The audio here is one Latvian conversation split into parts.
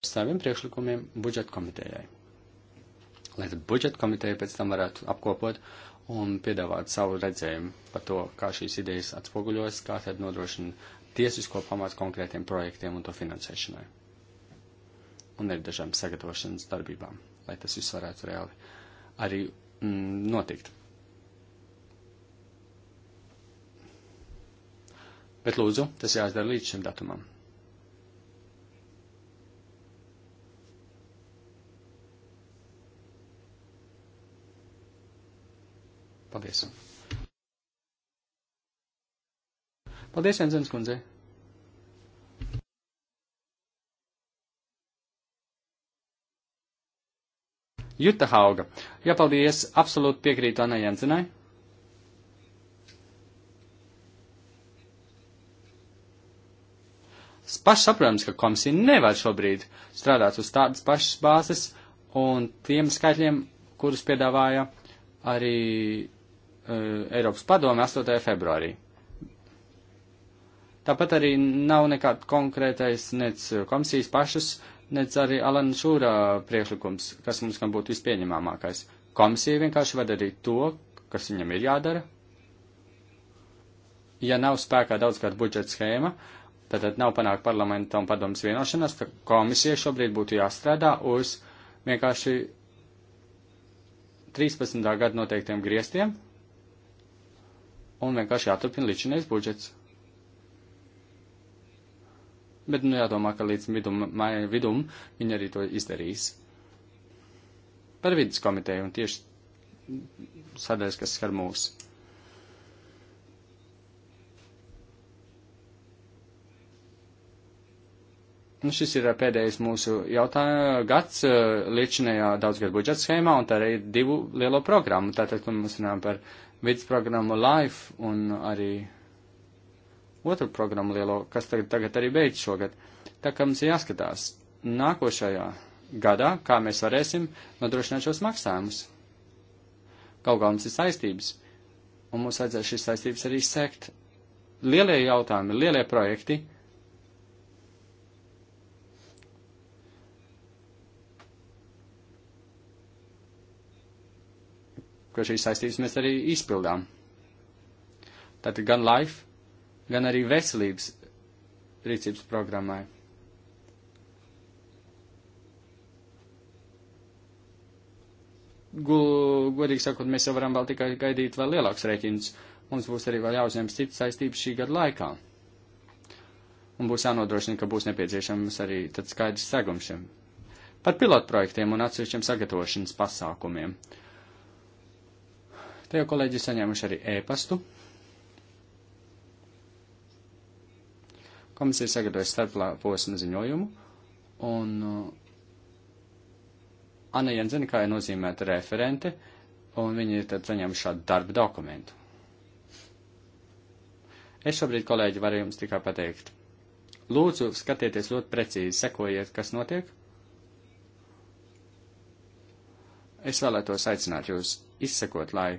saviem priekšlikumiem budžeta komitejai. Lai tad budžeta komiteja pēc tam varētu apkopot un piedāvāt savu redzējumu par to, kā šīs idejas atspoguļos, kā tad nodrošina tiesisko pamatu konkrētiem projektiem un to finansēšanai. Un ir dažām sagatavošanas darbībām, lai tas viss varētu reāli arī mm, notikt. Bet lūdzu, tas jāizdara līdz šim datumam, Paldies! Paldies, Jensens kundzei! Juta Hauga. Jā, paldies, absolūti piekrītu Anai Jensenai. Pašsaprotams, ka komisija nevar šobrīd strādāt uz tādas pašas bāzes un tiem skaitļiem, kurus piedāvāja arī Eh, Eiropas padome 8. februārī. Tāpat arī nav nekāds konkrētais nec komisijas pašas, nec arī Alana Šūra priekšlikums, kas mums gan būtu vispieņemamākais. Komisija vienkārši var darīt to, kas viņam ir jādara. Ja nav spēkā daudzgad budžeta schēma, tad nav panākt parlamenta un padomas vienošanās, ka komisija šobrīd būtu jāstrādā uz vienkārši 13. gadu noteiktiem griestiem, un vienkārši jāturpina līdzinājums budžets. Bet, nu, jādomā, ka līdz vidum, māja vidum viņi arī to izdarīs. Par vidas komiteju un tieši sadaļas, kas skar mūs. Nu, šis ir pēdējais mūsu jautājums gads eh, līdzinējā daudzgad budžeta schēmā un tā arī divu lielo programmu. Tātad, kad mēs runājam par vidas programmu LIFE un arī otru programmu lielo, kas tagad, tagad arī beidz šogad. Tā kā mums ir jāskatās nākošajā gadā, kā mēs varēsim nodrošināt šos maksājumus. Kaut kā mums ir saistības, un mums vajadzēs šīs saistības arī sekt. Lielie jautājumi, lielie projekti ka šīs saistības mēs arī izpildām. Tātad gan life, gan arī veselības rīcības programmai. godīgi sakot, mēs jau varam vēl tikai gaidīt vēl lielāks rēķins. Mums būs arī vēl jāuzņemas citas saistības šī gada laikā. Un būs jānodrošina, ka būs nepieciešams arī tad skaidrs segums šiem. Par pilotprojektiem un atsevišķiem sagatavošanas pasākumiem. Uh, Te jau kolēģi saņēmuši arī ēpastu. Komisija sagatavoja starpposma ziņojumu, un uh, Anna Jensena, kā ir nozīmēta referente, un viņi ir tad saņēmuši šādu darba dokumentu. Es šobrīd, kolēģi, varu jums tikai pateikt. Lūdzu, skatieties ļoti precīzi, sekojiet, kas notiek. Es vēlētos aicināt jūs izsekot, lai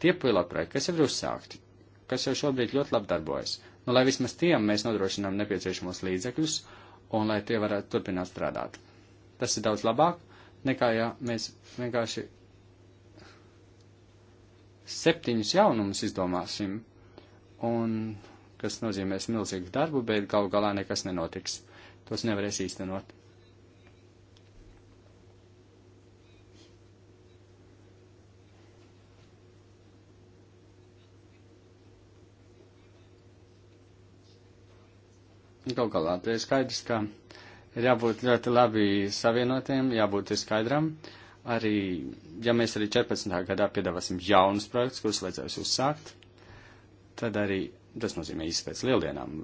tie pilotprojekti, kas jau ir uzsākti, kas jau šobrīd ļoti labi darbojas, nu, lai vismaz tiem mēs nodrošinām nepieciešamos līdzekļus un lai tie varētu turpināt strādāt. Tas ir daudz labāk nekā, ja mēs vienkārši septiņus jaunumus izdomāsim, un kas nozīmēs milzīgu darbu, bet galu galā nekas nenotiks. Tos nevarēs īstenot. Galu galā, te ir skaidrs, ka ir jābūt ļoti labi savienotiem, jābūt skaidram. Arī, ja mēs arī 14. gadā piedāvāsim jaunus projektus, kurus vajadzēs uzsākt, tad arī tas nozīmē īsi pēc lieldienām.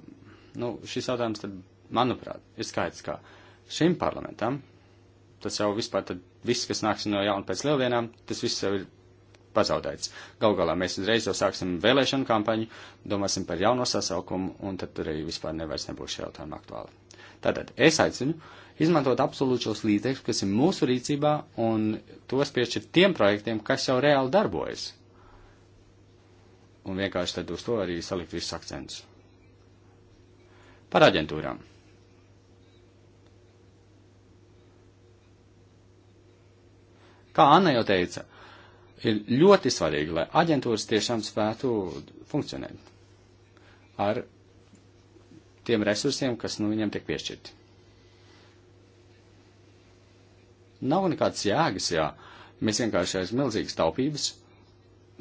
Nu, šis jautājums tad, manuprāt, ir skaidrs, ka šim parlamentam tas jau vispār tad viss, kas nāks no jauna pēc lieldienām, tas viss jau ir pazaudēts. Gal galā mēs uzreiz jau sāksim vēlēšanu kampaņu, domāsim par jauno sasaukumu, un tad arī vispār nevairs nebūs šie jautājumi aktuāli. Tātad es aicinu izmantot absolūtos līdzekļus, kas ir mūsu rīcībā, un tos piešķirt tiem projektiem, kas jau reāli darbojas. Un vienkārši tad uz to arī salikt visus akcentus. Par aģentūrām. Kā Anna jau teica, ir ļoti svarīgi, lai aģentūras tiešām spētu funkcionēt ar tiem resursiem, kas nu, viņam tiek piešķirti. Nav nekādas jēgas, jā. Mēs vienkārši aiz milzīgas taupības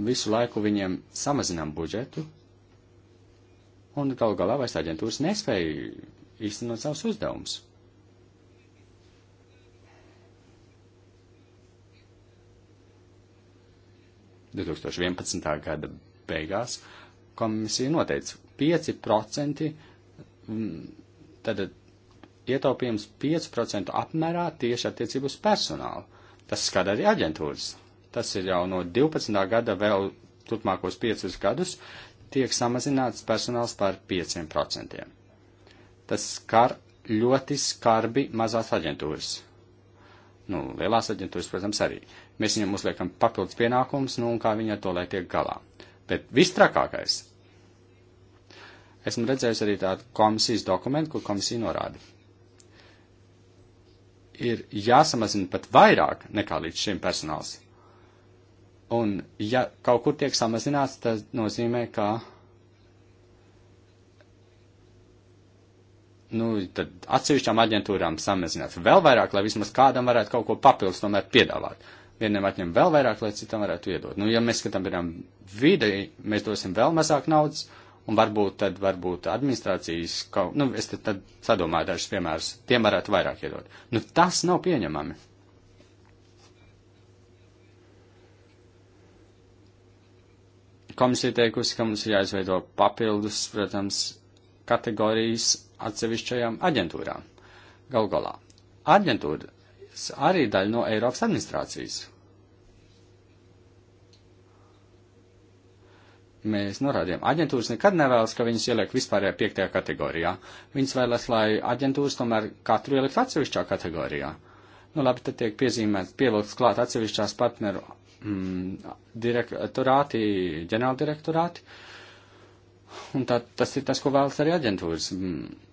visu laiku viņiem samazinām budžetu, un galu galā vairs aģentūras nespēja īstenot savus uzdevumus. 2011. gada beigās komisija noteica 5% tad ietaupījums 5% apmērā tieši attiecību uz personālu. Tas skar arī aģentūras. Tas ir jau no 12. gada vēl turpmākos 5 gadus tiek samazināts personāls par 5%. Tas skar ļoti skarbi mazās aģentūras. Nu, lielās aģentūras, protams, arī. Uh, mēs viņam uzliekam papildus pienākumus, nu un kā viņa ar to lai tiek galā. Bet vistrakākais. Esmu redzējusi arī tādu komisijas dokumentu, kur komisija norāda. Ir jāsamazina pat vairāk nekā līdz šim personāls. Un ja kaut kur tiek samazināts, tas nozīmē, ka nu, tad atsevišķām aģentūrām samazināt vēl vairāk, lai vismaz kādam varētu kaut ko papildus tomēr piedāvāt vienam atņem vēl vairāk, lai citam varētu iedot. Nu, ja mēs skatām, piemēram, videi, mēs dosim vēl mazāk naudas, un varbūt tad, varbūt administrācijas, kaut, nu, es tad, tad sadomāju dažus piemērus, tiem varētu vairāk iedot. Nu, tas nav pieņemami. Komisija teikusi, ka mums ir jāizveido papildus, protams, kategorijas atsevišķajām aģentūrām. Gal galā. Aģentūra arī daļa no Eiropas administrācijas. Mēs norādījām, aģentūras nekad nevēlas, ka viņas ieliek vispārējā piektajā kategorijā. Viņas vēlas, lai aģentūras tomēr katru ielikt atsevišķā kategorijā. Nu labi, tad tiek piezīmēts, pievilkts klāt atsevišķās partneru mm, direktorāti, ģenerāldirektorāti. Un tā, tas ir tas, ko vēlas arī aģentūras. Mm.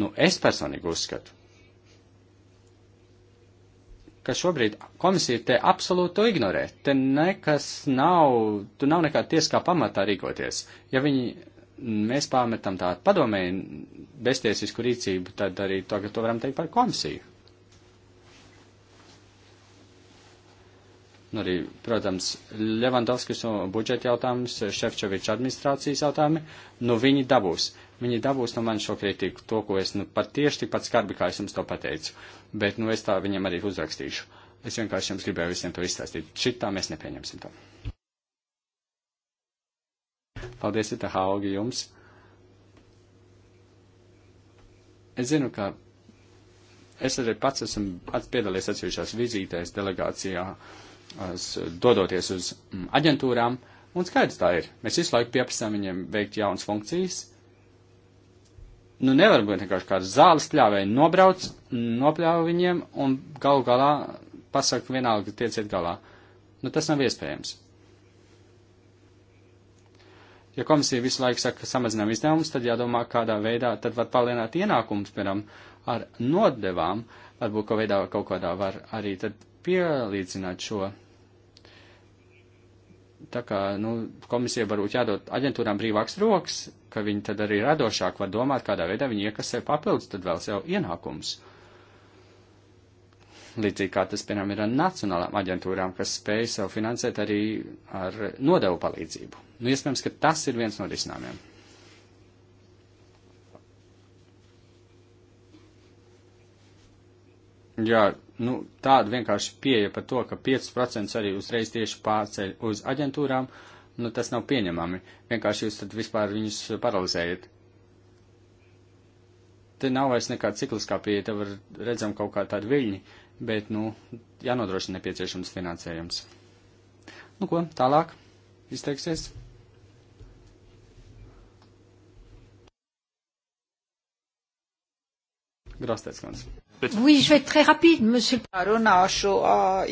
Nu, es personīgi uzskatu, ka šobrīd komisija te absolūti to ignorē. Te nekas nav, tu nav nekā tieskā pamatā rīkoties. Ja viņi, mēs pārmetam tādu padomēju beztiesisku rīcību, tad arī to, to varam teikt par komisiju. Nu arī, protams, Levandovskis un budžeta jautājums, Šefčoviča administrācijas jautājumi, nu viņi dabūs. Uh, viņi dabūs no manis šo kritiku, to, ko es nu, pat tieši tikpat skarbi, kā es jums to pateicu. Bet nu, es tā viņiem arī uzrakstīšu. Es vienkārši jums gribēju visiem to izstāstīt. Šitā mēs nepieņemsim to. Paldies, Ita Haugi, jums. Es zinu, ka es arī pats esmu pats piedalījies atsevišķās vizītēs delegācijā, dodoties uz mm, aģentūrām, un skaidrs tā ir. Mēs visu laiku pieprasām viņiem veikt jaunas funkcijas, Nu, nevar būt vienkārši kāds zāles pļāvēji nobrauc, nopļāva viņiem un galu galā pasaka vienalga tieciet galā. Nu, tas nav iespējams. Ja komisija visu laiku saka, ka samazinām izdevumus, tad jādomā, kādā veidā tad var palielināt ienākumus, piemēram, ar nodevām, varbūt kaut veidā kaut kādā var arī tad pielīdzināt šo. Tā kā, nu, komisija varbūt jādod aģentūrām brīvāks rokas, ka viņi tad arī radošāk var domāt, kādā veidā viņi iekasē papildus tad vēl sev ienākumus. Līdzīgi kā tas, piemēram, ir ar nacionālām aģentūrām, kas spēj sev finansēt arī ar nodevu palīdzību. Nu, iespējams, ka tas ir viens no risinājumiem. Jā, nu, tāda vienkārši pieeja par to, ka 5% arī uzreiz tieši pārceļ uz aģentūrām, uh, Nu, tas nav pieņemami. Vienkārši jūs tad vispār viņus paralizējat. Te nav vairs nekā cikliskā pieeja, te var redzam kaut kā tādu viļņi, bet, nu, jānodrošina nepieciešams finansējums. Nu, ko, tālāk izteiksies? Grāstēts kundze. Bet... Oui, je vais être très rapide, monsieur. Runāšu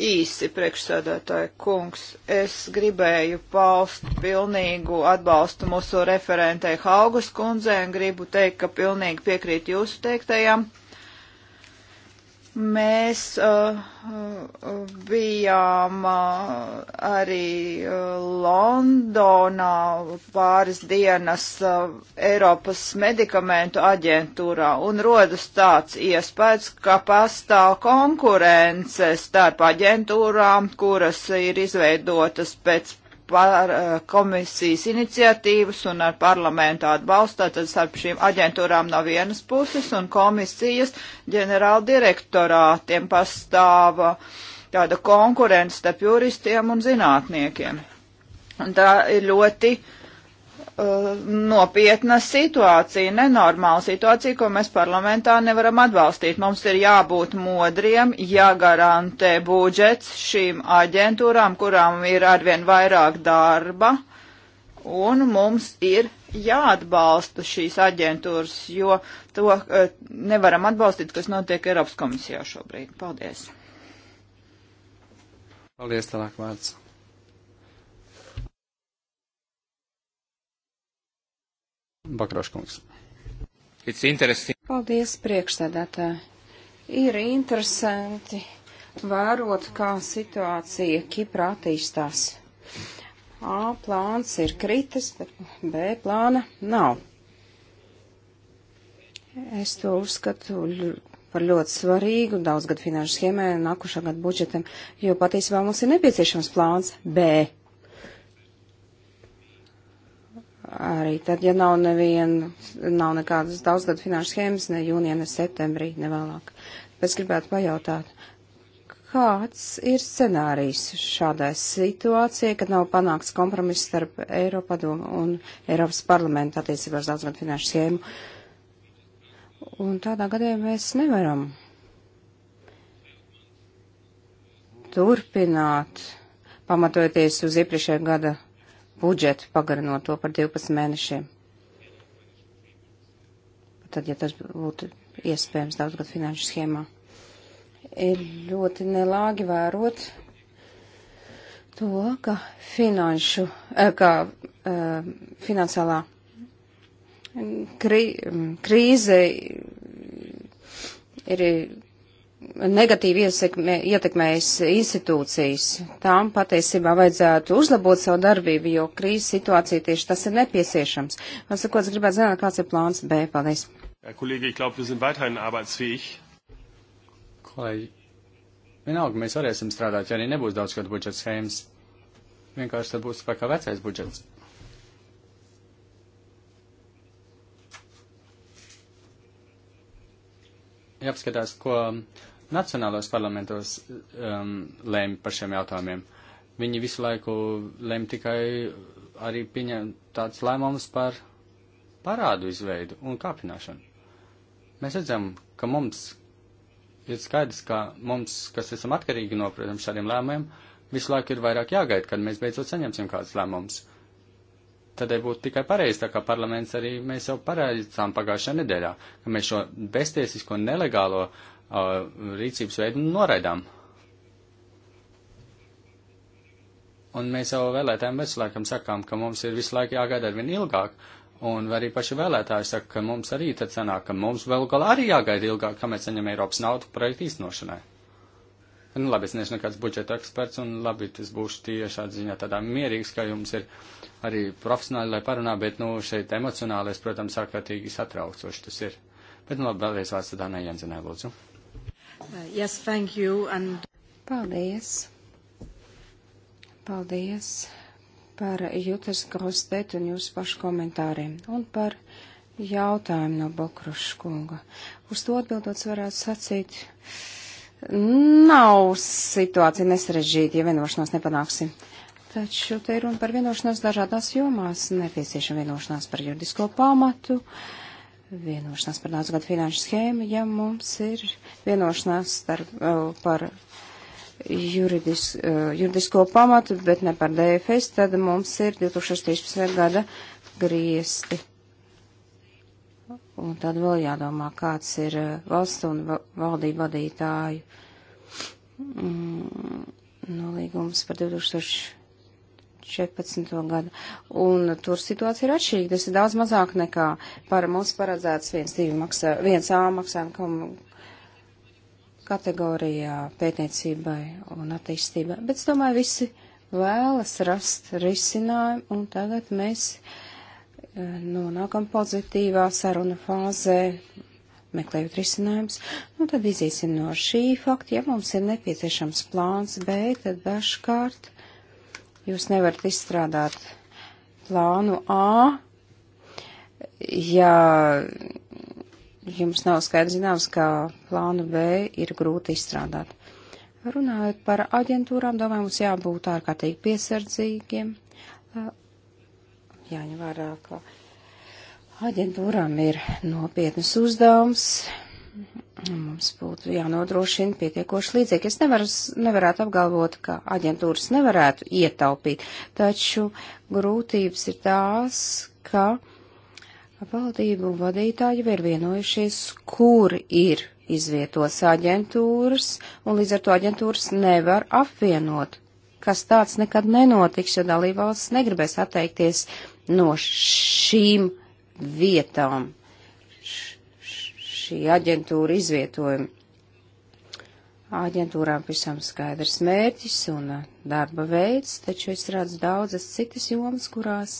īsi, priekšsēdētāji kungs. Es gribēju paust pilnīgu atbalstu mūsu referentei Haugas kundzei un gribu teikt, ka pilnīgi piekrīt jūsu teiktajam. Mēs uh, uh, bijām uh, arī uh, Londonā pāris dienas uh, Eiropas medikamentu aģentūrā un rodas tāds iespējas, ka pastāv konkurence starp aģentūrām, kuras ir izveidotas pēc par eh, komisijas iniciatīvas un ar parlamentu atbalstu, tad starp šīm aģentūrām no vienas puses un komisijas ģenerāldirektorātiem pastāv eh, tāda konkurence starp juristiem un zinātniekiem. Un tā ir ļoti uh, Uh, nopietna situācija, nenormāla situācija, ko mēs parlamentā nevaram atbalstīt. Mums ir jābūt modriem, jāgarantē budžets šīm aģentūrām, kurām ir arvien vairāk darba, un mums ir jāatbalsta šīs aģentūras, jo to uh, nevaram atbalstīt, kas notiek Eiropas komisijā šobrīd. Paldies! Paldies, tālāk vārds. Bakraškungs. Paldies, priekšsēdētāji. Ir interesanti vērot, kā situācija Kipra attīstās. A plāns ir kritis, bet B plāna nav. Es to uzskatu par ļoti svarīgu daudzgad finanšu schēmē nākušā gada budžetam, jo patiesībā mums ir nepieciešams plāns B. Arī tad, ja nav neviena, nav nekādas daudzgadu finanšu schēmas, ne jūnijā, ne septembrī, ne vēlāk. Bet gribētu pajautāt, kāds ir scenārijs šādai situācijai, kad nav panākts kompromiss starp Eiropadomu un Eiropas parlamentu attiecībā uz daudzgadu finanšu schēmu? Un tādā gadījumā mēs nevaram turpināt, pamatojoties uz iepriekšējā gada budžetu, pagarinot to par 12 mēnešiem. Tad, ja tas būtu iespējams daudzgad finanšu schēmā, ir ļoti nelāgi vērot to, ka finanšu, eh, ka uh, finansiālā krī, mm, krīze ir negatīvi ietekmē, ietekmējis institūcijas. Tām patiesībā vajadzētu uzlabot savu darbību, jo krīzes situācija tieši tas ir nepieciešams. Man sakot, es gribētu zināt, kāds ir plāns B. Paldies. Ja, kolēģi, glaub, Kolēģi, vienalga, mēs varēsim strādāt, ja arī nebūs daudz kādu budžeta schēmas. Vienkārši tad būs spēkā vecais budžets. jāpaskatās, ko Nacionālos parlamentos um, lēma par šiem jautājumiem. Viņi visu laiku lēma tikai arī pieņem tāds lēmums par parādu izveidu un kāpināšanu. Mēs redzam, ka mums ir skaidrs, ka mums, kas esam atkarīgi no, protams, šādiem lēmumiem, visu laiku ir vairāk jāgaida, kad mēs beidzot saņemsim kādus lēmumus. Tādēļ būtu tikai pareizi, tā kā parlaments arī mēs jau pareizām pagājušajā nedēļā, ka mēs šo beztiesisko nelegālo uh, rīcības veidu noraidām. Un mēs jau vēlētājiem veselākam sakām, ka mums ir visu laiku jāgaida arvien ilgāk, un arī paši vēlētāji saka, ka mums arī tad sanāk, ka mums vēl galā arī jāgaida ilgāk, kamēr saņem Eiropas naudu projektu īstenošanai. Nu, labi, es neesmu nekāds budžeta eksperts, un labi, tas būs tieši atziņā tādā mierīgs, ka jums ir arī profesionāli, lai parunā, bet, nu, šeit emocionālais, protams, ārkārtīgi satraucoši tas ir. Bet, nu, labi, vēlreiz vārds tādā nejanzinē, lūdzu. Uh, yes, thank you. And... Paldies. Paldies par Jūtas Grostētu un jūsu pašu komentāriem un par jautājumu no Bokruša kunga. Uz to atbildot varētu sacīt, nav situācija nesarežģīta, ja vienošanos nepanāksim. Taču te ir runa par vienošanos dažādās jomās, nepieciešama vienošanās par juridisko pamatu. Uh, vienošanās par daudz gadu finanšu schēmu, ja mums ir vienošanās starp, eh, par juridis, eh, juridisko pamatu, bet ne par DFS, tad mums ir 2013. gada griesti. Un tad vēl jādomā, kāds ir eh, valsts un valdību vadītāju mm, nolīgums par 2000. 14. gadu. Un tur situācija ir atšķirīga. Tas ir daudz mazāk nekā par mums paredzēts 1, maksā, 1 A maksājumu kategorijā pētniecībai un attīstībai. Bet es domāju, visi vēlas rast risinājumu un tagad mēs e, nonākam pozitīvā saruna fāzē, meklējot risinājumus. Nu, tad iziesim no šī fakta, ja mums ir nepieciešams plāns B, tad dažkārt Jūs nevarat izstrādāt plānu A, ja jums nav skaidrs zināms, ka plānu B ir grūti izstrādāt. Runājot par aģentūrām, domāju, mums jābūt ārkārtīgi piesardzīgiem. Jāņem vērā, ka aģentūrām ir nopietnas uzdevums mums būtu jānodrošina pietiekoši līdzekļi. Es nevaru, nevarētu apgalvot, ka aģentūras nevarētu ietaupīt, taču grūtības ir tās, ka valdību vadītāji ir vienojušies, kur ir izvietos aģentūras, un līdz ar to aģentūras nevar apvienot, kas tāds nekad nenotiks, jo dalībvalsts negribēs atteikties no šīm vietām šī aģentūra izvietojumi. Aģentūrām pavisam skaidrs mērķis un uh, darba veids, taču es redzu daudzas citas jomas, kurās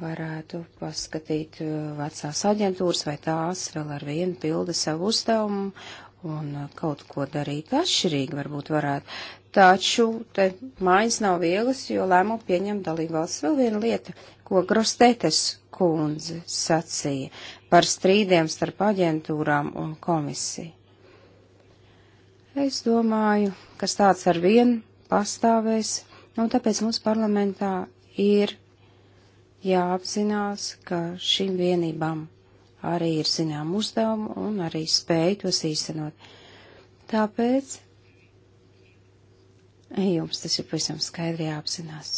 varētu paskatīt uh, vecās aģentūras, vai tās vēl ar vienu pilda savu uzdevumu un uh, kaut ko darīt atšķirīgi varbūt varētu. Taču te mājas nav vieglas, jo lēmumu pieņem dalībvalsts. Vēl viena lieta, ko Grostētes kundze sacīja par strīdiem starp aģentūrām un komisiju. Es domāju, ka tāds ar vienu pastāvēs, un tāpēc mums parlamentā ir jāapzinās, ka šīm vienībām arī ir zinām uzdevumu un arī spēja tos īstenot. Tāpēc jums tas ir pavisam skaidri jāapzinās.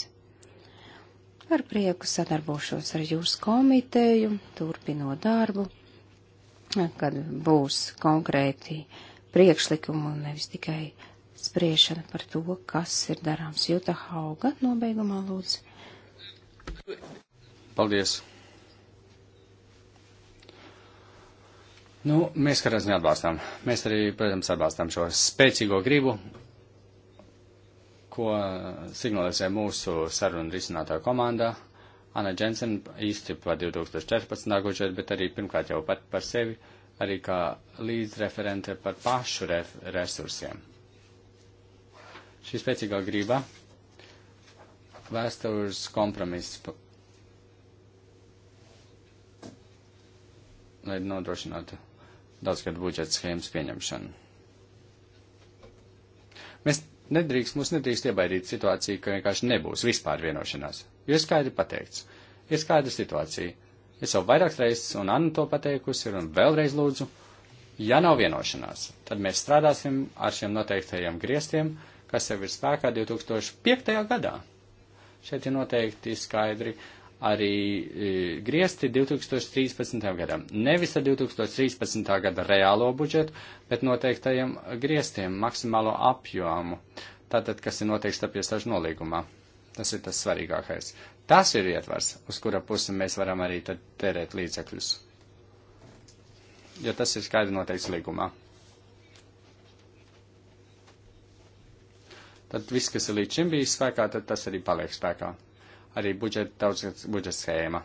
Ar prieku sadarbošos ar jūsu komiteju, turpinot darbu, kad būs konkrēti priekšlikumi un nevis tikai spriešana par to, kas ir darāms. Jūta Hauga nobeigumā lūdzu. Paldies! Nu, mēs, kā redzam, atbalstām. Mēs arī, protams, atbalstām šo spēcīgo gribu ko signalizē mūsu sarunu risinātā komanda. Anna Jensen īsti par 2014. gadu, bet arī pirmkārt jau pat par sevi, arī kā līdzreferente par pašu ref resursiem. Šī spēcīgā grība vēstures kompromiss, lai nodrošinātu daudzgadu budžeta schēmas pieņemšanu. Mēs Nedrīkst, mums nedrīkst iebaidīt situāciju, ka vienkārši nebūs vispār vienošanās. Jo ir skaidri pateikts, ir skaidra situācija. Es jau vairākas reizes, un Anna to pateikusi, ir un vēlreiz lūdzu, ja nav vienošanās, tad mēs strādāsim ar šiem noteiktajiem griestiem, kas jau ir spēkā 2005. gadā. Šeit ir noteikti skaidri uh, arī e, griezti 2013. gadam. Nevis ar 2013. gada reālo budžetu, bet noteiktajiem grieztiem maksimālo apjomu, tātad, kas ir noteikts ar piestāžu nolīgumā. Tas ir tas svarīgākais. Tas ir ietvars, uz kura pusi mēs varam arī tad tērēt līdzekļus. Jo tas ir skaidri noteikts līgumā. Tad viss, kas ir līdz šim bijis spēkā, tad tas arī paliek spēkā arī budžeta, daudz budžeta schēma.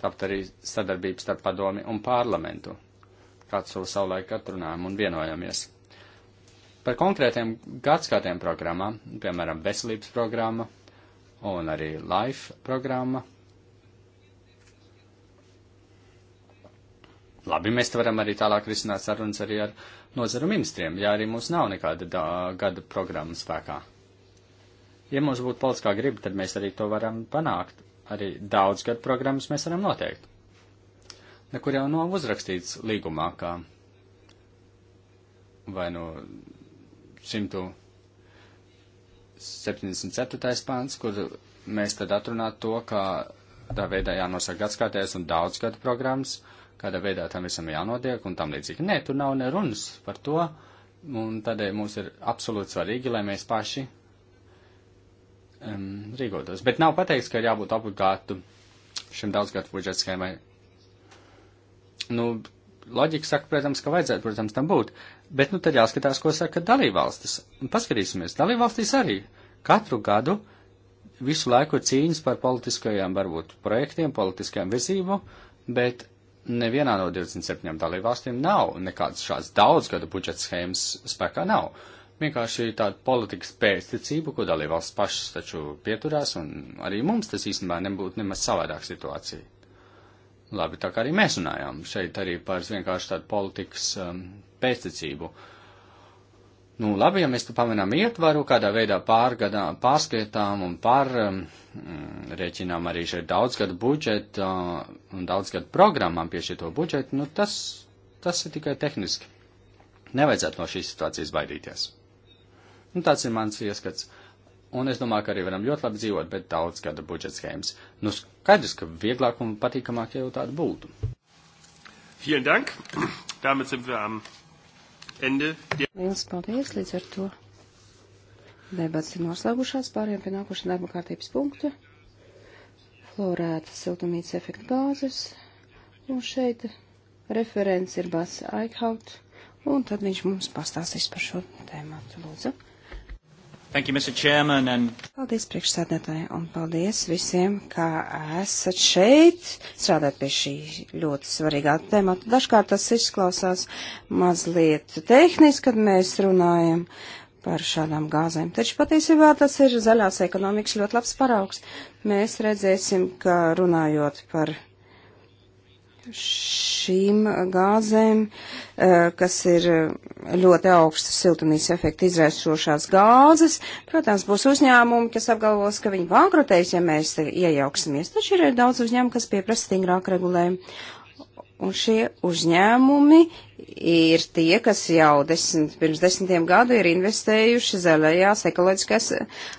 Tāpat arī sadarbības starp padomi un parlamentu, kāds to savulaik atrunājam un vienojamies. Par konkrētiem gadskatiem programmām, piemēram, veselības programma un arī life programma. Labi, mēs varam arī tālāk risināt sarunas arī ar nozaru ministriem, ja arī mums nav nekāda dā, gada programma spēkā. Ja mums būtu politiskā griba, tad mēs arī to varam panākt. Arī daudz gadu programmas mēs varam noteikt. Nekur jau nav uzrakstīts līgumā, kā vai no 174. pāns, kur mēs tad atrunātu to, ka tā veidā jānosaka gadskārtēs un daudz gadu programmas, kādā veidā tam visam jānotiek un tam līdzīgi. Nē, tur nav nerunas par to, un tādēļ mums ir absolūti svarīgi, lai mēs paši um, rīkotos. Bet nav pateikts, ka ir jābūt obligātu šim daudzgadu budžeta schēmai. Nu, loģika saka, protams, ka vajadzētu, protams, tam būt. Bet nu tad jāskatās, ko saka dalībvalstis. Un paskatīsimies, dalībvalstīs arī katru gadu visu laiku cīņas par politiskajiem, varbūt, projektiem, politiskajiem virzību, bet nevienā no 27 dalībvalstīm nav nekādas šādas daudzgadu budžeta schēmas spēkā nav. Uh, vienkārši tādu politikas pēsticību, ko dalībvalsts pašas taču pieturās, un arī mums tas īstenībā nebūtu nemaz savādāk situācija. Labi, tā kā arī mēs runājām šeit arī par vienkārši tādu politikas um, pēsticību. Nu, labi, ja mēs tu pamanām ietvaru, kādā veidā pārgadā, pārskaitām un pārreķinām um, mm, arī šeit daudzgadu budžetu uh, un daudzgadu programmām pie šito budžetu, nu tas, tas ir tikai tehniski. Nevajadzētu no šīs situācijas baidīties. Nu, tāds ir mans ieskats. Un es domāju, ka arī varam ļoti labi dzīvot, bet daudz gada budžeta schēmas. Nu, skaidrs, ka vieglāk un patīkamāk jau tāda būtu. Vielen Dank. Damit sind wir am Ende. Lielas paldies līdz ar to. Debats ir noslēgušās, pārējām pie nākošā darba kārtības punkta. Florētas siltumītas efekta gāzes. Un šeit referents ir Bas Aikhaut. Un tad viņš mums pastāstīs par šo tēmu. Lūdzu. Thank you, Mr. Chairman, and... Paldies priekšsēdētāji un paldies visiem, ka esat šeit strādāt pie šī ļoti svarīgā temata. Dažkārt tas izklausās mazliet tehniski, kad mēs runājam par šādām gāzēm. Taču patiesībā tas ir zaļās ekonomikas ļoti labs paraugs. Mēs redzēsim, ka runājot par šīm gāzēm, eh, kas ir eh, ļoti augstas siltumnīca efekta izraisošās gāzes. Protams, būs uzņēmumi, kas apgalvos, ka viņi bankrotēs, ja mēs iejauksimies. Taču ir daudz uzņēmumu, kas pieprasa stingrāk regulējumu. Un šie uzņēmumi ir tie, kas jau desmit, pirms desmitiem gadu ir investējuši zaļajās ekoloģiskās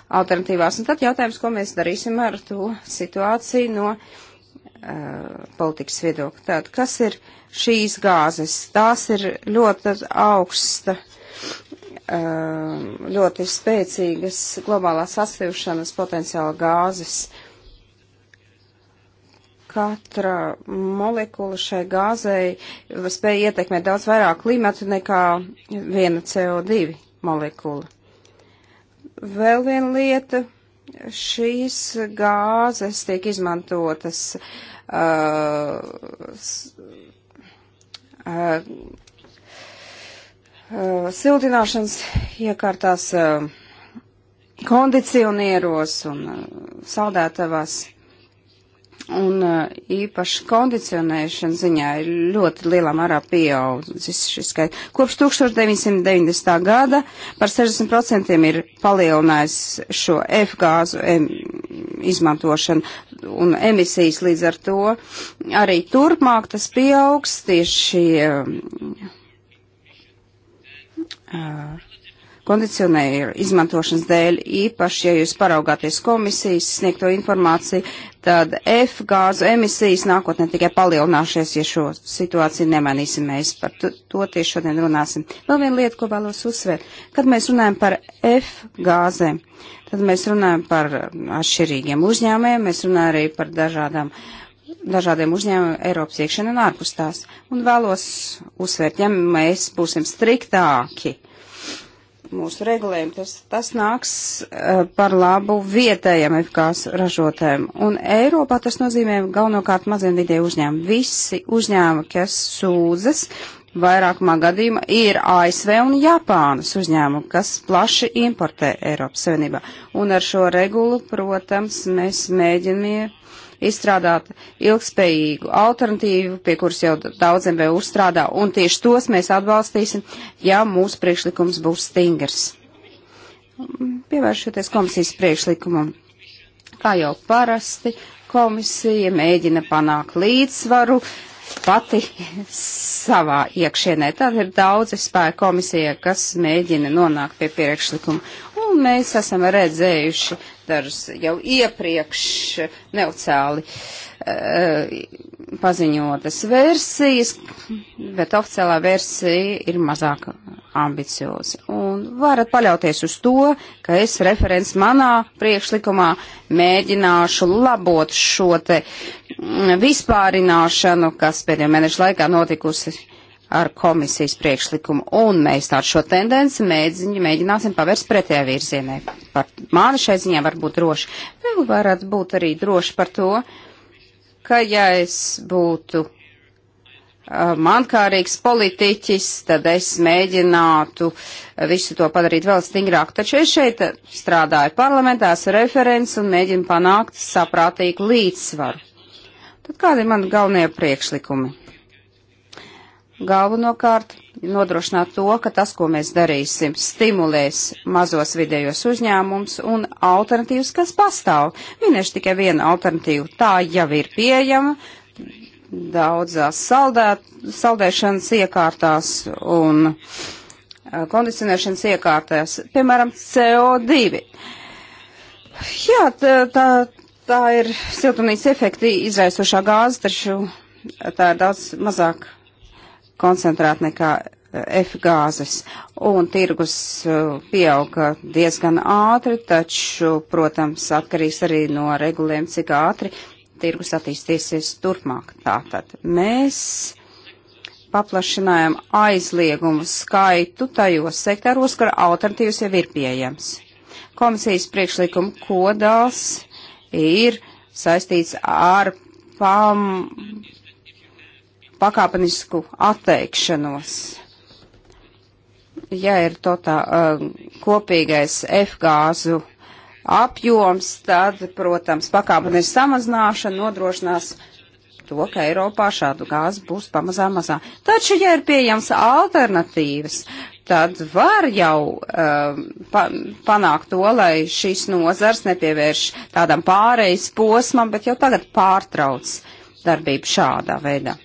alternatīvās. Un tad jautājums, ko mēs darīsim ar to situāciju no Uh, politikas viedokļa. Tātad, kas ir šīs gāzes? Tās ir ļoti augsta, uh, ļoti spēcīgas globālās atsevišķanas potenciāla gāzes. Katra molekula šai gāzei spēja ietekmēt daudz vairāk klimatu nekā viena CO2 molekula. Vēl viena lieta Šīs gāzes tiek izmantotas uh, uh, uh sildināšanas iekārtās, uh, kondicionieros un uh, saldētavās. Uh, Un uh, īpaši kondicionēšana ziņā ir ļoti lielā mērā pieaudzis šis skaits. Kopš 1990. gada par 60% ir palielinājis šo F gāzu em, izmantošanu un emisijas līdz ar to. Arī turpmāk tas pieaugs tieši. Um, uh, kondicionēju izmantošanas dēļ, īpaši, ja jūs paraugāties komisijas sniegto informāciju, tad F gāzu emisijas nākotnē tikai palielināšies, ja šo situāciju nemainīsim. Mēs par to tieši šodien runāsim. Vēl viena lieta, ko vēlos uzsvērt. Kad mēs runājam par F gāzēm, tad mēs runājam par atšķirīgiem uzņēmējiem, mēs runājam arī par dažādām dažādiem uzņēmumiem Eiropas iekšienē un ārpus tās. Un vēlos uzsvērt, ja mēs būsim striktāki, uh, mūsu regulējumu, tas, tas nāks uh, par labu vietējiem FKS ražotēm. Un Eiropā tas nozīmē galvenokārt maziem vidēju uzņēmumu. Visi uzņēmumi, kas sūdzas, vairākumā gadījumā ir ASV un Japānas uzņēmumi, kas plaši importē Eiropas Savienībā. Un ar šo regulu, protams, mēs mēģinām izstrādāt ilgspējīgu alternatīvu, pie kuras jau daudz MVU strādā, un tieši tos mēs atbalstīsim, ja mūsu priekšlikums būs stingrs. Pievēršoties komisijas priekšlikumam, kā jau parasti, komisija mēģina panākt līdzsvaru pati savā iekšienē. Tad ir daudzi spēku komisija, kas mēģina nonākt pie priekšlikuma. Un mēs esam redzējuši ministrs jau iepriekš neucāli uh, eh, paziņotas versijas, bet oficiālā versija ir mazāk ambicioza. Un varat paļauties uz to, ka es referents manā priekšlikumā mēģināšu labot šo te vispārināšanu, kas pēdējo mēnešu laikā notikusi ar komisijas priekšlikumu, un mēs tādu šo tendenci mēģin, mēģināsim pavērst pretējā virzienē. Par mani šai ziņā var būt droši. Vēl varat būt arī droši par to, ka ja es būtu mankārīgs politiķis, tad es mēģinātu visu to padarīt vēl stingrāk. Taču es šeit strādāju parlamentā, esmu referents un mēģinu panākt saprātīgu līdzsvaru. Tad kādi ir mani galvenie priekšlikumi? galvenokārt nodrošināt to, ka tas, ko mēs darīsim, stimulēs mazos vidējos uzņēmums un alternatīvas, kas pastāv. Minēšu tikai vienu alternatīvu. Tā jau ir pieejama daudzās saldē, saldēšanas iekārtās un eh, kondicionēšanas iekārtās, piemēram, CO2. Jā, tā, tā, tā ir siltumnīca efekti izraisošā gāze, taču tā ir daudz mazāk koncentrēti nekā eh, F gāzes. Un tirgus eh, pieauga diezgan ātri, taču, protams, atkarīgs arī no regulējuma, cik ātri tirgus attīstīsies turpmāk. Tātad mēs paplašinājām aizliegumu skaitu tajos sektoros, kur alternatīvas jau ir pieejams. Komisijas priekšlikuma kodāls ir saistīts ar pam, pakāpenisku atteikšanos. Ja ir totā, um, kopīgais F gāzu apjoms, tad, protams, pakāpenis samazināšana nodrošinās to, ka Eiropā šādu gāzi būs pamazām mazā. Taču, ja ir pieejams alternatīvas, tad var jau um, pa, panākt to, lai šīs nozars nepievērš tādam pārejas posmam, bet jau tagad pārtrauc darbību šādā veidā.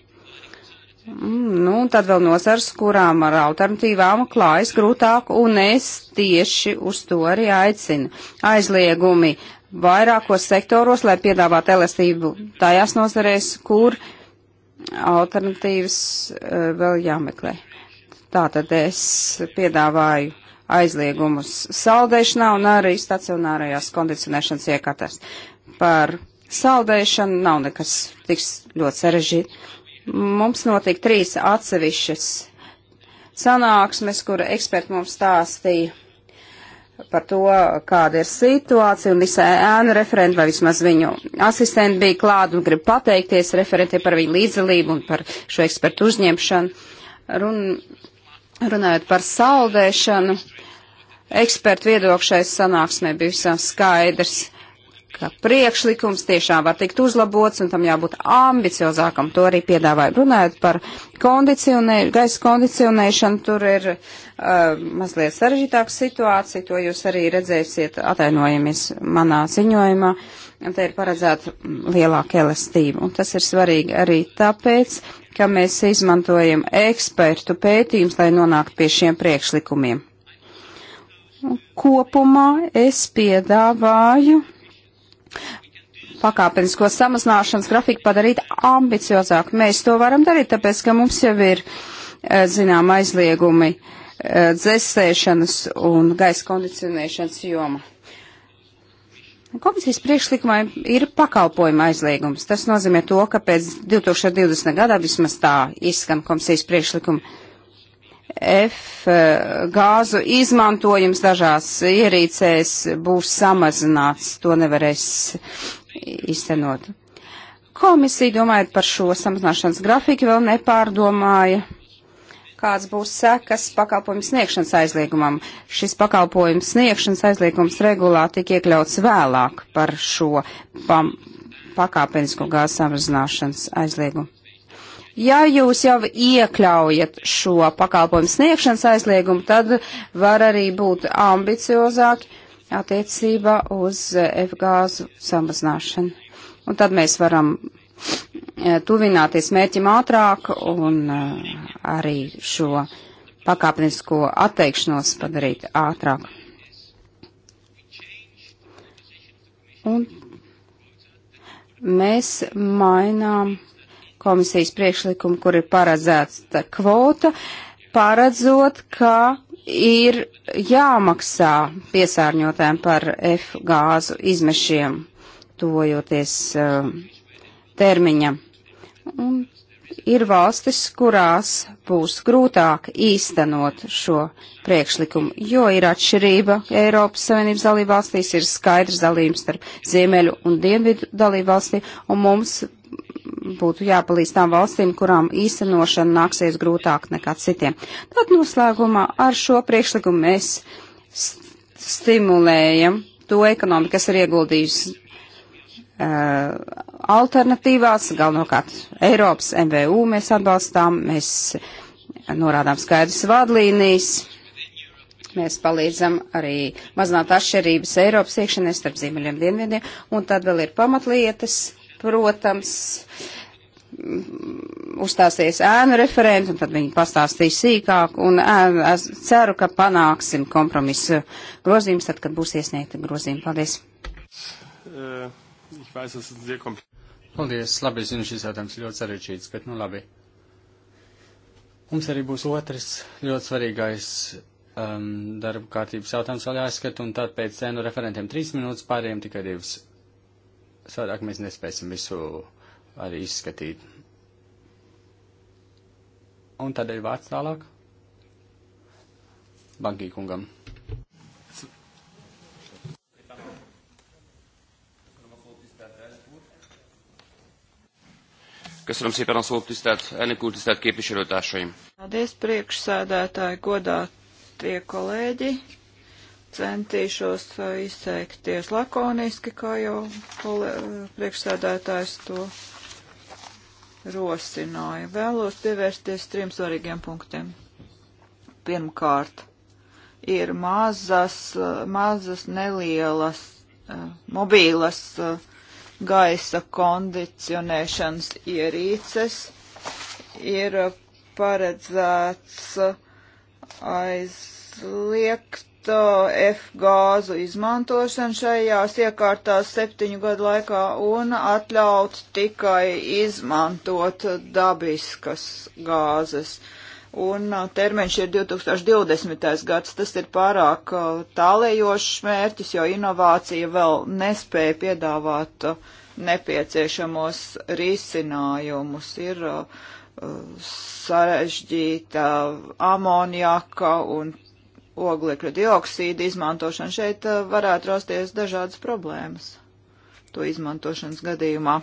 Nu, un tad vēl nozars, kurām ar alternatīvām klājas grūtāk, un es tieši uz to arī aicinu. Aizliegumi vairākos sektoros, lai piedāvātu elastību tajās nozarēs, kur alternatīvas uh, vēl jāmeklē. Tātad es piedāvāju aizliegumus saldēšanā un arī stacionārajās kondicionēšanas iekārtās. Par saldēšanu nav nekas tiks ļoti sarežģīti Mums notika trīs atsevišķas sanāksmes, kur eksperti mums stāstīja par to, kāda ir situācija, un visai ēnu referenti vai vismaz viņu asistenti bija klāt un grib pateikties referentiem par viņu līdzdalību un par šo ekspertu uzņemšanu. Run, runājot par saldēšanu, ekspertu viedokšais sanāksmē bija visam skaidrs ka priekšlikums tiešām var tikt uzlabots un tam jābūt ambiciozākam. To arī piedāvāju runājot par kondicionē, gaisa kondicionēšanu. Tur ir uh, mazliet sarežģītāka situācija, to jūs arī redzēsiet atainojamies manā ziņojumā. Un te ir paredzēta lielāka elastība. Un tas ir svarīgi arī tāpēc, ka mēs izmantojam ekspertu pētījums, lai nonāktu pie šiem priekšlikumiem. Kopumā es piedāvāju pakāpenisko samazināšanas grafiku padarīt ambiciozāku. Mēs to varam darīt, tāpēc, ka mums jau ir, eh, zinām, aizliegumi eh, dzēsēšanas un gaisa kondicionēšanas joma. Komisijas priekšlikumā ir pakalpojuma aizliegums. Tas nozīmē to, ka pēc 2020. gadā vismaz tā izskan komisijas priekšlikuma F eh, gāzu izmantojums dažās ierīcēs būs samazināts, to nevarēs iztenot. Komisija domājot par šo samazināšanas grafiku vēl nepārdomāja, kāds būs sekas pakalpojums sniegšanas aizliegumam. Šis pakalpojums sniegšanas aizliegums regulā tika iekļauts vēlāk par šo pam, pakāpenisko gāzes samazināšanas aizliegumu. Ja jūs jau iekļaujat šo pakalpojumu sniegšanas aizliegumu, tad var arī būt ambiciozāki attiecībā uz eh, F-gāzu samazināšanu. Un tad mēs varam eh, tuvināties mērķim ātrāk un eh, arī šo pakāpenisko atteikšanos padarīt ātrāk. Un mēs mainām komisijas priekšlikumu, kur ir paredzēts kvota, paredzot, ka ir jāmaksā piesārņotēm par F gāzu izmešiem, tuvojoties uh, um, termiņam. Un ir valstis, kurās būs grūtāk īstenot šo priekšlikumu, jo ir atšķirība Eiropas Savienības dalībvalstīs, ir skaidrs dalījums starp ziemeļu un dienvidu dalībvalstī, un mums būtu jāpalīdz tām valstīm, kurām īstenošana nāksies grūtāk nekā citiem. Tad noslēgumā ar šo priekšlikumu mēs stimulējam to ekonomiku, kas ir ieguldījusi uh, alternatīvās, galvenokārt Eiropas MVU mēs atbalstām, mēs norādām skaidrs vadlīnijas. Mēs palīdzam arī mazināt atšķirības Eiropas iekšienē starp ziemeļiem dienvidiem, un tad vēl ir pamatlietas, protams, uzstāsies ēnu referenti, un tad viņi pastāstīs sīkāk, un ēnu, es ceru, ka panāksim kompromisu grozījums, tad, kad būs iesniegta grozījuma. Paldies! Uh, Paldies, labi, zinu, šis jautājums ļoti sarežģīts, bet nu labi. Mums arī būs otrs ļoti svarīgais um, darba kārtības jautājums vēl jāizskata, un tad pēc cenu referentiem trīs minūtes pārējiem tikai divas. Sādāk mēs nespēsim visu arī izskatīt. Un tādēļ vārds tālāk Bankī kungam. Köszönöm szépen a szót, tisztelt elnök úr, tisztelt képviselőtársaim! Paldies, priekšsēdētāji, godā tie kolēģi! Centīšos uh, izteikties lakoniski, kā jau uh, priekšsēdētājs to rosināja. Vēlos pievērsties trim svarīgiem punktiem. Pirmkārt, ir mazas, uh, mazas nelielas mobīlas gaisa kondicionēšanas ierīces. Ir paredzēts aizliegt F gāzu izmantošanu šajās iekārtās septiņu gadu laikā un atļaut tikai izmantot dabiskas gāzes. Un termiņš ir 2020. gads, tas ir pārāk tālējošs mērķis, jo inovācija vēl nespēja piedāvāt nepieciešamos risinājumus. Ir sarežģīta amonjaka un oglekļa dioksīda izmantošanu. Šeit uh, varētu rasties dažādas problēmas to izmantošanas gadījumā.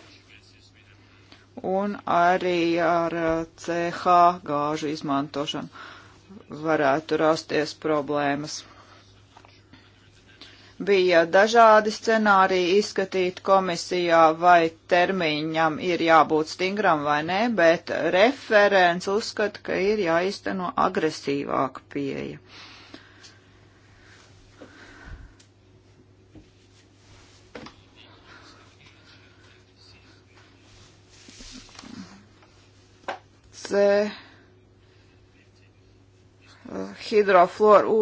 Un arī ar CH uh, gāžu izmantošanu varētu rasties problēmas. Bija dažādi scenāriji izskatīt komisijā, vai termiņam ir jābūt stingram vai nē, bet referents uzskata, ka ir jāizteno agresīvāka pieeja. realizē hidrofloru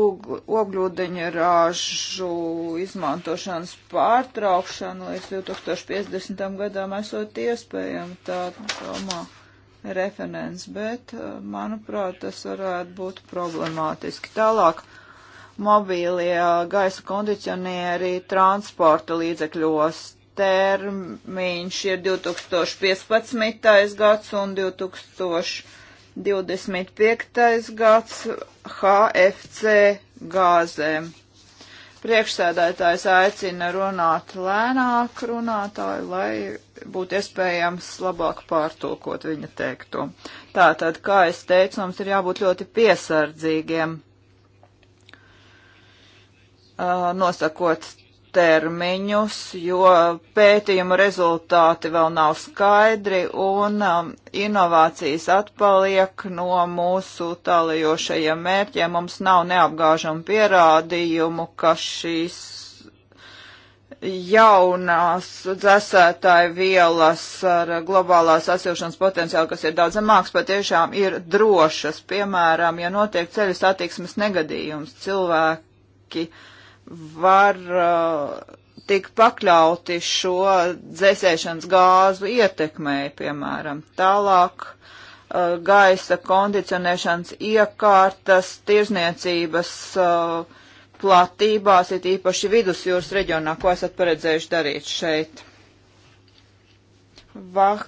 ogļūdeņa rāžu izmantošanas pārtraukšanu līdz 2050. gadām esot iespējami, tā domā nu, referents, bet, eh, manuprāt, tas varētu būt problemātiski. Tālāk mobīlie gaisa kondicionieri transporta līdzekļos termiņš ir 2015. gads un 2025. gads HFC gāzēm. Priekšsēdētājs aicina runāt lēnāk runātāju, lai būtu iespējams labāk pārtulkot viņa teikto. Tātad, kā es teicu, mums ir jābūt ļoti piesardzīgiem, uh, nosakot termiņus, jo pētījumu rezultāti vēl nav skaidri un um, inovācijas atpaliek no mūsu tālajošajiem mērķiem. Mums nav neapgāžamu pierādījumu, ka šīs jaunās dzēsētāju vielas ar globālās asilšanas potenciālu, kas ir daudz zemāks, patiešām ir drošas. Piemēram, ja notiek ceļu satiksmes negadījums, cilvēki uh, var uh, tik pakļauti šo dzēsēšanas gāzu ietekmē, piemēram. Tālāk uh, gaisa kondicionēšanas iekārtas tirzniecības uh, platībās, ir īpaši vidusjūras reģionā, ko esat paredzējuši darīt šeit. Vak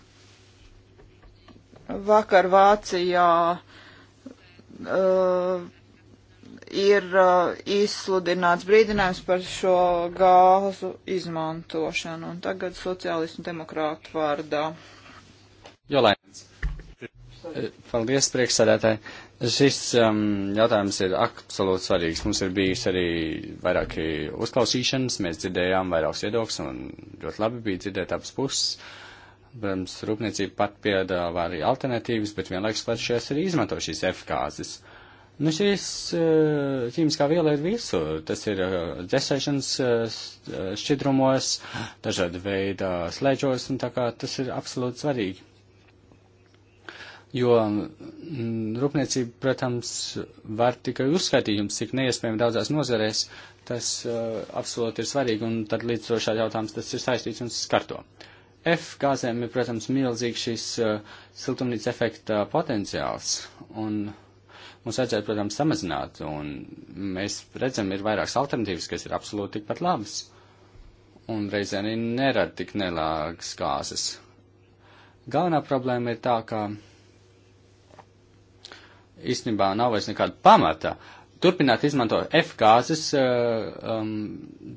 vakar Vācijā uh, ir uh, izsludināts brīdinājums par šo gāzu izmantošanu. Un tagad sociālistu demokrātu vārdā. Jolēns. Eh, paldies, priekšsēdētāji. Šis um, jautājums ir absolūti svarīgs. Mums ir bijis arī vairāki uzklausīšanas, mēs dzirdējām vairākus viedokļus un ļoti labi bija dzirdēt abas puses. Protams, rūpniecība pat piedāvā arī alternatīvas, bet vienlaikus pat šajās arī izmanto šīs F kāzes. Uh, Nu, šīs eh, ķīmiskā viela ir visur. Tas ir eh, dzēsēšanas eh, šķidrumos, dažāda veida slēdžos, un tā kā tas ir absolūti svarīgi. Jo mm, rūpniecība, protams, var tikai uzskaitīt jums, cik neiespējami daudzās nozarēs tas uh, absolūti ir svarīgi, un tad līdz to šā jautājums tas ir saistīts un skarto. F gāzēm ir, protams, milzīgs šis uh, siltumnīca efekta potenciāls, un uh, mums vajadzētu, protams, samazināt, un mēs redzam, ir vairākas alternatīvas, kas ir absolūti tikpat labas, un reizē arī nerada tik nelāgas gāzes. Galvenā problēma ir tā, ka īstenībā nav vairs nekāda pamata turpināt izmantot F gāzes eh, um,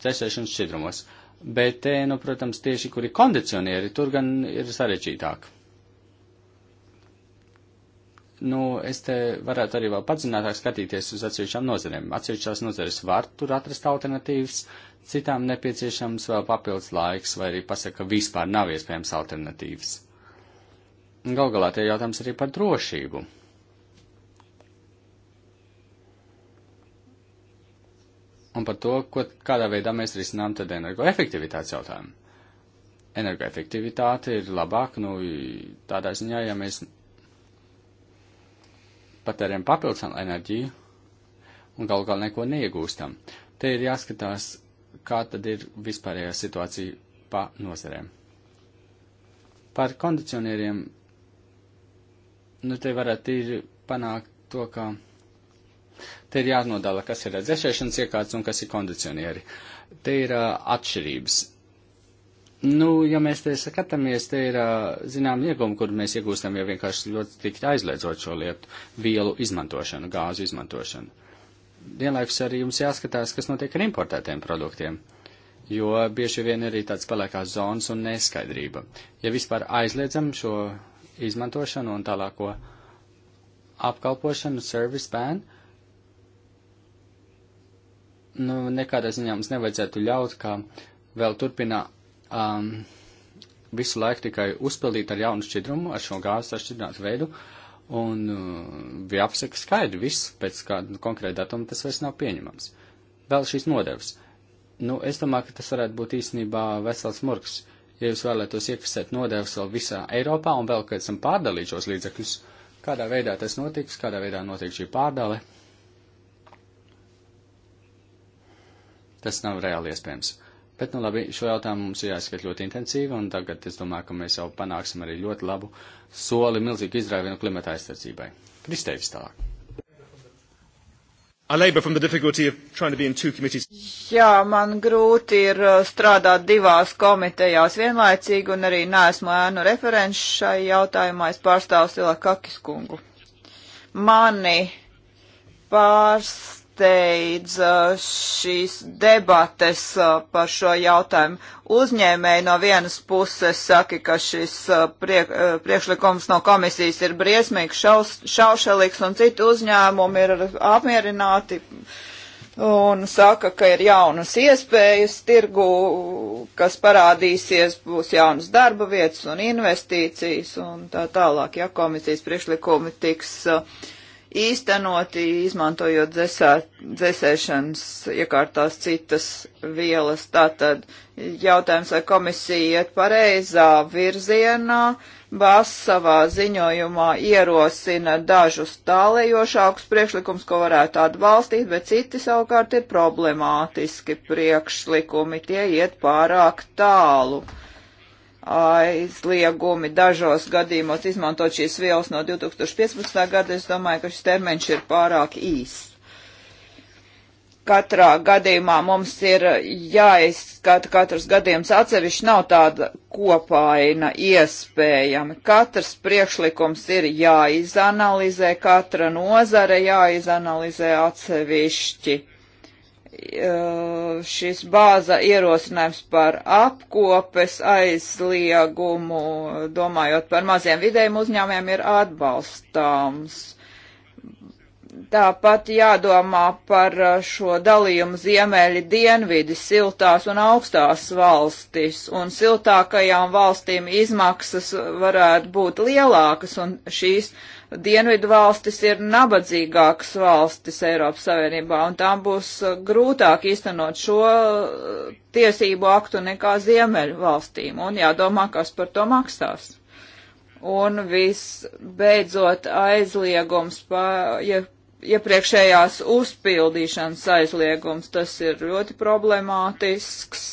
dzēsēšanas šķidrumos, bet te, nu, protams, tieši, kur ir kondicionieri, tur gan ir sarežģītāk. Nu, es te varētu arī vēl padziļinātāk skatīties uz atsevišķām nozarēm. Atsevišķās nozares var tur atrast alternatīvas, citām nepieciešams vēl papildus laiks, vai arī pasaka, ka vispār nav iespējams alternatīvas. Gal galā tie jautājums arī par drošību. Un par to, ko, kādā veidā mēs risinām tad energoefektivitātes jautājumu. Energoefektivitāte ir labāk, nu, tādā ziņā, ja mēs patērējam papildus enerģiju un galu galā neko neiegūstam. Te ir jāskatās, kā tad ir vispārējā situācija pa nozarēm. Par kondicionieriem, nu te varētu ir panākt to, ka te ir jānodala, kas ir redzēšanas iekārts un kas ir kondicionieri. Te ir uh, atšķirības Nu, ja mēs te skatāmies, te ir, zinām, iegumi, kur mēs iegūstam, ja vienkārši ļoti tikt aizliedzot šo lietu, vielu izmantošanu, gāzu izmantošanu. Vienlaikus arī jums jāskatās, kas notiek ar importētiem produktiem, jo bieži vien ir arī tāds palēkās zonas un neskaidrība. Ja vispār aizliedzam šo izmantošanu un tālāko apkalpošanu, service ban, nu, nekādā ziņā mums nevajadzētu ļaut, ka vēl turpināt um, visu laiku tikai uzpildīt ar jaunu šķidrumu, ar šo gāzes sašķidrinātu veidu, un uh, bija apsaka skaidri viss, pēc kāda konkrēta datuma tas vairs nav pieņemams. Vēl šīs nodevs. Nu, es domāju, ka tas varētu būt īstenībā vesels murgs, ja jūs vēlētos iekasēt nodevs vēl visā Eiropā un vēl, kad esam pārdalīt šos līdzekļus, kādā veidā tas notiks, kādā veidā notiek šī pārdale. Tas nav reāli iespējams. Bet, nu labi, šo jautājumu mums ir jāizskat ļoti intensīvi, un tagad es domāju, ka mēs jau panāksim arī ļoti labu soli milzīgu izrāvienu klimata aizsardzībai. Kristēvis tālāk. Jā, man grūti ir uh, strādāt divās komitejās vienlaicīgi, un arī neesmu ēnu referents šai jautājumā. Es pārstāvu Silakakis kungu. Mani pārstāv pasteidza šīs debates uh, par šo jautājumu. Uzņēmēji no vienas puses saka, ka šis uh, priek, uh, priekšlikums no komisijas ir briesmīgs, šaus, šaušalīgs, un citi uzņēmumi ir apmierināti un saka, ka ir jaunas iespējas tirgu, kas parādīsies, būs jaunas darba vietas un investīcijas un tā tālāk, ja komisijas priekšlikumi tiks uh, īstenoti, izmantojot dzesā, dzesēšanas iekārtās citas vielas. Tātad jautājums, vai komisija iet pareizā virzienā, Bas savā ziņojumā ierosina dažus tālējošākus priekšlikums, ko varētu atbalstīt, bet citi savukārt ir problemātiski priekšlikumi, tie iet pārāk tālu. Uh, aizliegumi dažos gadījumos izmantot šīs vielas no 2015. gada. Es domāju, ka šis termiņš ir pārāk īss. Katrā gadījumā mums ir jāizskata katrs gadījums atsevišķi, nav tāda kopaina iespējama. Katrs priekšlikums ir jāizanalizē, katra nozare jāizanalizē atsevišķi Uh, šis bāza ierosinājums par apkopes aizliegumu, domājot par maziem vidējiem uzņēmiem, ir atbalstāms. Tāpat jādomā par šo dalījumu ziemeļi dienvidi, siltās un augstās valstis, un siltākajām valstīm izmaksas varētu būt lielākas, un šīs uh, dienvidu valstis ir nabadzīgākas valstis Eiropas Savienībā, un tām būs uh, grūtāk īstenot šo uh, tiesību aktu nekā ziemeļu valstīm, un jādomā, kas par to maksās. Un visbeidzot aizliegums, pa, ja, iepriekšējās uzpildīšanas aizliegums, tas ir ļoti problemātisks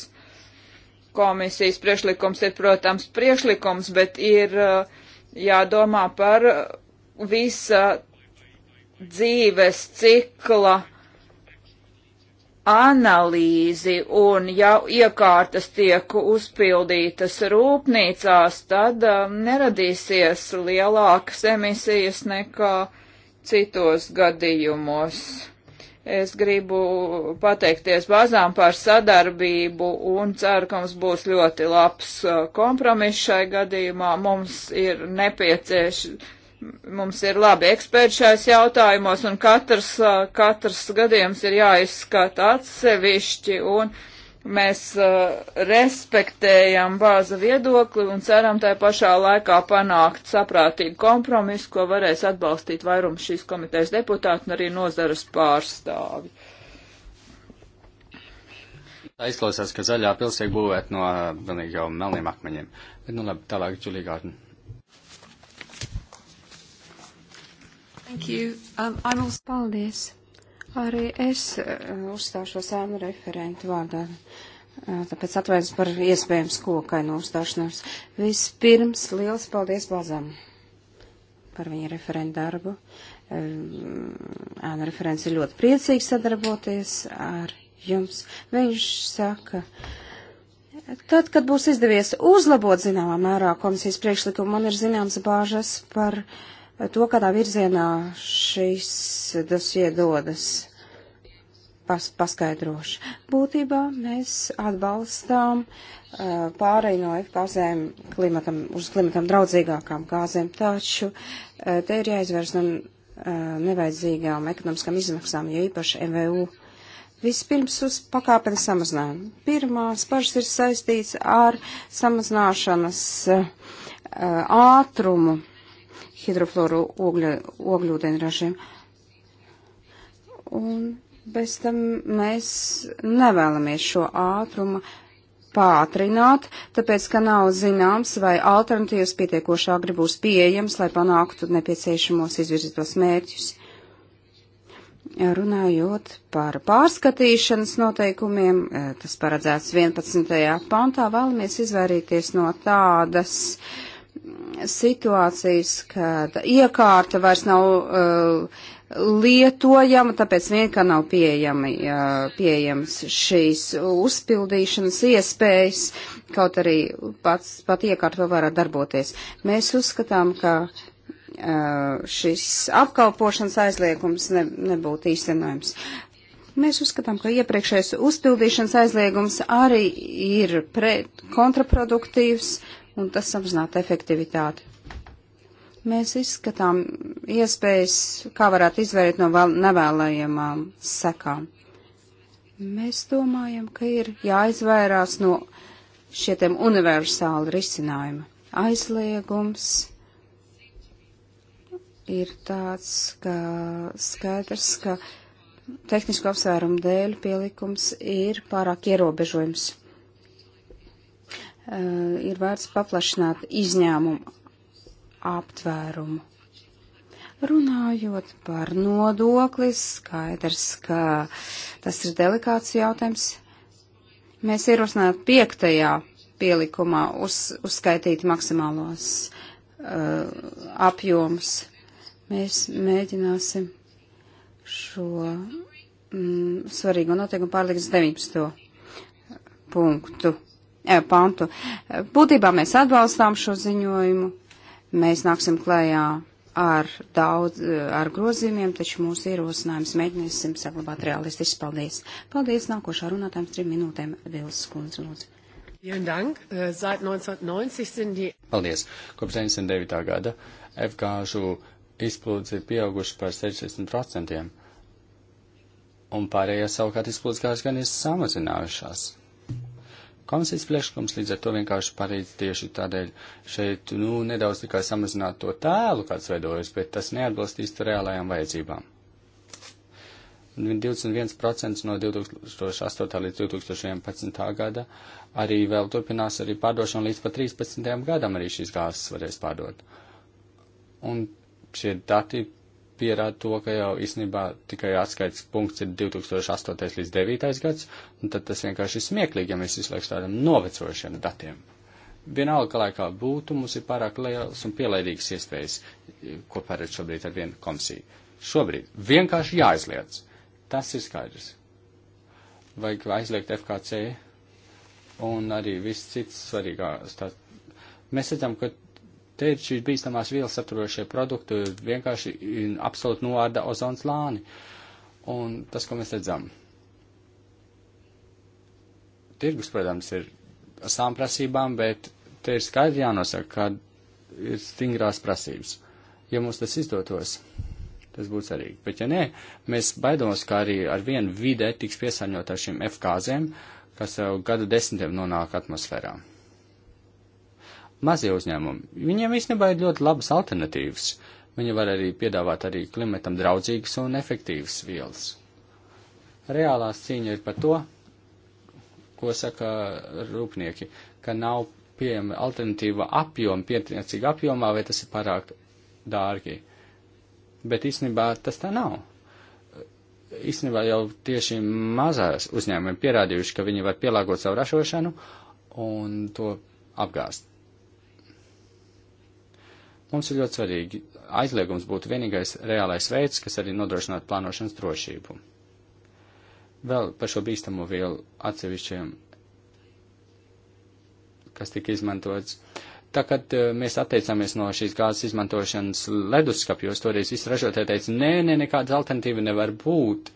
komisijas priekšlikums ir, protams, priekšlikums, bet ir uh, jādomā par visa dzīves cikla analīzi un ja iekārtas tiek uzpildītas rūpnīcās, tad um, neradīsies lielākas emisijas nekā citos gadījumos. Es gribu pateikties bazām par sadarbību un ceru, ka mums būs ļoti labs uh, kompromiss šai gadījumā. Mums ir nepieciešams Mums ir labi eksperti šais jautājumos, un katrs, katrs gadījums ir jāizskata atsevišķi, un mēs respektējam bāza viedokli un ceram tai pašā laikā panākt saprātīgu kompromisu, ko varēs atbalstīt vairums šīs komitejas deputāti un arī nozaras pārstāvi. Tā izklausās, ka zaļā pilsēta būvēt no pilnīgi jau melniem akmeņiem. Bet, nu labi, tālāk, Čulīgārtni. Um, also... Paldies. Arī es uh, uzstāšos ēnu referentu vārdā. Uh, tāpēc atvainojos par iespējams kokainu uzstāšanos. Vispirms liels paldies Bazam par viņa referentu darbu. Um, ēnu um, referents ir ļoti priecīgs sadarboties ar jums. Viņš saka, tad, kad būs izdevies uzlabot zināmā mērā komisijas priekšlikumu, man ir zināms bāžas par uh, to, kādā virzienā šis dosie dodas pas, paskaidrošu. Būtībā mēs atbalstām uh, pārēju no F-gāzēm klimatam, uz klimatam draudzīgākām gāzēm, taču uh, te ir jāizvērs no uh, nevajadzīgām ekonomiskām izmaksām, jo īpaši MVU. Vispirms uz pakāpeni samazinājumu. Pirmās pašas ir saistīts ar samazināšanas uh, ātrumu hidrofloru ogļūdeņražiem. Un bez tam mēs nevēlamies šo ātrumu pātrināt, tāpēc, ka nav zināms, vai alternatīvas pietiekoši agri būs pieejams, lai panāktu nepieciešamos izvirzītos mērķus. Runājot par pārskatīšanas noteikumiem, e, tas paredzēts 11. pantā, vēlamies izvairīties no tādas uh, situācijas, kad iekārta vairs nav uh, lietojama, tāpēc vienkārši nav pieejami, uh, pieejams šīs uzpildīšanas iespējas, kaut arī pats, pat iekārta vēl varētu darboties. Mēs uzskatām, ka uh, šis apkalpošanas aizliegums ne, nebūtu īstenojams. Mēs uzskatām, ka iepriekšējais uzpildīšanas aizliegums arī ir pret, kontraproduktīvs, uh, un tas samazinātu efektivitāti. Mēs izskatām iespējas, kā varētu izvairīt no nevēlējamām sekām. Mēs domājam, ka ir jāizvairās no šietiem universāli risinājumi. Aizliegums ir tāds, ka skaidrs, ka tehnisko apsvērumu dēļ pielikums ir pārāk ierobežojums. Eh, ir vērts paplašināt izņēmumu aptvērumu. Runājot par nodokli, skaidrs, ka tas ir delikāts jautājums. Mēs ierosinām piektajā pielikumā uz, uzskaitīt maksimālos uh, apjomus. Mēs mēģināsim šo mm, svarīgo noteikumu pārlikt uz 19. punktu Eh, pantu. Eh, būtībā mēs atbalstām šo ziņojumu, mēs nāksim klējā ar daudz, eh, ar grozījumiem, taču mūsu ierosinājums mēģināsim saglabāt realistisks. Paldies! Paldies nākošā runātājiem trim minūtēm Vils Skundz lūdzu. Äh, Paldies! Kopš 99. gada F-gāžu izplūdes ir pieauguši par 60%, un pārējās savukārt izplūdes gāzes gan ir samazinājušās komisijas priekšlikums, līdz ar to vienkārši pareizi tieši tādēļ šeit, nu, nedaudz tikai samazināt to tēlu, kāds veidojas, bet tas neatbalstīs reālajām vajadzībām. 21% no 2008. līdz 2011. gada arī vēl turpinās arī pārdošana līdz pat 13. gadam arī šīs gāzes varēs pārdot. Un šie dati pierāda to, ka jau īstenībā tikai atskaits punkts ir 2008. līdz 2009. gads, un tad tas vienkārši ir smieklīgi, ja mēs visu laiku strādājam novecojušiem datiem. Vienalga, ka laikā būtu, mums ir pārāk liels un pielaidīgs iespējas, ko paredz šobrīd ar vienu komisiju. Šobrīd vienkārši jāizliec. Tas ir skaidrs. Vajag aizliegt FKC un arī viss cits svarīgās. Tā. Mēs redzam, ka Te ir šīs bīstamās vielas saturošie produkti, vienkārši mm, absolūti novārda ozons lāni. Un tas, ko mēs redzam. Tirgus, protams, ir savām prasībām, bet te ir skaidri jānosaka, ka ir stingrās prasības. Ja mums tas izdotos, tas būtu svarīgi. Bet ja nē, mēs baidomos, ka arī ar vienu vide tiks piesārņot ar šiem F gāzēm, kas jau gadu desmitiem nonāk atmosfērā mazie uzņēmumi. Viņiem īstenībā ir ļoti labas alternatīvas. Viņi var arī piedāvāt arī klimatam draudzīgas un efektīvas vielas. Reālās cīņa ir par to, ko saka rūpnieki, ka nav pieejama alternatīva apjoma, pietiecīga apjomā, vai tas ir pārāk dārgi. Bet īstenībā tas tā nav. Īstenībā jau tieši mazās uzņēmumi pierādījuši, ka viņi var pielāgot savu ražošanu un to apgāst. Mums ir ļoti svarīgi aizliegums būtu vienīgais reālais veids, kas arī nodrošinātu plānošanas drošību. Vēl par šo bīstamo vielu atsevišķiem, kas tika izmantots. Tā kā eh, mēs atteicāmies no šīs gāzes izmantošanas leduskapjos, toreiz viss ražotāji teica, nē, nē, nekādas alternatīva nevar būt.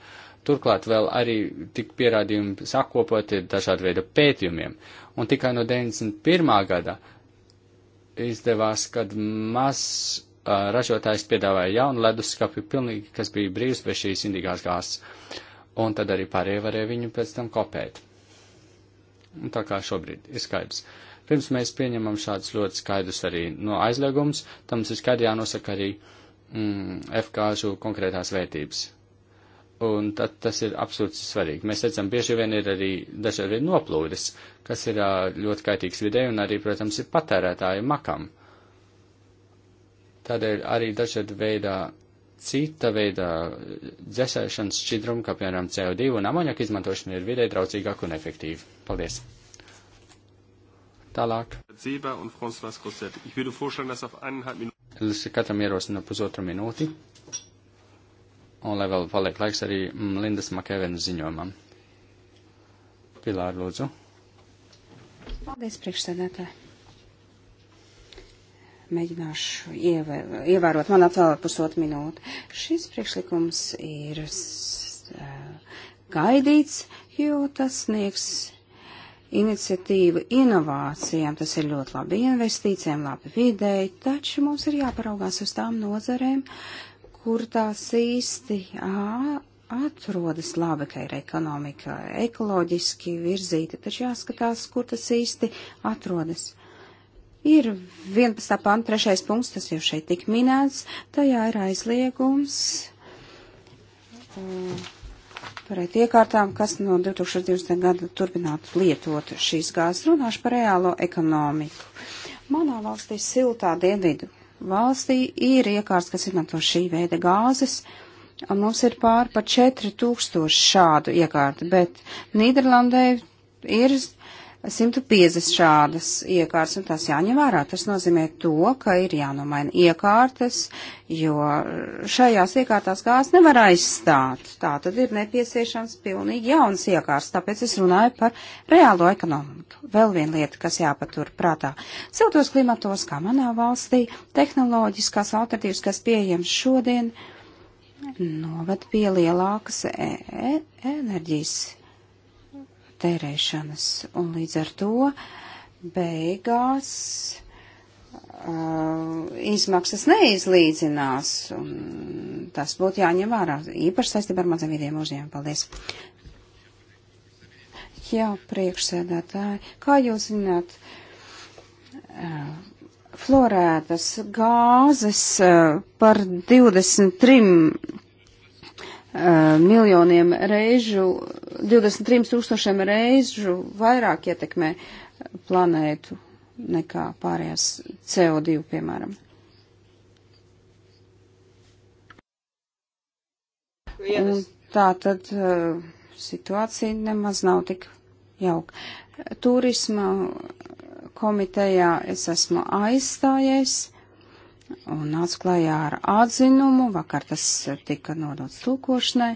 Turklāt vēl arī tik pierādījumi sakopoti dažādu veidu pētījumiem. Un tikai no 91. gada izdevās, kad maz uh, ražotājs piedāvāja jaunu leduskapi, pilnīgi, kas bija brīvs bez šīs indīgās gāzes. Un tad arī pārējie varēja viņu pēc tam kopēt. Un tā kā šobrīd ir skaidrs. Pirms mēs pieņemam šādus ļoti skaidrus arī no aizliegums, tam mums ir skaidri jānosaka arī mm, F gāžu konkrētās vērtības. Un tad tas ir absolūti svarīgi. Mēs redzam, bieži vien ir arī dažādi noplūdes, kas ir ļoti kaitīgs vidē un arī, protams, ir patērētāju makam. Tādēļ arī dažādi veidā cita veida dzēsēšanas šķidrumu, kā piemēram CO2 un amoniaka izmantošana ir vidē draudzīgāk un efektīva. Paldies! Tālāk. Katram ierosina pusotru minūti un lai vēl paliek laiks arī mm, Lindas Makēvenas ziņojumam. Pilāra, lūdzu. Paldies, priekšsēdētāji mēģināšu ievē, ievērot man atvēlēt pusotru minūti. Šis priekšlikums ir uh, gaidīts, jo tas sniegs iniciatīvu inovācijām. Tas ir ļoti labi investīcijām, labi vidēji, taču mums ir jāparaugās uz tām nozarēm, kur tās īsti atrodas labi, ka ir ekonomika ekoloģiski virzīta, taču jāskatās, kur tas īsti atrodas. Ir 11. pānta trešais punkts, tas jau šeit tik minēts, tajā ir aizliegums pret iekārtām, kas no 2020. gada turpinātu lietot šīs gāzes. Runāšu par reālo ekonomiku. Manā valstī siltā dienvidu valstī ir iekārts, kas izmanto šī veida gāzes, un mums ir pār pa 4000 šādu iekārtu, bet Nīderlandē ir 150 šādas iekārtas, un tās jāņem vērā. Tas nozīmē to, ka ir jānomaina iekārtas, jo šajās iekārtās gāzes nevar aizstāt. Tā tad ir nepieciešams pilnīgi jauns iekārtas, tāpēc es runāju par reālo ekonomiku. Vēl viena lieta, kas jāpatur prātā. Siltos klimatos, kā manā valstī, tehnoloģiskās alternatīvas, kas pieejams šodien, noved pie lielākas e e enerģijas tērēšanas. Un līdz ar to beigās uh, izmaksas neizlīdzinās. Un tas būtu jāņem vērā īpaši saistībā ar maziem vidiem uzņēmumiem. Paldies! Jā, priekšsēdētāji, kā jūs zināt, uh, florētas gāzes uh, par 23 Eh, miljoniem reižu, 23 tūkstošiem reižu vairāk ietekmē planētu nekā pārējās CO2, piemēram. Un tā tad uh, situācija nemaz nav tik jauka. Turisma komitejā es esmu aizstājies un nāca klajā ar atzinumu, vakar tas tika nodots tulkošanai.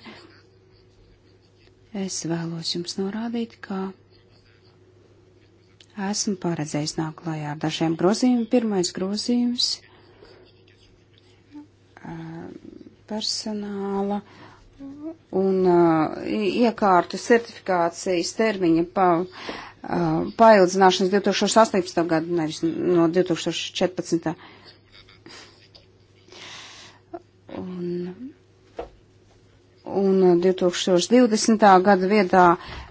Es vēlos jums norādīt, ka esmu paredzējis nāk klajā ar dažiem grozījumiem. Pirmais grozījums personāla un iekārtu certifikācijas termiņa pa, paildzināšanas 2018. gadu, nevis no 2014. gadu Un, un 2020. gada vietā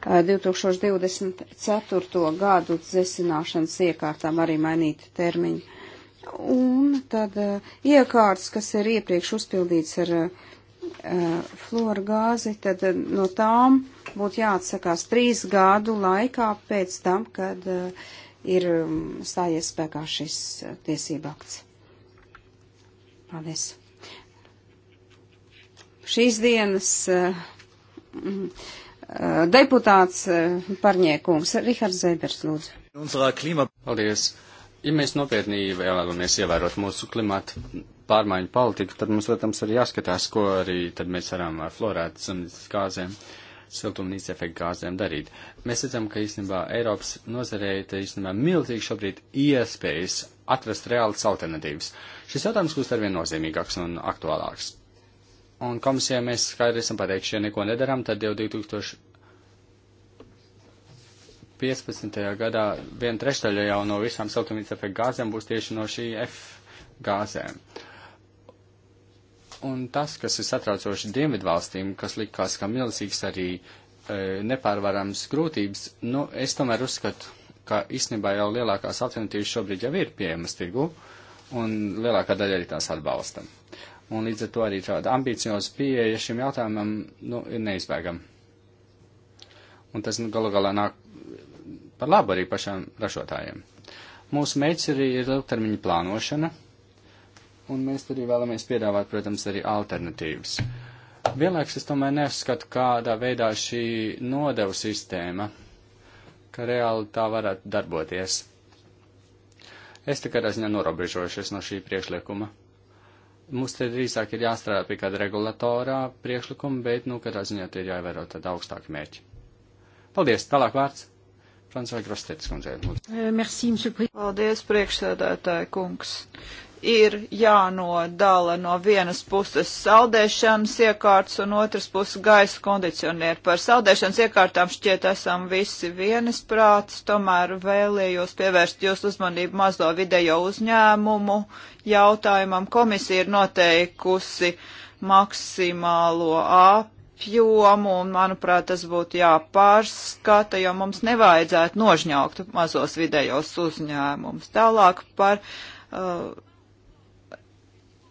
2024. Eh, gadu dzesināšanas iekārtām arī mainītu termiņu. Un tad eh, iekārtas, kas ir iepriekš uzpildīts ar eh, fluoru gāzi, tad no tām būtu jāatsakās trīs gadu laikā pēc tam, kad ir mm, stājies spēkā šis tiesība akts. Paldies! šīs dienas eh, mhm, eh, deputāts eh, Parņēkums. Rihards Zēbers, lūdzu. Paldies. Ja mēs nopietni vēlamies ievērot mūsu klimatu pārmaiņu politiku, tad mums, protams, ir jāskatās, ko arī tad mēs varam ar florētas un gāzēm, siltumnīca efekta gāzēm darīt. Mēs redzam, ka īstenībā Eiropas nozarei te īstenībā milzīgi šobrīd iespējas atrast reālas alternatīvas. Šis jautājums kļūst arvien nozīmīgāks un aktuālāks. Un komisijai mēs skaidri esam pateikuši, ja neko nedaram, tad jau 2015. gadā viena trešdaļa jau no visām siltumnīca efekta gāzēm būs tieši no šī F gāzēm. Un tas, kas ir satraucoši Dienvidvalstīm, kas likās kā milzīgs arī e, nepārvarams grūtības, nu, es tomēr uzskatu, ka īstenībā jau lielākās alternatīvas šobrīd jau ir pieejamas tirgu, un lielākā daļa arī tās atbalsta. Un līdz ar to arī tāda ambicioza pieeja šim jautājumam nu, ir neizbēgama. Un tas nu, galu galā nāk par labu arī pašām ražotājiem. Mūsu mērķis arī ir ilgtermiņa plānošana, un mēs arī vēlamies piedāvāt, protams, arī alternatīvas. Vienlaiks es tomēr neskatu, kādā veidā šī nodevu sistēma, ka reāli tā varētu darboties. Es tikai ziņā norobežojušies no šī priekšlikuma mums te drīzāk ir jāstrādā pie kāda regulatorā priekšlikuma, bet, nu, katrā ziņā te ir jāievēro tāda augstāka mērķa. Paldies! Tālāk vārds! Francijā Grostētas kundzei. Merci, monsieur Paldies, priekšsēdētāja kungs ir jānodala no vienas puses saldēšanas iekārtas un otras puses gaisa kondicionieri. Par saldēšanas iekārtām šķiet esam visi vienas prāts, tomēr vēlējos pievērst jūs uzmanību mazo video uzņēmumu jautājumam. Komisija ir noteikusi maksimālo apjomu un, manuprāt, tas būtu jāpārskata, jo mums nevajadzētu nožņaukt mazos vidējos uzņēmumus. Tālāk par uh,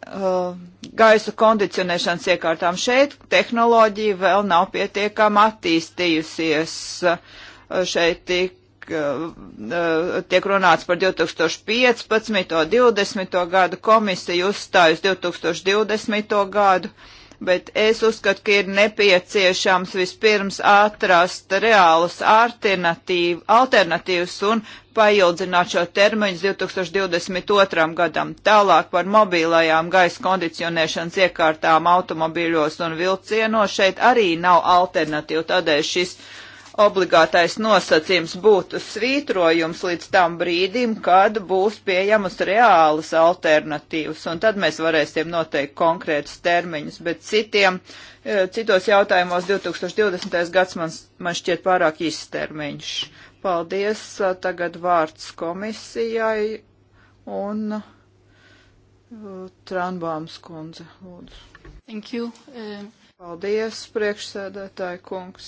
Uh, gaisa kondicionēšanas iekārtām. Šeit tehnoloģija vēl nav pietiekama attīstījusies. Uh, šeit tik, uh, tiek runāts par 2015. un 2020. gadu komisiju uzstājusi 2020. gadu, bet es uzskatu, ka ir nepieciešams vispirms atrast reālus alternatīv, alternatīvas un paildzināt šo termiņu 2022. gadam. Tālāk par mobilajām gaisa kondicionēšanas iekārtām automobīļos un vilcienos šeit arī nav alternatīva, tādēļ šis obligātais nosacījums būtu svītrojums līdz tam brīdim, kad būs pieejamas reālas alternatīvas, un tad mēs varēsim noteikt konkrētus termiņus, bet citiem, eh, citos jautājumos 2020. gads man, man šķiet pārāk īsts termiņš. Paldies. Tagad vārds komisijai un Tranbāms kundze, lūdzu. Thank you. Um... Paldies, priekšsēdētāji kungs,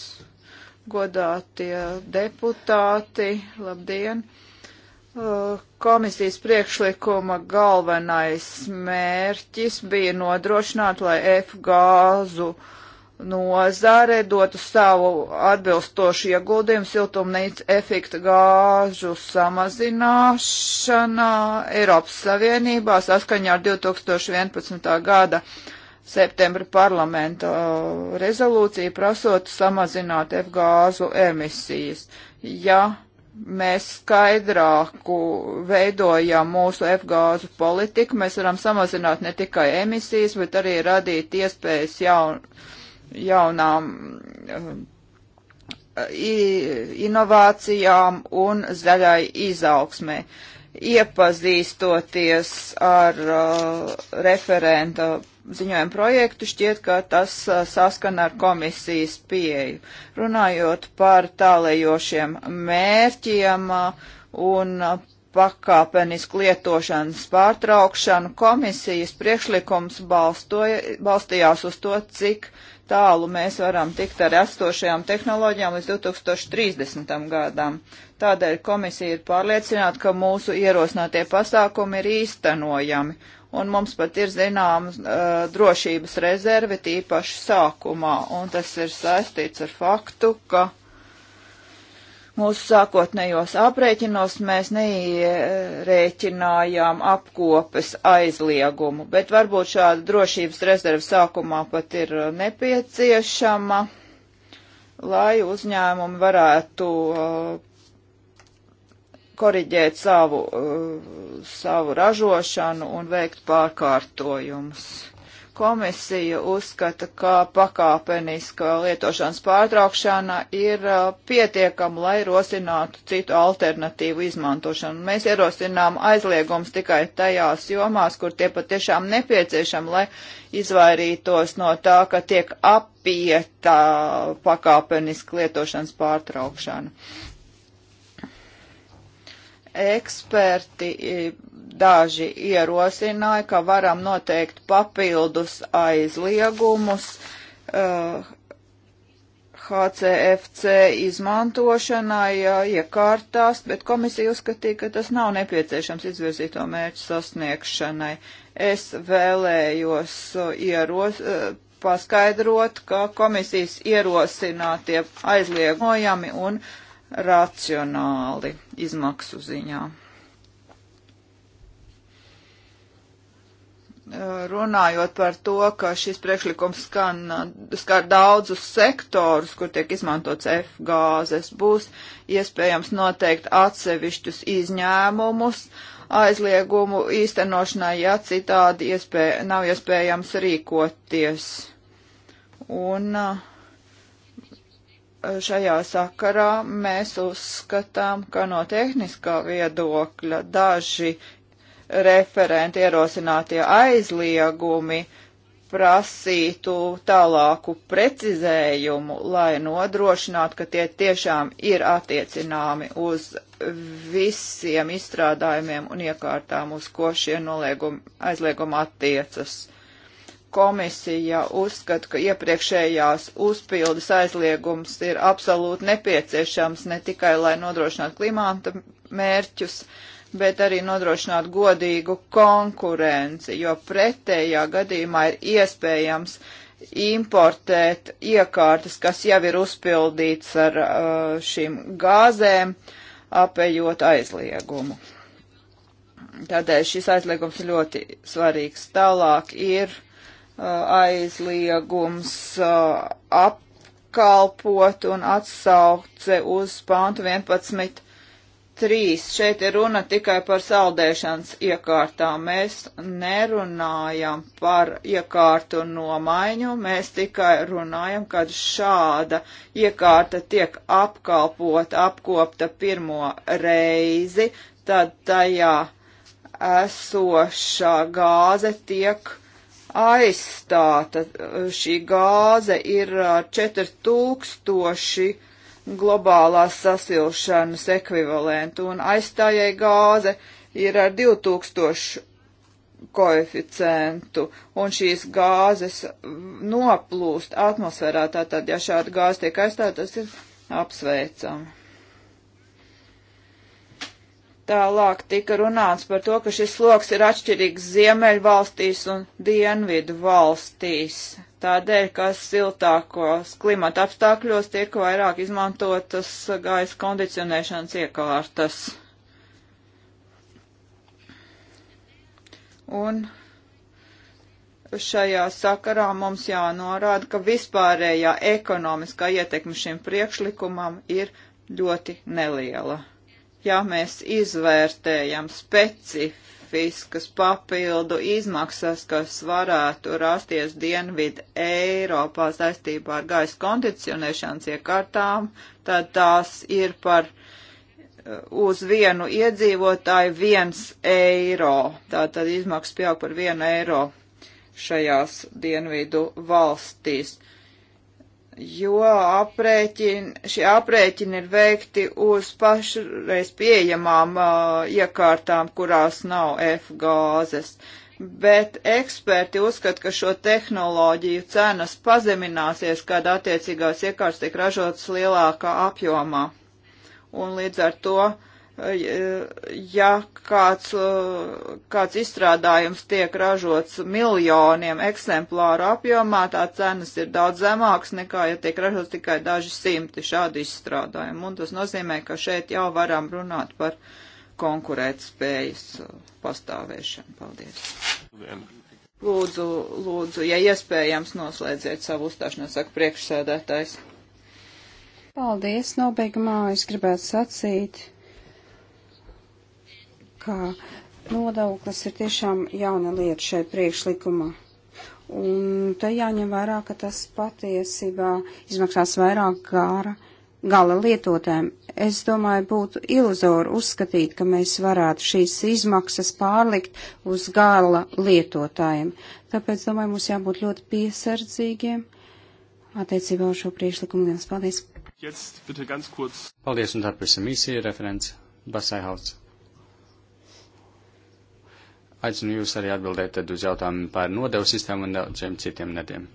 godātie deputāti, labdien! Komisijas priekšlikuma galvenais mērķis bija nodrošināt, lai F gāzu uh, nozare dotu savu atbilstošu ieguldījumu siltumnīca efekta gāžu samazināšanā Eiropas Savienībā saskaņā ar 2011. gada septembra parlamenta uh, rezolūciju prasot samazināt F gāzu emisijas. Ja mēs skaidrāku veidojam mūsu F-gāzu politiku, mēs varam samazināt ne tikai emisijas, bet arī radīt iespējas jaunu jaunām um, inovācijām un zaļai izaugsmē. Iepazīstoties ar uh, referenta ziņojumu projektu, šķiet, ka tas uh, saskana ar komisijas pieeju. Runājot par tālējošiem mērķiem uh, un uh, pakāpenisku lietošanas pārtraukšanu, komisijas priekšlikums balstoja, balstījās uz to, cik uh, tālu mēs varam tikt ar esošajām tehnoloģijām līdz 2030. gadam. Tādēļ komisija ir pārliecināta, ka mūsu ierosinātie pasākumi ir īstenojami, un mums pat ir zināmas uh, drošības rezerve tīpaši sākumā, un tas ir saistīts ar faktu, ka Mūsu sākotnējos aprēķinos mēs neierēķinājām apkopes aizliegumu, bet varbūt šāda drošības rezerve sākumā pat ir nepieciešama, lai uzņēmumi varētu uh, koriģēt savu, uh, savu ražošanu un veikt pārkārtojumus. Komisija uzskata, ka pakāpeniska lietošanas pārtraukšana ir uh, pietiekama, lai rosinātu citu alternatīvu izmantošanu. Mēs ierosinām aizliegums tikai tajās jomās, kur tie patiešām nepieciešami, lai izvairītos no tā, ka tiek apieta pakāpeniska lietošanas pārtraukšana eksperti e, daži ierosināja, ka varam noteikt papildus aizliegumus uh, e, HCFC izmantošanai uh, iekārtās, bet komisija uzskatīja, ka tas nav nepieciešams izvirzīto mērķu sasniegšanai. Es vēlējos uh, ieros, e, paskaidrot, ka komisijas ierosinātie aizliegojami un uh, racionāli izmaksu ziņā. runājot par to, ka šis priekšlikums skan, skar daudzus sektorus, kur tiek izmantots F gāzes, būs iespējams noteikt atsevišķus izņēmumus aizliegumu īstenošanai, ja citādi iespēja, nav iespējams rīkoties. Un uh, Eh, šajā sakarā mēs uzskatām, ka no tehniskā viedokļa daži referenti ierosinātie aizliegumi prasītu tālāku precizējumu, lai nodrošinātu, ka tie tiešām ir attiecināmi uz visiem izstrādājumiem un iekārtām, uz ko šie aizliegumi attiecas komisija uzskata, ka iepriekšējās uzpildes aizliegums ir absolūti nepieciešams ne tikai, lai nodrošinātu klimāta mērķus, bet arī nodrošinātu godīgu konkurenci, jo pretējā gadījumā ir iespējams importēt iekārtas, kas jau ir uzpildīts ar uh, šīm gāzēm, apējot aizliegumu. Tādēļ šis aizliegums ir ļoti svarīgs. Tālāk ir aizliegums apkalpot un atsauce uz pāntu 11. 3. Šeit ir runa tikai par saldēšanas iekārtām. Mēs nerunājam par iekārtu nomaiņu, mēs tikai runājam, kad šāda iekārta tiek apkalpota, apkopta pirmo reizi, tad tajā esošā gāze tiek aizstāta. Šī gāze ir 4000 globālās sasilšanas ekvivalentu, un aizstājai gāze ir ar 2000 koeficientu, un šīs gāzes noplūst atmosfērā. Tātad, ja šāda gāze tiek aizstāta, tas ir apsveicami. Tālāk tika runāts par to, ka šis sloks ir atšķirīgs ziemeļvalstīs un dienvidu valstīs, tādēļ, ka siltākos klimata apstākļos tiek vairāk izmantotas gaisa kondicionēšanas iekārtas. Un šajā sakarā mums jānorāda, ka vispārējā ekonomiskā ietekme šim priekšlikumam ir ļoti neliela ja mēs izvērtējam specifiskas papildu izmaksas, kas varētu rasties Dienvidu Eiropā saistībā ar gaisa kondicionēšanas iekārtām, tad tās ir par uh, uz vienu iedzīvotāju viens eiro. Tātad izmaksas pieaug par vienu eiro šajās dienvidu valstīs jo aprēķini, šie aprēķini ir veikti uz pašreiz pieejamām uh, iekārtām, kurās nav F gāzes. Bet eksperti uzskata, ka šo tehnoloģiju cenas pazemināsies, kad attiecīgās iekārtas tiek ražotas lielākā apjomā. Un līdz ar to uh, ja kāds, kāds izstrādājums tiek ražots miljoniem eksemplāru apjomā, tā cenas ir daudz zemāks nekā, ja tiek ražots tikai daži simti šādu izstrādājumu. Un tas nozīmē, ka šeit jau varam runāt par konkurētspējas pastāvēšanu. Paldies. Lūdzu, lūdzu, ja iespējams, noslēdziet savu uzstāšanos, saka priekšsēdētājs. Paldies, nobeigumā es gribētu sacīt, ka nodoklis ir tiešām jauna lieta šai priekšlikumā. Un te jāņem vērā, ka tas patiesībā izmaksās vairāk gāra gala lietotēm. Es domāju, būtu iluzori uzskatīt, ka mēs varētu šīs izmaksas pārlikt uz gala lietotājiem. Tāpēc, domāju, mums jābūt ļoti piesardzīgiem attiecībā uz šo priekšlikumu. Lielas paldies! Jetzt, bitte, ganz kurz. Paldies un tāpēc esam īsi referents Basai Hauts. Aicinu jūs arī atbildēt tad uz jautājumu par nodevu sistēmu un daudziem citiem nediem.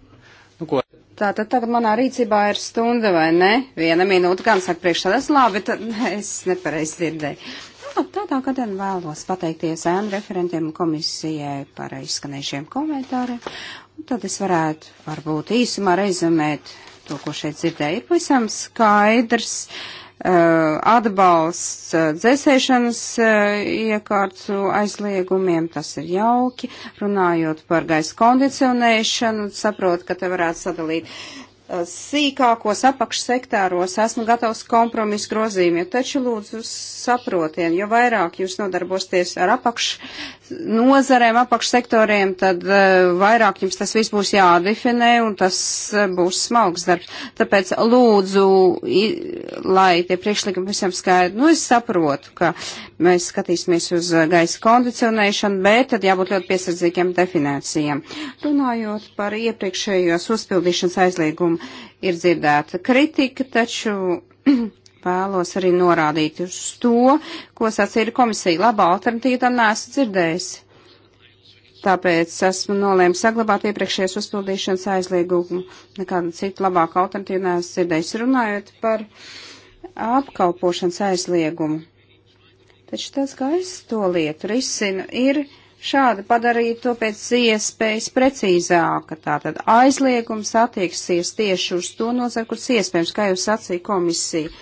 Nu, ko? Tā tad tagad manā rīcībā ir stunda vai ne? Viena minūte gan saka priekšsēdēs labi, tad es nepareiz dzirdēju. Nu, tādā gadījumā vēlos pateikties ēnu referentiem komisijai par izskanējušiem komentāriem. Un tad es varētu varbūt īsumā rezumēt to, ko šeit dzirdēju. Ir pavisam skaidrs. Uh, Uh, atbalsts uh, dzēsēšanas uh, iekārtu aizliegumiem, tas ir jauki. Runājot par gaisa kondicionēšanu, saprot, ka te varētu sadalīt uh, Eh, sīkākos apakšsektāros esmu gatavs kompromisu grozījumiem, taču lūdzu saprotiet, jo vairāk jūs nodarbosties ar apakš nozarēm, apakšsektoriem, tad eh, vairāk jums tas viss būs jādefinē un tas eh, būs smalks darbs. Tāpēc lūdzu, lai tie priekšlikumi visam skaidri, nu es saprotu, ka mēs skatīsimies uz gaisa kondicionēšanu, bet tad jābūt ļoti piesardzīgiem definēcijiem. Runājot par iepriekšējos uzpildīšanas aizliegumu, ziņojumu ir dzirdēta kritika, taču vēlos arī norādīt uz to, ko sacīja komisija. Labā alternatīva tam neesmu dzirdējusi. Tāpēc esmu nolēmis saglabāt iepriekšējās uzpildīšanas aizliegumu. Nekāda cita labāka alternatīva neesmu dzirdējusi runājot par apkalpošanas aizliegumu. Taču tas, kā es to lietu risinu, ir šādi padarīt to pēc iespējas precīzāka. Tātad aizliegums attieksies tieši uz to nozaru, kuras iespējams, kā jau sacīja komisija.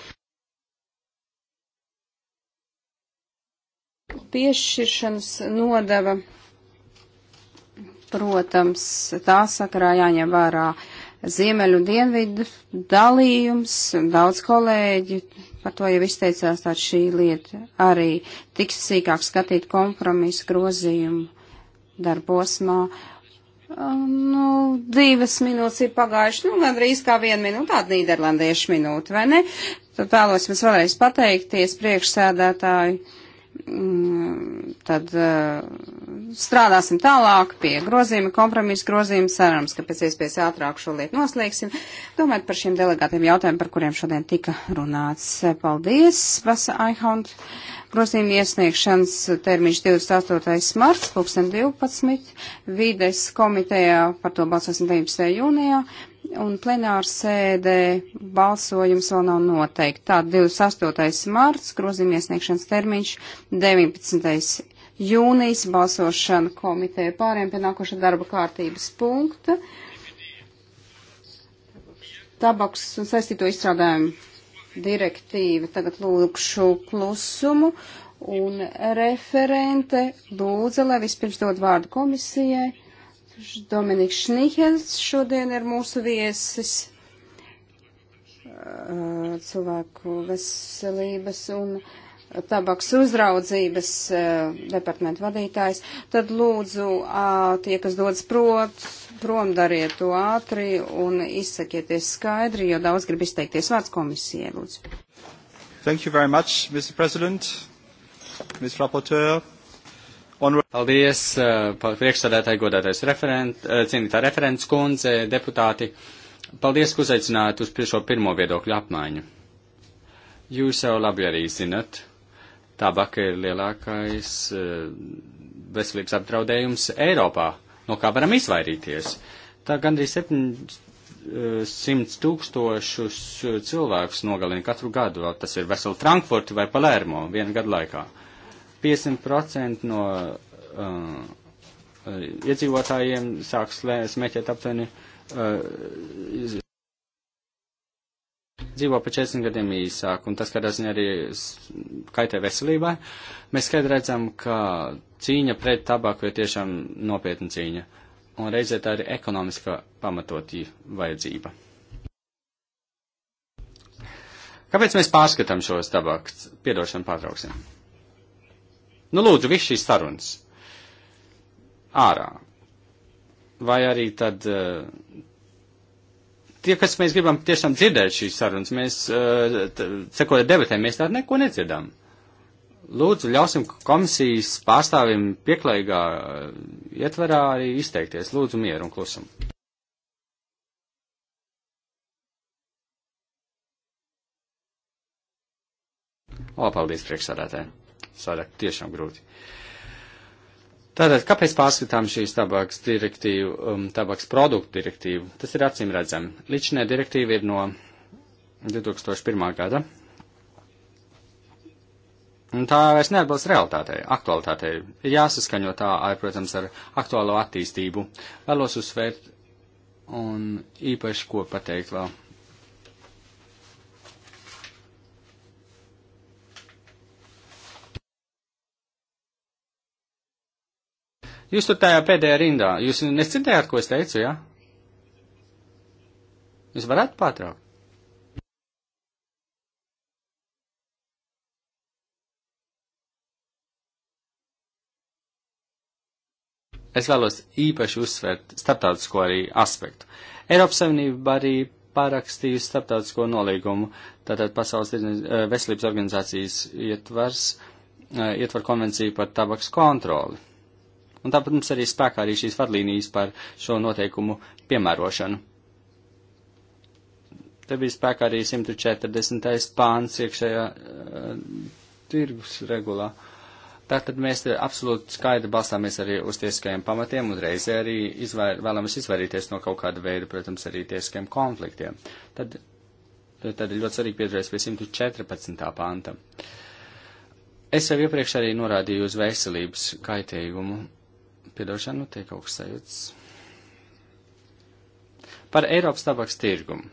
Piešķiršanas nodeva, protams, tā sakarā jāņem vērā ziemeļu un dienvidu dalījums. Daudz kolēģi par to jau izteicās tā šī lieta, arī tiks sīkāk skatīt kompromisu grozījumu darbosmā. Um, nu, divas minūtes ir pagājuši, nu, gandrīz kā viena minūte, tāda nīderlandiešu minūte, vai ne? Tad vēlos jums vēlreiz pateikties priekšsēdētāju Mm, tad eh, strādāsim tālāk pie grozījuma, kompromisa grozījuma, cerams, ka pēc iespējas ātrāk šo lietu noslēgsim. Domājot par šiem delegātiem jautājumiem, par kuriem šodien tika runāts. Paldies, Vasa Aihaunt. Grozījuma iesniegšanas termiņš 28. marts, 2012. Vides komitejā par to balsosim 19. jūnijā un plenāra sēdē balsojums vēl nav noteikti. Tā 28. marts, grozījuma iesniegšanas termiņš, 19. jūnijas balsošana komiteja pāriem pie nākoša darba kārtības punkta. Tabaks un saistīto izstrādājumu direktīva. Tagad lūkšu klusumu un referente lūdza, lai vispirms dod vārdu komisijai Dominiks Šnihels šodien ir mūsu viesis cilvēku veselības un tabaks uzraudzības departamentu vadītājs, tad lūdzu tie, kas dodas prot, prom dariet to ātri un izsakieties skaidri, jo daudz grib izteikties vārds komisijai, lūdzu. Thank you very much, Mr. President, Ms. Rapporteur. On... Paldies, uh, priekšsādētāji, godātais referent, uh, cienītā referents kundze, deputāti. Paldies, ka uzaicinājāt uz šo pirmo viedokļu apmaiņu. Jūs jau labi arī zinat, tabaka ir lielākais uh, veselības apdraudējums Eiropā, no kā varam izvairīties. Tā gandrīz 700 tūkstošus cilvēkus nogalina katru gadu, tas ir veseli Frankfurti vai Palermo vienu gadu laikā. 50% no uh, uh, iedzīvotājiem sāks smēķēt aptuveni uh, dzīvo pa 40 gadiem īsāk, un tas, kādā ziņā arī kaitē veselībai, mēs skaidri redzam, ka cīņa pret tabaku ir tiešām nopietna cīņa, un reizē tā ir ekonomiska pamatotība vajadzība. Kāpēc mēs pārskatām šos tabaks? Piedošanu pārtrauksim. Nu, lūdzu, viss šīs sarunas ārā. Vai arī tad eh, tie, kas mēs gribam tiešām dzirdēt šīs sarunas, mēs, eh, sekojot debatēm, mēs tādu neko nedzirdam. Lūdzu, ļausim komisijas pārstāvim pieklājīgā eh, ietverā arī izteikties. Lūdzu, mieru un klusumu. O, paldies priekšsādātājai. Sādāk tiešām grūti. Tātad, kāpēc pārskatām šīs tabaks direktīvu, um, tabaks produktu direktīvu? Tas ir acīm redzami. Līdšanē direktīva ir no 2001. gada. Un tā vairs neatbilst realitātei, aktualitātei. Ir jāsaskaņo tā, ar, protams, ar aktuālo attīstību. Vēlos uzsvērt un īpaši ko pateikt vēl. Jūs tur tajā pēdējā rindā, jūs nesirdējāt, ko es teicu, jā? Ja? Jūs varētu pārtraukt. Es vēlos īpaši uzsvērt starptautisko arī aspektu. Eiropas Savienība arī pārakstījusi starptautisko nolīgumu, tātad Pasaules eh, veselības organizācijas ietvars, eh, ietver konvenciju par tabaks kontroli un tāpat mums arī spēkā arī šīs vadlīnijas par šo noteikumu piemērošanu. Te bija spēkā arī 140. pāns iekšējā uh, tirgus regulā. Tātad mēs absolūti skaidri balstāmies arī uz tiesiskajiem pamatiem un reizē arī izvair, vēlamies izvairīties no kaut kāda veida, protams, arī tiesiskajiem konfliktiem. Tad, tad ir ļoti svarīgi pieturēties pie 114. pānta. Es jau iepriekš arī norādīju uz veselības kaitīgumu piedošanu tiek augstējūts. Par Eiropas tabaks tirgumu.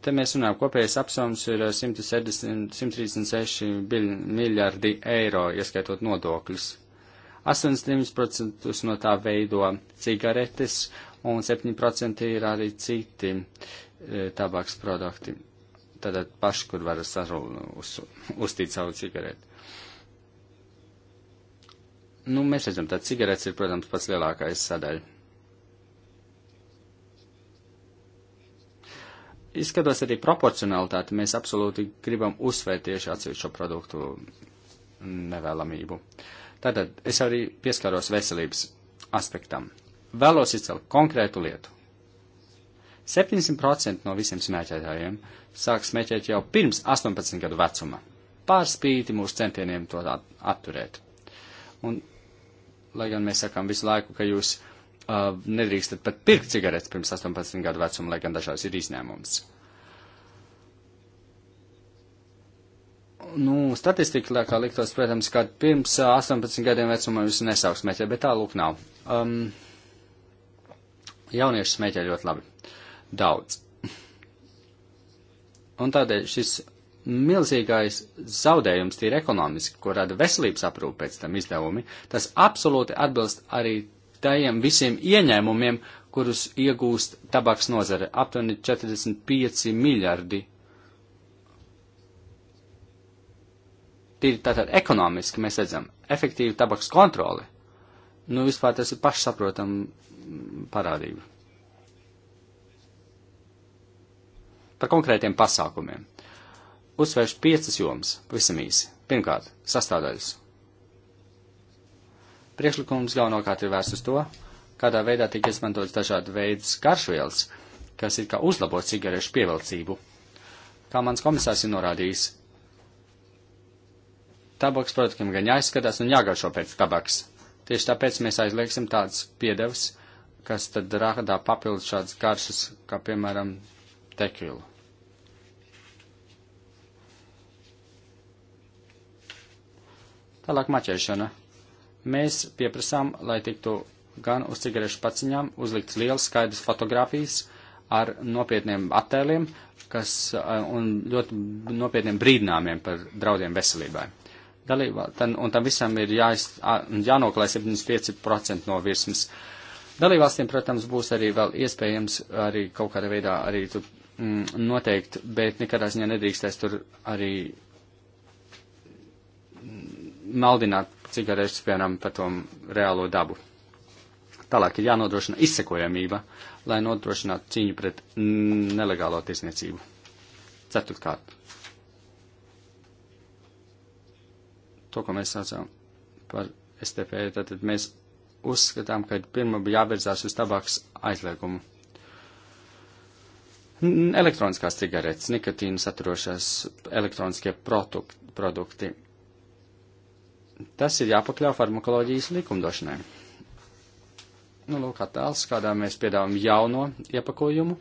Te mēs runājam, kopējais apsvērums ir 170, eh, 136 miljardi eiro, ieskaitot nodokļus. 89% no tā veido cigaretes, un 7% ir arī citi e, tabaks produkti. Tātad paši, kur var uz, uztīt savu cigareti. Nu, mēs redzam, tā cigaretes ir, protams, pats lielākais sadaļa. Izskatos arī proporcionalitāti, mēs absolūti gribam uzsvērt tieši atsevišķo produktu nevēlamību. Tātad es arī pieskaros veselības aspektam. Vēlos izcelt konkrētu lietu. 70% no visiem smēķētājiem sāk smēķēt jau pirms 18 gadu vecuma, pārspīti mūsu centieniem to atturēt. Un lai gan mēs sakām visu laiku, ka jūs uh, nedrīkstat pat pirkt cigaretes pirms 18 gadu vecuma, lai gan dažās ir izņēmums. Nu, statistika, kā liktos, protams, ka pirms 18 uh, gadiem vecumā jūs nesauks smēķēt, bet tā lūk nav. Um, jaunieši smēķē ļoti labi. Daudz. Un tādēļ šis milzīgais zaudējums tīri ekonomiski, ko rada veselības aprūpe pēc tam izdevumi, tas absolūti atbilst arī tajiem visiem ieņēmumiem, kurus iegūst tabaks nozare - aptuveni 45 miljardi. Tīri tātad ekonomiski mēs redzam efektīvu tabaks kontroli. Nu, vispār tas ir pašsaprotam parādība. Par konkrētiem pasākumiem uzsvēršu piecas jomas, visam īsi. Pirmkārt, sastāvdaļas. Priekšlikums galvenokārt ir vērsts uz to, kādā veidā tiek izmantots dažādi veids garšvielas, kas ir kā uzlabo cigarešu pievilcību. Kā mans komisārs ir norādījis, tabaks produktiem gan jāizskatās un jāgaršo pēc tabaks. Tieši tāpēc mēs aizliegsim tādas piedevas, kas tad rādā papildus šādas garšas, kā piemēram tekila. Tālāk maķēšana. Mēs pieprasām, lai tiktu gan uz cigarešu paciņām uzlikts liels skaidrs fotografijas ar nopietniem attēliem kas, eh, un ļoti nopietniem brīdinājumiem par draudiem veselībai. Dalībā, tan, un tam visam ir jāiz, jānoklē 75% no virsmas. Dalībvalstīm, protams, būs arī vēl iespējams arī kaut kādā veidā arī tu, mm, noteikt, bet nekādā ziņā nedrīkstēs tur arī maldināt cigaretes, piemēram, par to reālo dabu. Tālāk ir jānodrošina izsekojamība, lai nodrošinātu cīņu pret nelegālo tiesniecību. Ceturtkārt. To, ko mēs saucam par STP, tad mēs uzskatām, ka pirmā bija jāvirzās uz tabaks aizliegumu. Elektroniskās cigaretes, nikotīnu saturošās elektroniskie produkti, produkti tas ir jāpakļauj farmakoloģijas likumdošanai. Nu, lūk, attēls, kādā mēs piedāvājam jauno iepakojumu.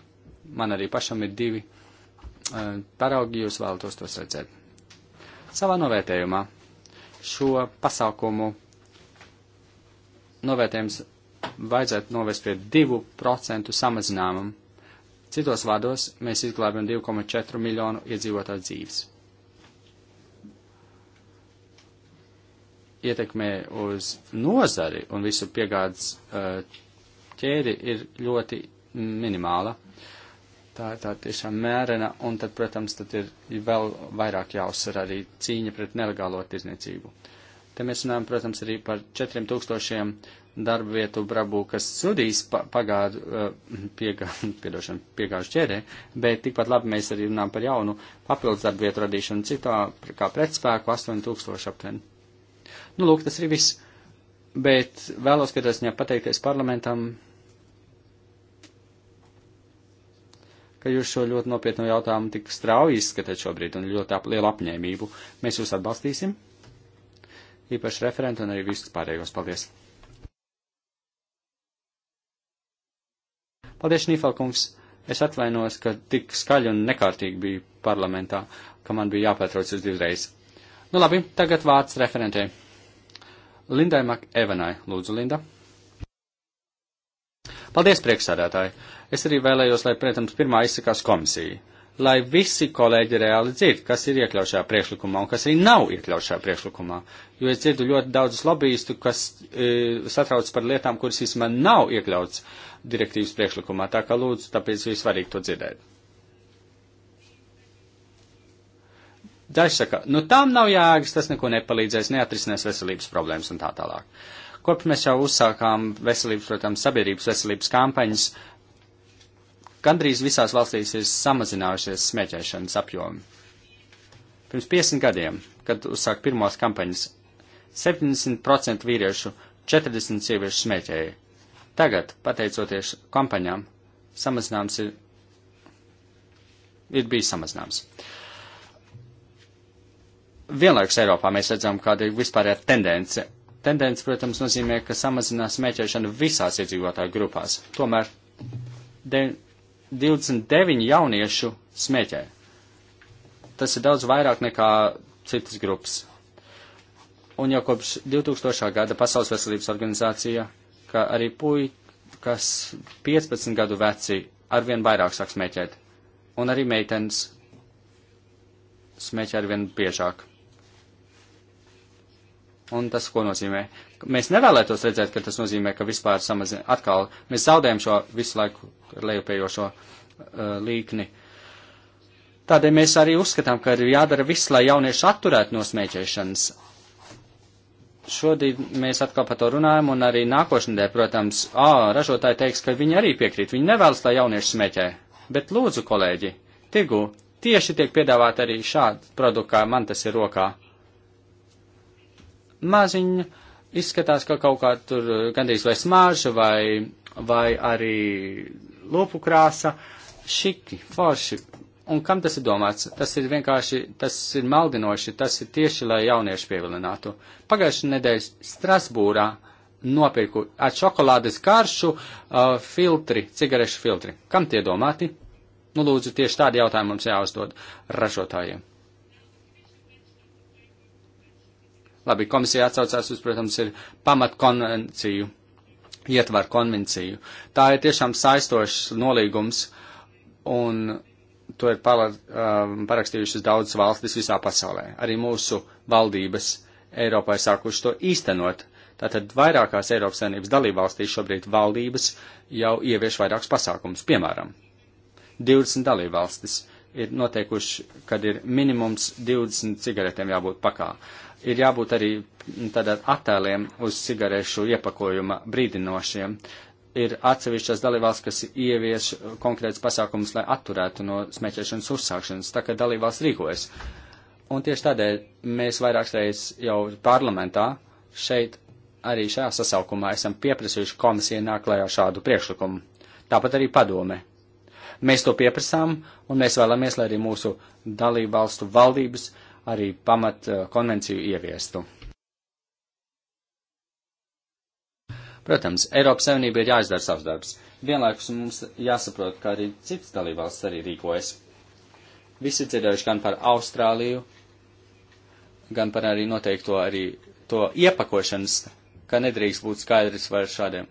Man arī pašam ir divi uh, paraugi, jūs vēlatos tos redzēt. Savā novērtējumā šo pasākumu novērtējums vajadzētu novest pie 2% samazinājumam. Citos vārdos mēs izglābjam 2,4 miljonu iedzīvotāju dzīves. ietekmē uz nozari un visu piegādes uh, ķēdi ir ļoti minimāla. Tā ir tā tiešām mērena, un tad, protams, tad ir vēl vairāk jāuzsver arī cīņa pret nelegālo tirzniecību. Te mēs runājam, protams, arī par 4000 darba vietu brabū, kas sudīs pagādu, uh, piegā, piedošanu, piegāžu ķēdē, bet tikpat labi mēs arī runājam par jaunu papildus darba vietu radīšanu citā, kā pretspēku 8000 aptuveni. Nu, lūk, tas ir viss. Bet vēlos, ka tas viņā pateikties parlamentam, ka jūs šo ļoti nopietnu jautājumu tik strauji izskatāt šobrīd un ļoti ap, lielu apņēmību. Mēs jūs atbalstīsim, īpaši referentu un arī visus pārējos. Paldies! Paldies, Nīfalkungs! Es atvainos, ka tik skaļi un nekārtīgi bija parlamentā, ka man bija jāpārtrauc uz divreiz. Nu labi, tagad vārds referentē. Lindai Makevenai. Lūdzu, Linda. Paldies, priekšsādātāji. Es arī vēlējos, lai, protams, pirmā izsakās komisija. Lai visi kolēģi reāli dzird, kas ir iekļauts šajā priekšlikumā un kas arī nav iekļauts šajā priekšlikumā. Jo es dzirdu ļoti daudzus lobbyistu, kas e, satrauc par lietām, kuras īstenībā nav iekļauts direktīvas priekšlikumā. Tā kā lūdzu, tāpēc ir svarīgi to dzirdēt. Daži saka, nu tam nav jēgas, tas neko nepalīdzēs, neatrisinās veselības problēmas un tā tālāk. Kopš mēs jau uzsākām veselības, protams, sabiedrības veselības kampaņas, gandrīz visās valstīs ir samazinājušies smēķēšanas apjomi. Pirms 50 gadiem, kad uzsāk pirmos kampaņas, 70% vīriešu, 40% sieviešu smēķēja. Tagad, pateicoties kampaņām, samazinājums ir, ir bijis samazināms. Uh, vienlaikus Eiropā mēs redzam, kāda ir vispārējā tendence. Tendence, protams, nozīmē, ka samazinās smēķēšana visās iedzīvotāju grupās. Tomēr 29 jauniešu smēķē. Tas ir daudz vairāk nekā citas grupas. Un jau kopš 2000. gada Pasaules veselības organizācija, ka arī puiši, kas 15 gadu veci, arvien vairāk sāk smēķēt. Un arī meitenes smēķē arvien biežāk. Un tas, ko nozīmē? Mēs nevēlētos redzēt, ka tas nozīmē, ka vispār samazina, atkal mēs zaudējam šo visu laiku lejupējošo uh, līkni. Tādēļ mēs arī uzskatām, ka ir jādara viss, lai jaunieši atturētu no smēķēšanas. Šodien mēs atkal par to runājam, un arī nākošanai, protams, ā, ražotāji teiks, ka viņi arī piekrīt. Viņi nevēlas, lai jaunieši smēķē. Bet lūdzu, kolēģi, tirgu tieši tiek piedāvāt arī šādi produkti, kā man tas ir rokā maziņa, izskatās, ka kaut kā tur eh, gandrīz vai smāža, vai, vai arī lopu krāsa, šiki, forši. Un kam tas ir domāts? Tas ir vienkārši, tas ir maldinoši, tas ir tieši, lai jaunieši pievilinātu. Pagājušajā nedēļā Strasbūrā nopirku ar šokolādes karšu uh, filtri, cigarešu filtri. Kam tie domāti? Nu, lūdzu, tieši tādi jautājumi mums jāuzdod ražotājiem. Labi, komisija atsaucās uz, protams, ir pamatkonvenciju, ietvar konvenciju. Tā ir tiešām saistošs nolīgums, un to ir pala, um, parakstījušas daudzas valstis visā pasaulē. Arī mūsu valdības Eiropā ir sākušas to īstenot. Tātad vairākās Eiropas Savienības dalībvalstīs šobrīd valdības jau ievieš vairākus pasākumus. Piemēram, 20 dalībvalstis ir noteikuši, kad ir minimums 20 cigaretēm jābūt pakā. Uh, ir jābūt arī tādāt attēliem uz cigarešu iepakojuma brīdinošiem. Ir atsevišķas dalībvalsts, kas ievieš konkrēts pasākums, lai atturētu no smēķēšanas uzsākšanas, tā kā dalībvalsts rīkojas. Un tieši tādēļ mēs vairākas reizes jau parlamentā šeit arī šajā sasaukumā esam pieprasījuši komisiju nāklājā šādu priekšlikumu. Tāpat arī padome. Mēs to pieprasām, un mēs vēlamies, lai arī mūsu dalībvalstu valdības uh, arī pamat eh, konvenciju ieviestu. Protams, Eiropas Savienība ir jāizdara savs darbs. Vienlaikus mums jāsaprot, kā arī citas dalībvalstis arī rīkojas. Visi dzirdējuši gan par Austrāliju, gan par arī noteikto arī to iepakošanas, ka nedrīkst būt skaidrs vai šādiem.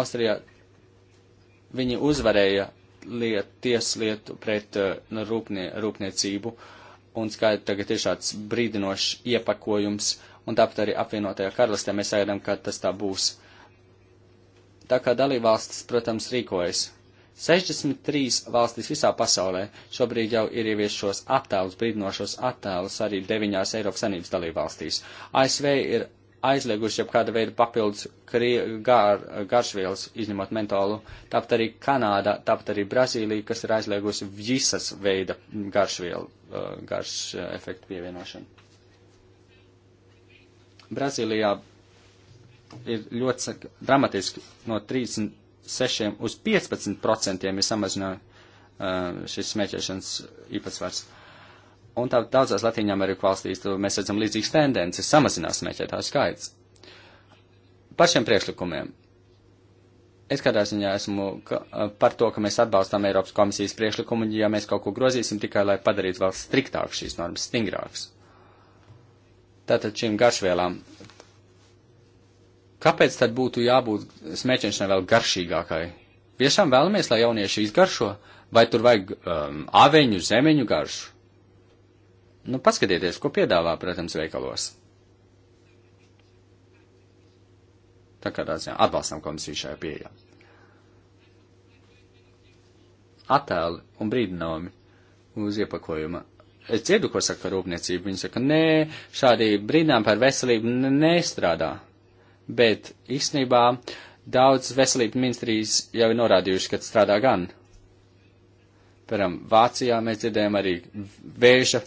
Austrijā viņi uzvarēja liet, tieslietu pret uh, rūpnie, rūpniecību. Uh, un skaidri tagad ir šāds brīdinošs iepakojums, un tāpat arī apvienotajā karalistē mēs sagaidām, ka tas tā būs. Tā kā dalībvalstis, protams, rīkojas. 63 valstis visā pasaulē šobrīd jau ir ievies šos attēlus, brīdinošos attēlus arī deviņās Eiropas Sanības dalībvalstīs. ASV ir aizlieguši jau kāda veida papildus gar, garšvielas, izņemot mentolu. Tāpat arī Kanāda, tāpat arī Brazīlija, kas ir aizliegusi visas veida garšvielu, uh, garš uh, efektu pievienošanu. Brazīlijā ir ļoti dramatiski no 36 uz 15 procentiem ir samazinājums uh, šis smēķēšanas īpatsvars. Uh, Un tā daudzās Latvijā Ameriku valstīs mēs redzam līdzīgas tendences, samazinās smēķētāju skaits. Par šiem priekšlikumiem. Es kādā ziņā esmu ka, eh, par to, ka mēs atbalstām Eiropas komisijas priekšlikumu, ja mēs kaut ko grozīsim tikai, lai padarītu vēl striktāk šīs normas, stingrākas. Tātad šīm garšvielām. Kāpēc tad būtu jābūt smēķēšanai vēl garšīgākai? Tiešām vēlamies, lai jaunieši izgaršo, vai tur vajag um, aveņu, zemeņu garšu? Nu, paskatieties, ko piedāvā, protams, veikalos. Tā kā tāds jā, atbalstam komisiju šajā pieejā. Attēli un brīdinājumi uz iepakojuma. Es dzirdu, ko saka rūpniecība. Viņi saka, nē, šādi brīdinājumi par veselību nestrādā. Bet īstenībā daudz veselības ministrijas jau ir norādījuši, ka strādā gan. Piemēram, Vācijā mēs dzirdējam arī vēža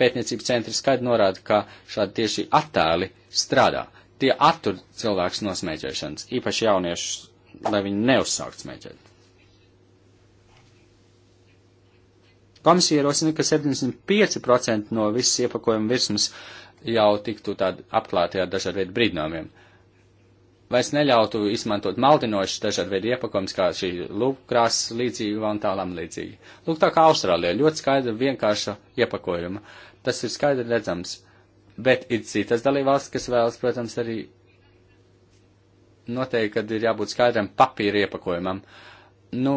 pētniecības centri skaidri norāda, ka šādi tieši attēli strādā. Tie attur cilvēks no smēķēšanas, īpaši jauniešus, lai viņi neuzsākt smēķēt. Komisija ierosina, ka 75% no visas iepakojuma virsmas jau tiktu tādi apklāti ar dažādu veidu brīdinājumiem. Uh, vairs neļautu izmantot maldinošas dažādu veidu iepakojumus, kā šī lūpkrāsas līdzība un tālam līdzīgi. Lūk, tā kā Austrālijā ļoti skaidra vienkārša iepakojuma. Tas ir skaidri redzams. Bet ir citas dalībvalstis, kas vēlas, protams, arī noteikti, kad ir jābūt skaidram papīra iepakojumam. Nu,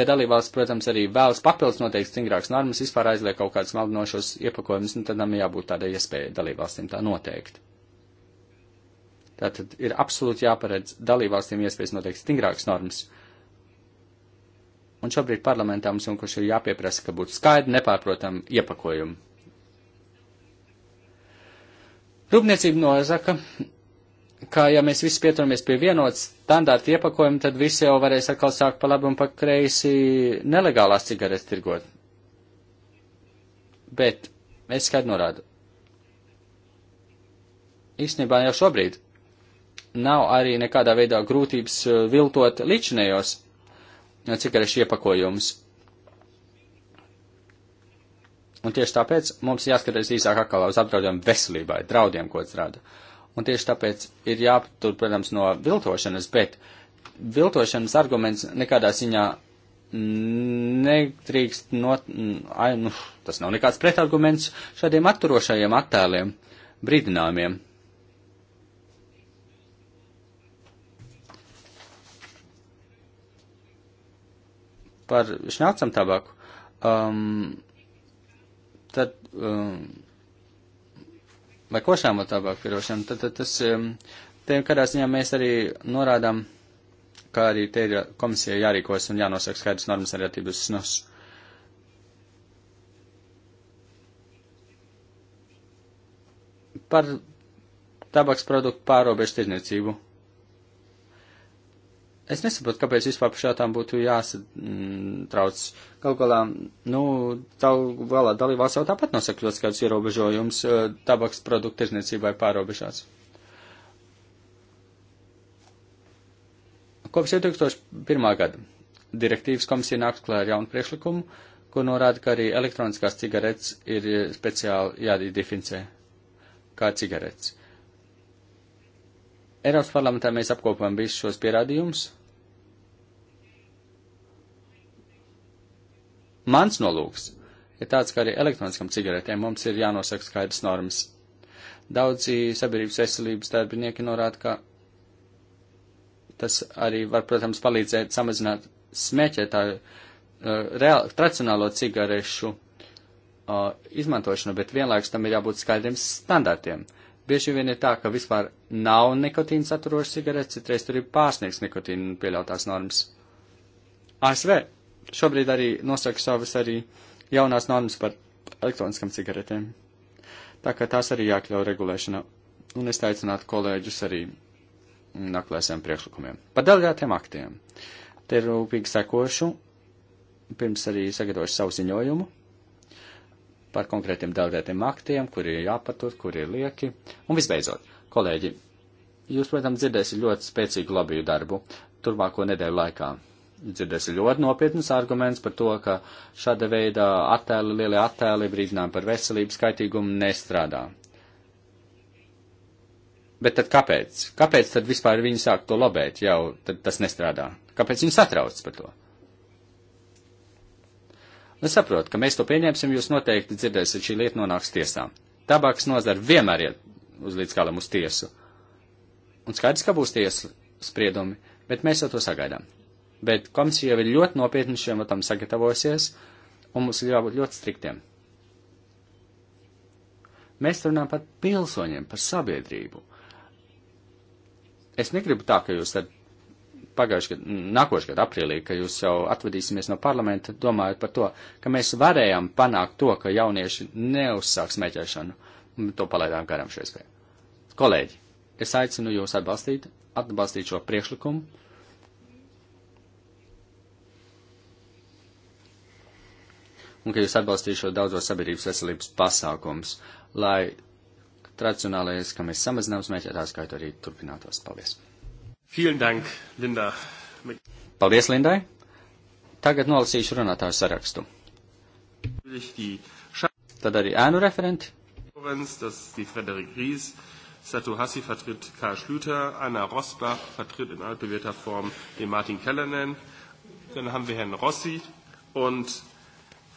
ja dalībvalsts, protams, arī vēlas papildus noteikti stingrākas normas, vispār aizliek kaut kādas maldinošos iepakojumus, nu, tad tam jābūt tādai iespējai dalībvalstīm tā noteikti. Tātad ir absolūti jāparedz dalībvalstīm iespējas noteikt stingrākas normas. Un šobrīd parlamentā mums vienkārši ir jāpieprasa, ka būtu skaidri nepārprotam iepakojumi. Rūpniecība nozaka, ka ja mēs visi pieturamies pie vienotas standārta iepakojuma, tad visi jau varēs atkal sākt pa labi un pa kreisi nelegālās cigaretes tirgot. Bet es skaidri norādu. Īstenībā jau šobrīd nav arī nekādā veidā grūtības eh, viltot ličinējos cigarešu iepakojumus. Un tieši tāpēc mums jāskatās īsāk atkal uz apdraudējumu veselībai, draudiem, ko tas rada. Un tieši tāpēc ir jāaptur, protams, no viltošanas, bet viltošanas arguments nekādā ziņā nedrīkst not, ai, nu, tas nav nekāds pretarguments šādiem atturošajiem attēliem, brīdinājumiem. par šņācam tabaku, um, tad, um, vai košāmo tabaku pirošanu, tad, tad tas, um, te kādā ziņā mēs arī norādām, ka arī te ir komisija jārīkojas un jānosaka skaidrs normas arī attiecības snus. Par tabaks produktu pārobežu tirniecību es nesaprotu, kāpēc vispār par šādām būtu jāsatrauc. Mm, galu galā, nu, galu galā dalībvalsts jau tāpat nosaka ļoti skaidrs ierobežojums eh, tabaks produktu tirzniecībai pārobežās. Kopš 2001. gada direktīvas komisija nāks klāt ar jaunu priekšlikumu, ko norāda, ka arī elektroniskās cigaretes ir eh, speciāli jādificē kā cigaretes. Eiropas parlamentā mēs apkopojam visus šos pierādījumus, Mans nolūks ir tāds, ka arī elektroniskam cigaretēm mums ir jānosaka skaidrs normas. Daudzi sabiedrības veselības darbinieki norāda, ka tas arī var, protams, palīdzēt samazināt smēķētāju uh, reāli, tradicionālo cigarešu uh, izmantošanu, bet vienlaikus tam ir jābūt skaidriem standartiem. Bieži vien ir tā, ka vispār nav nikotīna saturošas cigaretes, citreiz tur ir pārsniegs nikotīna pieļautās normas. ASV šobrīd arī nosaka savas arī jaunās normas par elektroniskam cigaretēm. Tā kā tās arī jākļauj regulēšanā. Un es aicinātu kolēģus arī naklēsiem priekšlikumiem. Par delegātiem aktiem. Te ir rūpīgi sekošu, pirms arī sagatavošu savu ziņojumu par konkrētiem delegātiem aktiem, kuri ir jāpatur, kuri ir lieki. Un visbeidzot, kolēģi, jūs, protams, dzirdēsiet ļoti spēcīgu lobiju darbu turpmāko nedēļu laikā dzirdēsi ļoti nopietnus arguments par to, ka šāda veida attēli, lielie attēli brīdinājumi par veselību skaitīgumu nestrādā. Bet tad kāpēc? Kāpēc tad vispār viņi sāk to lobēt, jau tad tas nestrādā? Kāpēc viņi satrauc par to? Es nu, saprotu, ka mēs to pieņemsim, jūs noteikti dzirdēsiet, šī lieta nonāks tiesā. Tabaks nozara vienmēr iet uz līdz kādam uz tiesu. Un skaidrs, ka būs tiesas spriedumi, bet mēs jau to sagaidām. Bet komisija jau ir ļoti nopietni šiem matam sagatavosies, un mums ir jābūt ļoti striktiem. Mēs runājam par pilsoņiem, par sabiedrību. Es negribu tā, ka jūs tad pagājušajā gadā, nākošajā gadā, aprīlī, ka jūs jau atvadīsimies no parlamenta, domājot par to, ka mēs varējām panākt to, ka jaunieši neuzsāks smēķēšanu. To palaidām garām šo iespēju. Kolēģi, es aicinu jūs atbalstīt, atbalstīt šo priekšlikumu. un ka jūs atbalstīšot daudzos sabiedrības veselības pasākums, lai tradicionālais, ka mēs samazinām smēķētā skaitu arī turpinātos. Paldies! Dank, Linda. Paldies, Lindai! Tagad nolasīšu runātāju sarakstu. Tad arī ēnu referenti. Satu Hassi vertritt Karl Schlüter, Anna Rosbach vertritt in altbewährter Form den Martin Kellernen, dann haben wir Herrn Rossi und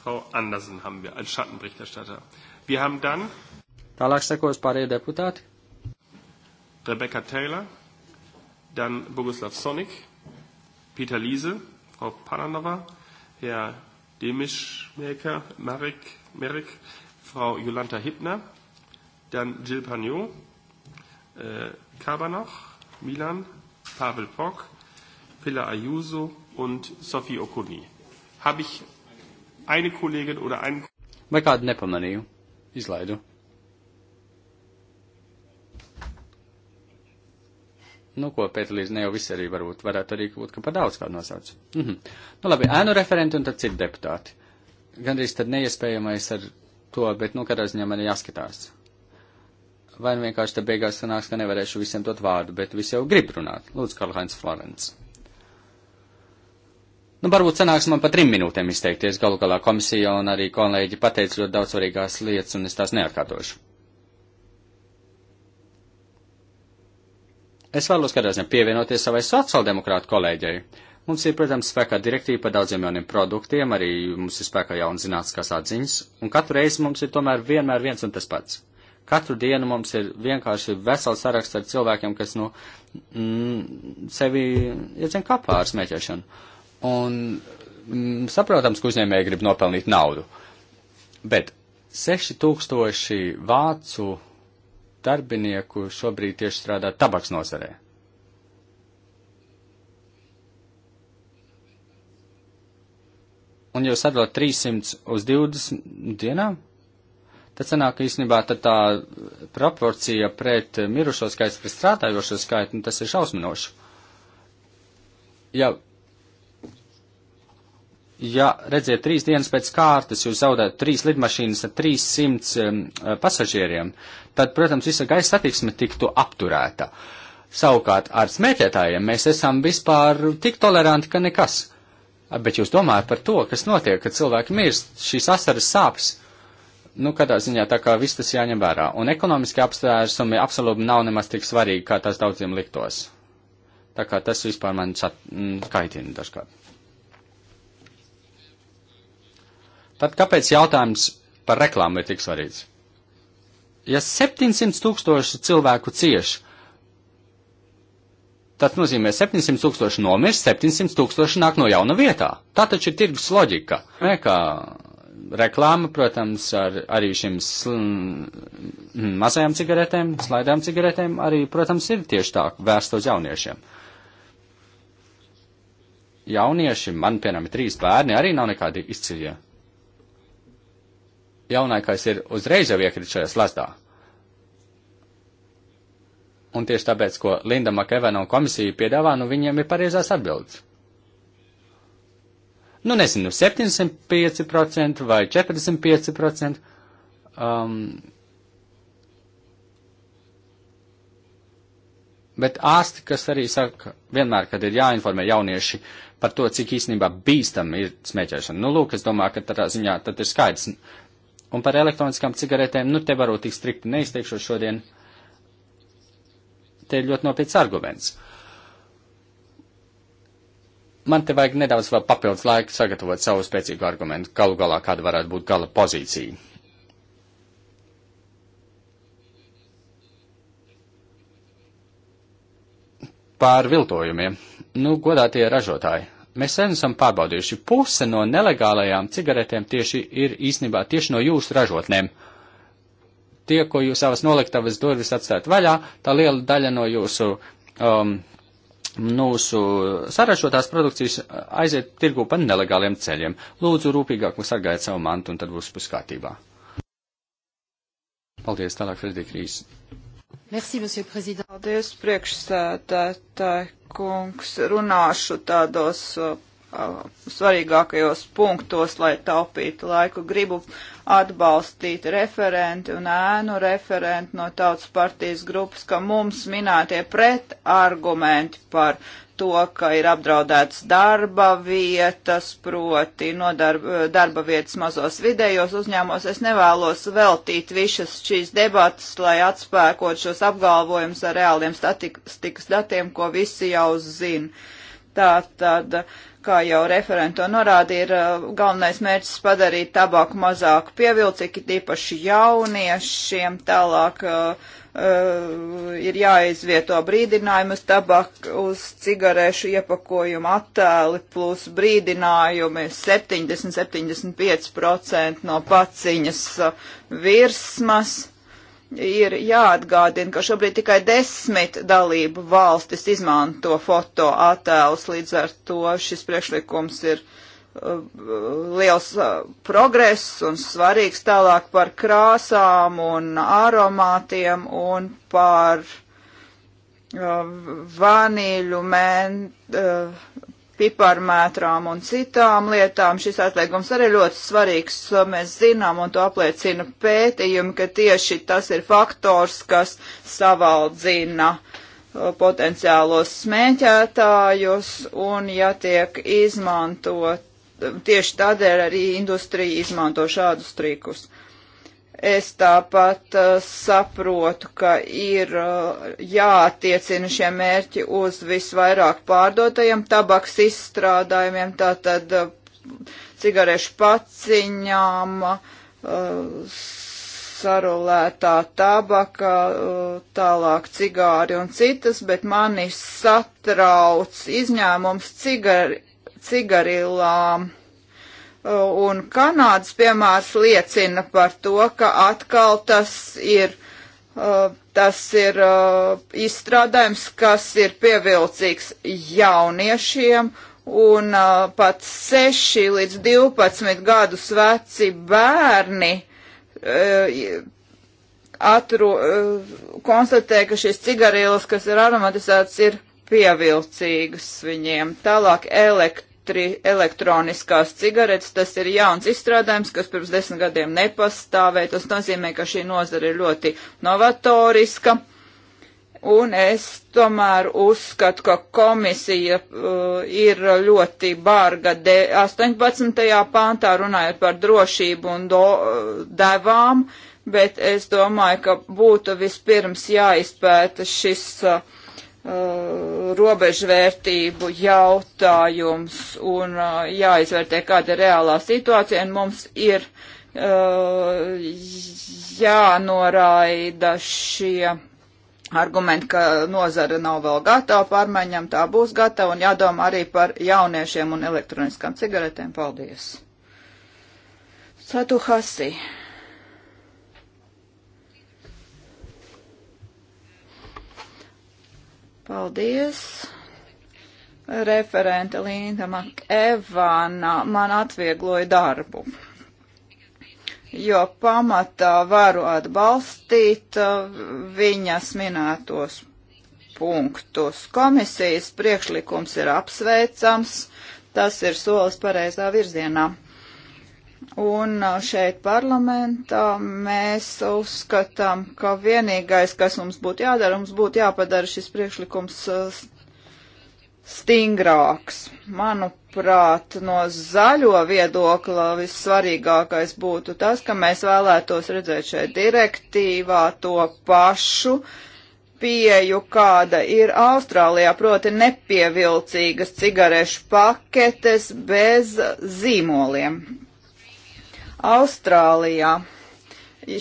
Frau Andersen haben wir als Schattenberichterstatter. Wir haben dann. Tālāk sekos pārējie deputāti. Rebecca Taylor, dann Boguslav Sonik, Peter Liese, Frau Pananova, Herr Demischmaker, Marek, Merek, Frau Jolanta Hittner, dann Jill Pagnot, äh, Kabanoch, Milan, Pavel Pock, Pilar Ayuso und Sophie Okuni. Habe ich eine Kollegin oder einen. Vai kādu nepamanīju? Izlaidu. Nu, ko Pēterlīdz ne jau visi arī varbūt varētu arī būt, ka par daudz kādu nosauc. Mm -hmm. Nu, labi, ēnu referenti un tad citi deputāti. Gandrīz tad neiespējamais ar to, bet, nu, kādā ziņā man ir jāskatās. Vai nu vienkārši te beigās sanāks, ka nevarēšu visiem dot vārdu, bet visi jau grib runāt. Lūdzu, Karlheinz Florence. Nu, varbūt sanāks man pa trim minūtēm izteikties. Galu galā komisija un arī kolēģi pateica ļoti daudz svarīgās lietas, un es tās neatkārtošu. Es vēlos kādreiz pievienoties savai sociāldemokrātu kolēģei. Mums ir, protams, spēkā direktīva par daudziem jauniem produktiem, arī mums ir spēkā jauna zinātniskās atziņas, un katru reizi mums ir tomēr vienmēr viens un tas pats. Katru dienu mums ir vienkārši vesels saraksts ar cilvēkiem, kas, nu, mm, sevi iedzien kapā ar smēķēšanu. Un m, mm, saprotams, ka uzņēmēji grib nopelnīt naudu. Bet 6000 vācu darbinieku šobrīd tieši strādā tabaks nozarē. Un jūs atdot 300 uz 20 dienām? Tad sanāk, ka īstenībā tā proporcija pret mirušo skaitu, pret strādājošo skaitu, nu, tas ir šausminoši. Ja ja redziet, trīs dienas pēc kārtas jūs zaudējat trīs lidmašīnas ar 300 um, uh, pasažieriem, tad, protams, visa gaisa satiksme tiktu apturēta. Savukārt ar smēķētājiem mēs esam vispār tik toleranti, ka nekas. Bet jūs domājat par to, kas notiek, kad cilvēki mirst, šīs asaras sāpes. Nu, kādā ziņā tā kā viss tas jāņem vērā. Un ekonomiski apstāsumi absolūti nav nemaz tik svarīgi, kā tas daudziem liktos. Tā kā tas vispār man kaitina dažkārt. Tad kāpēc jautājums par reklāmu ir tik svarīgs? Ja 700 tūkstoši cilvēku cieši, tas nozīmē 700 tūkstoši nomirst, 700 tūkstoši nāk no jauna vietā. Tā taču ir tirgus loģika. Nē, kā reklāma, protams, ar, arī šīm mm, mazajām cigaretēm, slaidām cigaretēm, arī, protams, ir tieši tā vērsta uz jauniešiem. Jaunieši, man, piemēram, ir trīs bērni, arī nav nekādi izcīļie jaunākais ir uzreiz jau iekrit šajā slazdā. Un tieši tāpēc, ko Linda Makevena un komisija piedāvā, nu viņiem ir pareizās atbildes. Nu, nezinu, 75% vai 45%. Um, bet ārsti, kas arī saka, vienmēr, kad ir jāinformē jaunieši par to, cik īstenībā bīstam ir smēķēšana. Nu, lūk, es domāju, ka tādā ziņā tad ir skaidrs. Un par elektroniskām cigaretēm, nu te varbūt tik strikti neizteikšos šodien. Te ir ļoti nopietns arguments. Man te vajag nedaudz vēl papildus laiku sagatavot savu spēcīgu argumentu, galu galā kāda varētu būt gala pozīcija. Pār viltojumiem. Nu, godātie ražotāji, mēs sen esam pārbaudījuši, puse no nelegālajām cigaretēm tieši ir īstenībā tieši no jūsu ražotnēm. Tie, ko jūs savas noliktavas durvis atstājat vaļā, tā liela daļa no jūsu um, mūsu saražotās produkcijas aiziet tirgu pa nelegāliem ceļiem. Lūdzu, rūpīgāk mums sargājiet savu mantu, un tad būs puskārtībā. Paldies, tālāk, Fredrik Rīs. Merci, monsieur prezident. Paldies, priekšsēdētāji kungs. Runāšu tādos uh, svarīgākajos punktos, lai taupītu laiku. Gribu atbalstīt referenti un ēnu referenti no tautas partijas grupas, ka mums minētie pretargumenti par to, ka ir apdraudēts darba vietas, proti no darba, darba vietas mazos vidējos uzņēmos. Es nevēlos veltīt visas šīs debatas, lai atspēkot šos apgalvojumus ar reāliem statistikas datiem, ko visi jau zina. Tā tad, kā jau referento norādīja, ir uh, galvenais mērķis padarīt tabaku mazāk pievilcīgi, tīpaši jauniešiem tālāk. Uh, Uh, ir jāizvieto brīdinājumi uz tabaku, uz cigarešu iepakojumu attēli plus brīdinājumi 70-75% no paciņas eh, virsmas. Ir jāatgādina, ka šobrīd tikai desmit dalību valstis izmanto fotoattēlus, līdz ar to šis priekšlikums ir uh, Uh, liels uh, progress un svarīgs tālāk par krāsām un aromātiem un par uh, vanīļu, ment, piparmētrām un citām lietām. Šis atliegums arī ļoti svarīgs. Mēs zinām, un to apliecina pētījumi, ka tieši tas ir faktors, kas savaldzina potenciālos smēķētājus, un ja tiek izmantot tieši tādēļ arī industrija izmanto šādus trikus. Es tāpat uh, saprotu, ka ir uh, jātiecina šie mērķi uz visvairāk pārdotajiem tabaks izstrādājumiem, tātad uh, cigarešu paciņām, uh, sarulētā tabaka, uh, tālāk cigāri un citas, bet mani satrauc izņēmums cigari cigarillām. Uh, un Kanādas piemērs liecina par to, ka atkal tas ir uh, tas ir uh, izstrādājums, kas ir pievilcīgs jauniešiem, un uh, pat 6 līdz 12 gadus veci bērni uh, atro, uh, konstatē, ka šīs cigarīlas, kas ir aromatizētas, ir pievilcīgas viņiem. Tālāk elekt elektri, elektroniskās cigaretes. Tas ir jauns izstrādājums, kas pirms desmit gadiem nepastāvēja. Tas nozīmē, ka šī nozara ir ļoti novatoriska. Un es tomēr uzskatu, ka komisija uh, ir ļoti bārga. De, 18. pāntā runājot par drošību un do, devām, bet es domāju, ka būtu vispirms jāizpēta šis uh, Uh, robežvērtību jautājums un uh, jāizvērtē, kāda ir reālā situācija, un mums ir uh, jānoraida šie argumenti, ka nozara nav vēl gatava pārmaiņām, tā būs gatava, un jādomā arī par jauniešiem un elektroniskām cigaretēm. Paldies! Satu Hasi. Paldies! Referente Linda Makevana man atviegloja darbu, jo pamatā varu atbalstīt uh, viņas minētos punktus. Komisijas priekšlikums ir apsveicams, tas ir solis pareizā virzienā. Un šeit parlamentā mēs uzskatām, ka vienīgais, kas mums būtu jādara, mums būtu jāpadara šis priekšlikums stingrāks. Manuprāt, no zaļo viedokla vissvarīgākais būtu tas, ka mēs vēlētos redzēt šeit direktīvā to pašu pieju, kāda ir Austrālijā, proti nepievilcīgas cigarešu paketes bez zīmoliem Austrālijā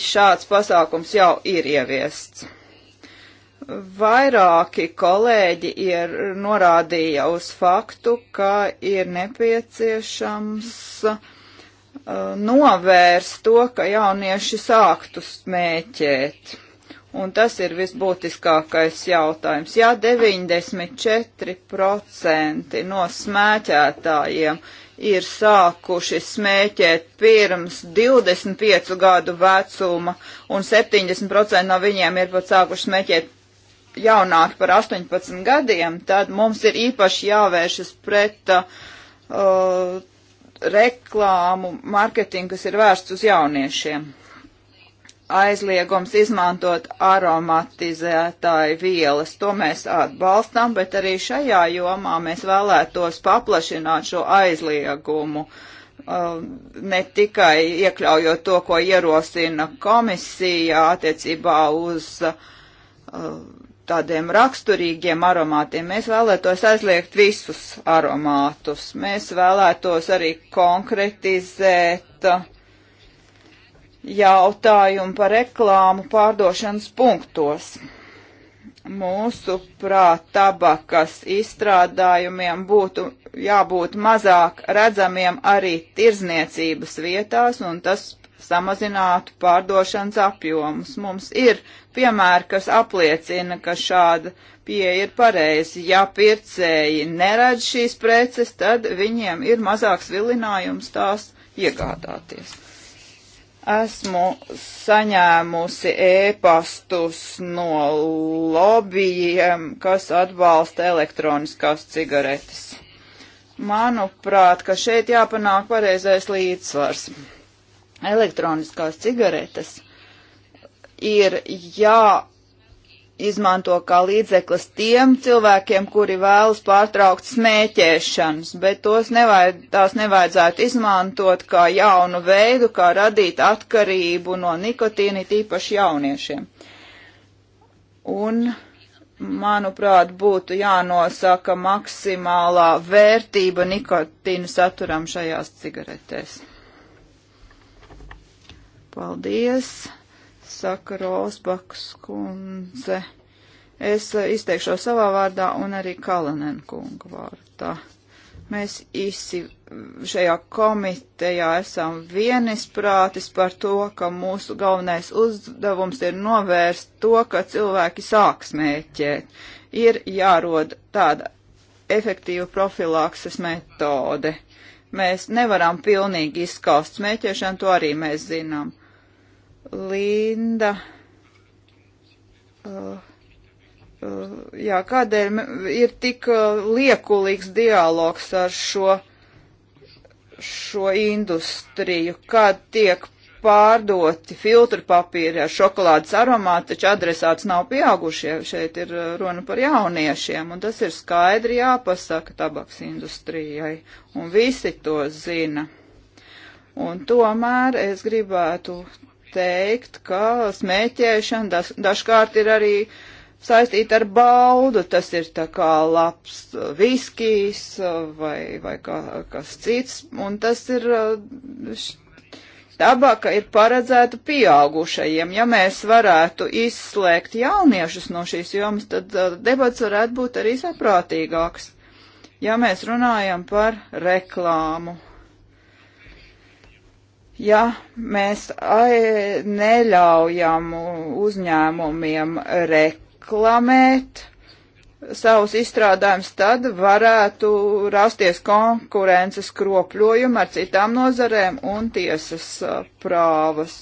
šāds pasākums jau ir ieviests. Vairāki kolēģi ir norādīja uz faktu, ka ir nepieciešams uh, novērst to, ka jaunieši sāktu smēķēt. Un tas ir visbūtiskākais jautājums. Jā, 94% no smēķētājiem ir sākuši smēķēt pirms 25 gadu vecuma, un 70% no viņiem ir pat sākuši smēķēt jaunāki par 18 gadiem, tad mums ir īpaši jāvēršas pret uh, reklāmu, mārketingu, kas ir vērsts uz jauniešiem aizliegums izmantot aromatizētāju vielas. To mēs atbalstam, bet arī šajā jomā mēs vēlētos paplašināt šo aizliegumu. Um, ne tikai iekļaujot to, ko ierosina komisija attiecībā uz uh, tādiem raksturīgiem aromātiem. Mēs vēlētos aizliegt visus aromātus. Mēs vēlētos arī konkretizēt uh, jautājumu par reklāmu pārdošanas punktos. Mūsu prāt tabakas izstrādājumiem būtu jābūt mazāk redzamiem arī tirzniecības vietās, un tas samazinātu pārdošanas apjomus. Mums ir piemēri, kas apliecina, ka šāda pieeja ir pareizi. Ja pircēji neredz šīs preces, tad viņiem ir mazāks vilinājums tās iegādāties. Esmu saņēmusi ēpastus no lobbyiem, kas atbalsta elektroniskās cigaretes. Manuprāt, ka šeit jāpanāk pareizais līdzsvars. Elektroniskās cigaretes ir jā izmanto kā līdzeklis tiem cilvēkiem, kuri vēlas pārtraukt smēķēšanas, bet tos nevajad, tās nevajadzētu izmantot kā jaunu veidu, kā radīt atkarību no nikotīna, tīpaši jauniešiem. Un, manuprāt, būtu jānosaka maksimālā vērtība nikotīna saturam šajās cigaretēs. Paldies! saka Rosbaks kundze. Es eh, izteikšu savā vārdā un arī Kalanen kunga vārdā. Mēs visi šajā komitejā esam vienisprātis par to, ka mūsu galvenais uzdevums ir novērst to, ka cilvēki sāk smēķēt. Ir jārod tāda efektīva profilakses metode. Mēs nevaram pilnīgi izskaust smēķēšanu, to arī mēs zinām. Linda. Uh, uh, jā, kādēļ ir tik uh, liekulīgs dialogs ar šo, šo industriju, kad tiek pārdoti filtru papīri ar šokolādes aromātu, taču adresāts nav pieaugušie. Šeit ir uh, runa par jauniešiem, un tas ir skaidri jāpasaka tabaks industrijai, un visi to zina. Un tomēr es gribētu teikt, ka smēķēšana daž, dažkārt ir arī saistīta ar baudu. Tas ir tā kā labs viskijs vai, vai kā, kas cits, un tas ir. Tabaka ir paredzēta pieaugušajiem. Ja mēs varētu izslēgt jauniešus no šīs jomas, tad debats varētu būt arī saprātīgāks. Ja mēs runājam par reklāmu, ja mēs neļaujam uzņēmumiem reklamēt savus izstrādājumus, tad varētu rasties konkurences kropļojumi ar citām nozarēm un tiesas prāvas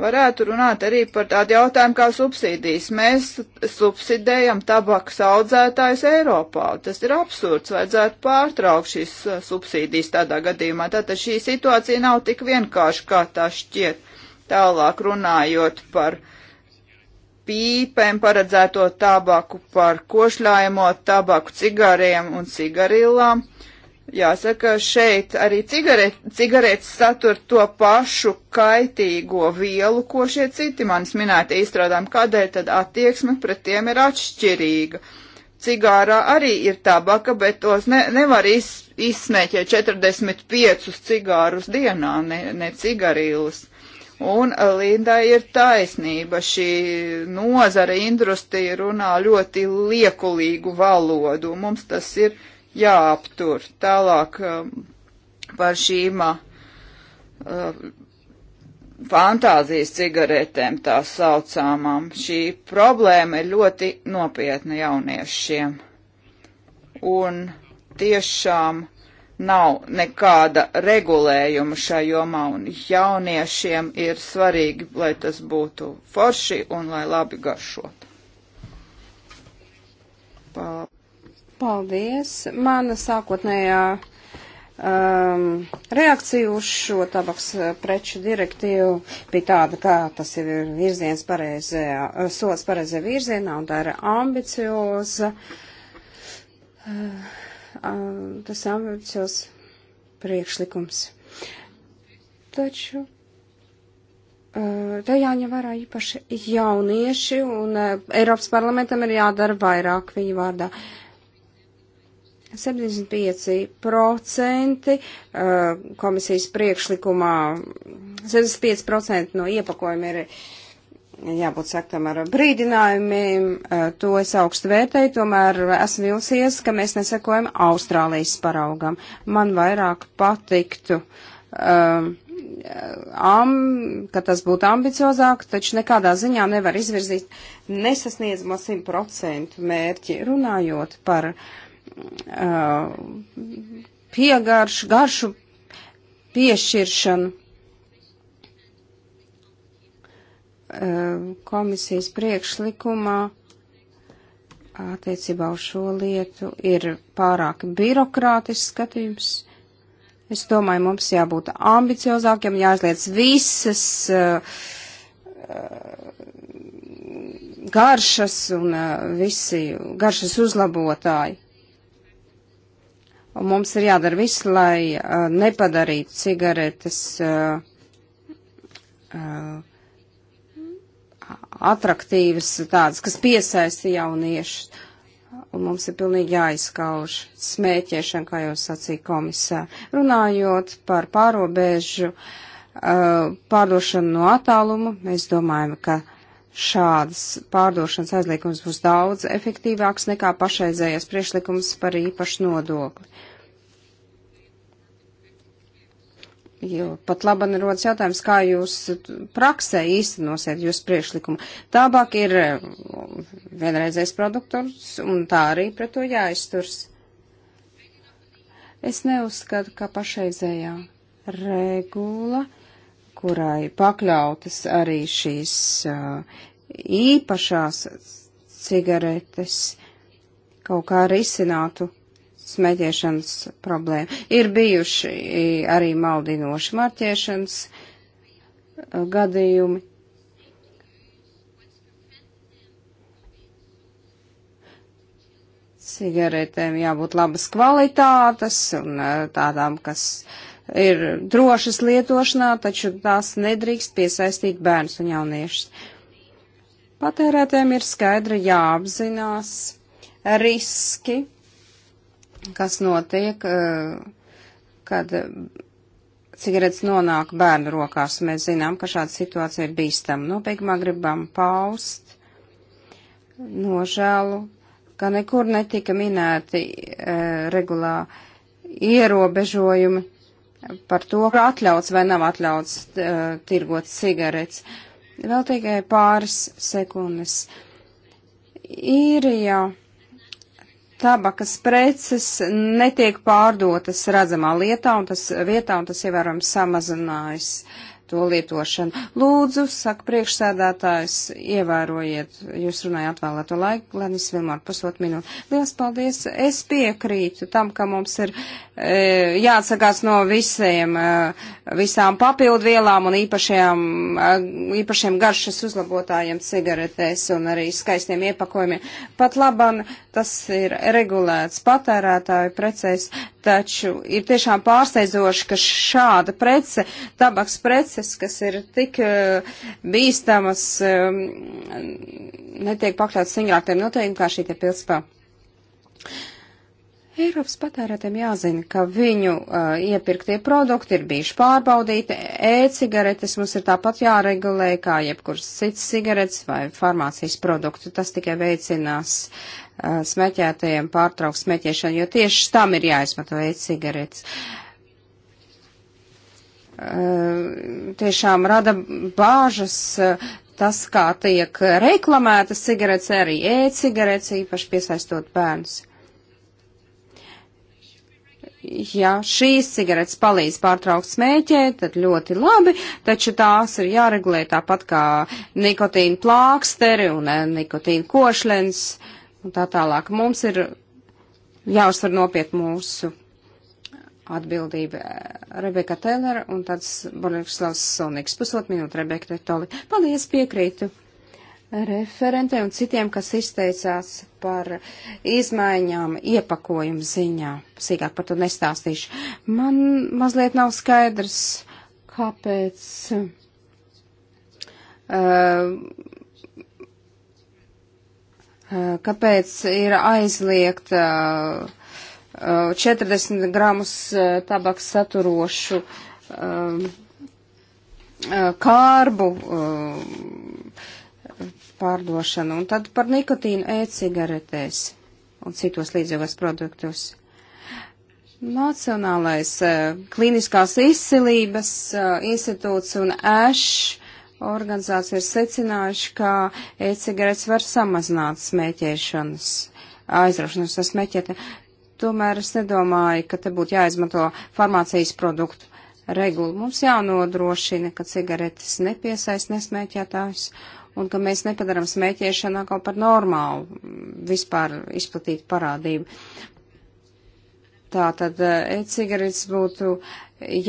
varētu runāt arī par tādu jautājumu kā subsīdijas. Mēs subsidējam tabakas audzētājus Eiropā. Tas ir absurds, vajadzētu pārtraukt šīs uh, subsīdijas tādā gadījumā. Tātad šī situācija nav tik vienkārši, kā tā šķiet. Tālāk runājot par pīpēm paredzēto tabaku, par košļājamo tabaku, cigariem un cigarillām. Jāsaka, šeit arī cigaret, cigaretes satur to pašu kaitīgo vielu, ko šie citi manis minēti izstrādājumi. Kādēļ tad attieksme pret tiem ir atšķirīga? Cigārā arī ir tabaka, bet tos ne, nevar iz, izsmēķēt 45 cigārus dienā, ne, ne cigarīlus. Un eh, Lindai ir taisnība, šī nozara industrija runā ļoti liekulīgu valodu. Mums tas ir jāaptur. Tālāk um, par šīm uh, fantāzijas cigaretēm tā saucāmām. Šī problēma ir ļoti nopietna jauniešiem. Un tiešām nav nekāda regulējuma šajā jomā, un jauniešiem ir svarīgi, lai tas būtu forši un lai labi garšot. Paldies. Paldies. Mana sākotnējā um, reakcija uz šo tabaks uh, preču direktīvu bija tāda, ka tas ir virziens pareizajā, uh, sots pareizajā virzienā un tā ir ambicioza. Uh, uh, tas ambiciozs priekšlikums. Taču uh, te jāņem vērā īpaši jaunieši, un Eiropas parlamentam ir jādara vairāk viņu vārdā. Uh, 75% uh, komisijas priekšlikumā, 75% no iepakojuma ir jābūt saktam ar brīdinājumiem, uh, to es augstu vērtēju, tomēr esmu vilsies, ka mēs nesekojam Austrālijas paraugam. Man vairāk patiktu, um, am, ka tas būtu ambiciozāk, taču nekādā ziņā nevar izvirzīt nesasniedzamo 100% mērķi runājot par uh, Uh, piegaršu, garšu piešķiršanu. Uh, komisijas priekšlikumā attiecībā uz šo lietu ir pārāk birokrātisks skatījums. Es domāju, mums jābūt ambiciozākiem, jāizliec visas uh, garšas un uh, visi garšas uzlabotāji. Un mums ir jādara viss, lai uh, nepadarītu cigaretes uh, uh, atraktīvas tādas, kas piesaisti jauniešus. Un mums ir pilnīgi jāizskauž smēķēšana, kā jau sacīja komisā. Runājot par pārobežu uh, pārdošanu no attāluma, mēs domājam, ka šādas pārdošanas aizliekums būs daudz efektīvāks nekā pašreizējais priešlikums par īpašu nodokli. Jo pat laban rodas jautājums, kā jūs praksē īstenosiet jūs priešlikumu. Tābāk ir um, vienreizējs produktors, un tā arī pret to jāizturs. Es neuzskatu, ka pašreizējā regula kurai pakļautas arī šīs uh, īpašās cigaretes, kaut kā risinātu smēķēšanas problēmu. Ir bijuši arī maldinoši marķēšanas uh, gadījumi. Cigaretēm jābūt labas kvalitātes un uh, tādām, kas uh, ir drošas lietošanā, taču tās nedrīkst piesaistīt bērnus un jauniešus. Patērētēm ir skaidri jāapzinās riski, kas notiek, eh, kad cigaretes nonāk bērnu rokās. Mēs zinām, ka šāda situācija ir bīstama. Nopietnā gribam paust nožēlu, ka nekur netika minēti e, regulā ierobežojumi par to, ka atļauts vai nav atļauts eh, tirgot cigaretes. Vēl tikai pāris sekundes. Īrijā tabakas preces netiek pārdotas redzamā lietā, un tas vietā, un tas ievērojami samazinājis uh, to lietošanu. Lūdzu, saka priekšsēdētājs, ievērojiet, jūs runājat vēlēto laiku, Lenis Vilmār, pusot minūti. Lielas paldies, es piekrītu tam, ka mums ir e, jāatsakās no visiem, e, visām papildvielām un īpašajām, e, īpašiem garšas uzlabotājiem cigaretēs un arī skaistiem iepakojumiem. Pat laban tas ir regulēts patērētāju precēs, taču ir tiešām pārsteidzoši, ka šāda prece, tabaks prece, preces, kas ir tik eh, bīstamas, eh, netiek pakļautas stingrākiem noteikumiem kā šī te pilspā. Eiropas patērētiem jāzina, ka viņu uh, iepirktie produkti ir bijuši pārbaudīti, e-cigaretes mums ir tāpat jāregulē kā jebkuras cits cigaretes vai farmācijas produktu. Tas tikai veicinās uh, smēķētajiem pārtraukt smēķēšanu, jo tieši tam ir jāizmanto e-cigaretes. Uh, Ehm, tiešām rada bāžas eh, tas, kā tiek reklamētas cigaretes, arī e-cigaretes, īpaši piesaistot bērnus. Ja šīs cigaretes palīdz pārtraukt smēķēt, tad ļoti labi, taču tās ir jāregulē tāpat kā nikotīna plāksteri un eh, nikotīna košlens un tā tālāk. Mums ir jāuzsver nopiet mūsu atbildība eh, Rebeka Telera un tad Borislavs Solniks. Pusot minūte, Rebeka Toli. Paldies, piekrītu referentē un citiem, kas izteicās par izmaiņām iepakojumu ziņā. Sīkāk par to nestāstīšu. Man mazliet nav skaidrs, kāpēc. Uh, kāpēc ir aizliegta uh, 40 uh, gramus uh, tabaks saturošu um, uh, kārbu um, pārdošanu, un tad par nikotīnu e-cigaretēs un citos līdzīgos produktus. Nacionālais klīniskās izcilības institūts un ēšs organizācija ir secinājuši, ka e-cigaretes var samazināt smēķēšanas aizraušanos ar smēķētiem. Tomēr es nedomāju, ka te būtu jāizmanto farmācijas produktu regulu. Mums jānodrošina, ka cigaretes nepiesaist nesmēķētājs un ka mēs nepadaram smēķēšanu atkal par normālu mm, vispār izplatītu parādību. Tātad eh, e-cigaretes būtu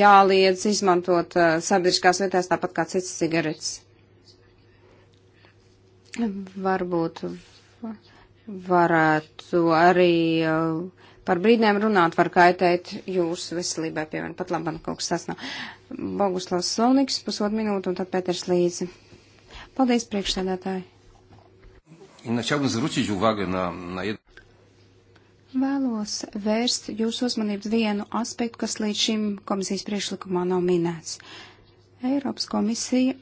jāliedz izmantot eh, sabiedriskās vietās tāpat kā citas cigaretes. Varbūt varētu arī uh, par brīdēm runāt var kaitēt jūsu veselībai, piemēram, pat labam kaut kas sasnā. Boguslavs Slovniks, pusotru minūtu, un tad Pēters Līdzi. Paldies, priekšsēdētāji. Vēlos vērst jūsu uzmanību vienu aspektu, kas līdz šim komisijas priekšlikumā nav minēts. Eiropas komisija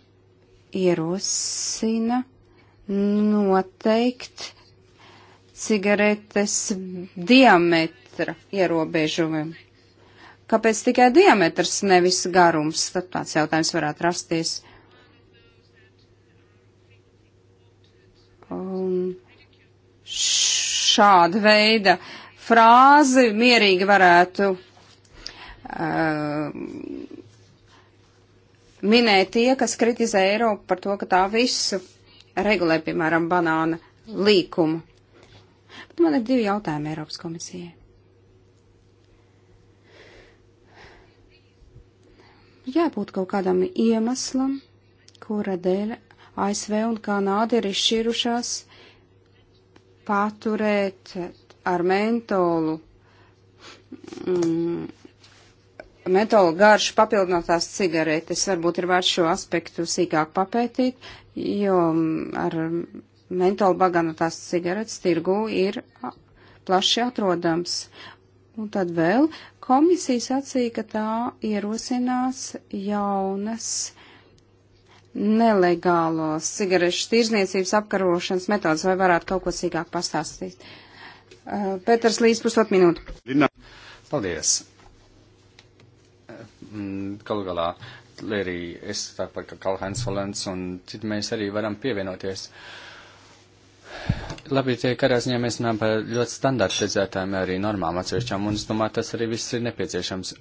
ierosina noteikt cigaretes diametra ierobežojumiem. Kāpēc tikai diametrs, nevis garums? Tad tāds jautājums varētu rasties. Un šāda veida frāzi mierīgi varētu uh, minēt tie, kas kritizē Eiropu par to, ka tā visu regulē, piemēram, banāna līkumu. Man ir divi jautājumi Eiropas komisijai. Jābūt kaut kādam iemeslam, kura dēļ ASV un Kanāda ir izšķirušās paturēt ar mentolu, mm, mentolu garšu papildinātās cigaretes. Varbūt ir vērts šo aspektu sīkāk papētīt, jo mm, ar mentola baganotās cigaretes tirgū ir plaši atrodams. Un tad vēl komisija sacīja, ka tā ierosinās jaunas nelegālos cigarešu tirzniecības apkarošanas metodas, vai varētu kaut ko sīkāk pastāstīt. Uh, Pēters Līs, pusot minūtu. Paldies. Mm, galu galā, arī es tāpat kā Kalhans Valens un citi mēs arī varam pievienoties. Uh, Labi, tie karā ziņā mēs runājam par ļoti standartizētām arī normām atsevišķām, un es domāju, tas arī viss ir nepieciešams.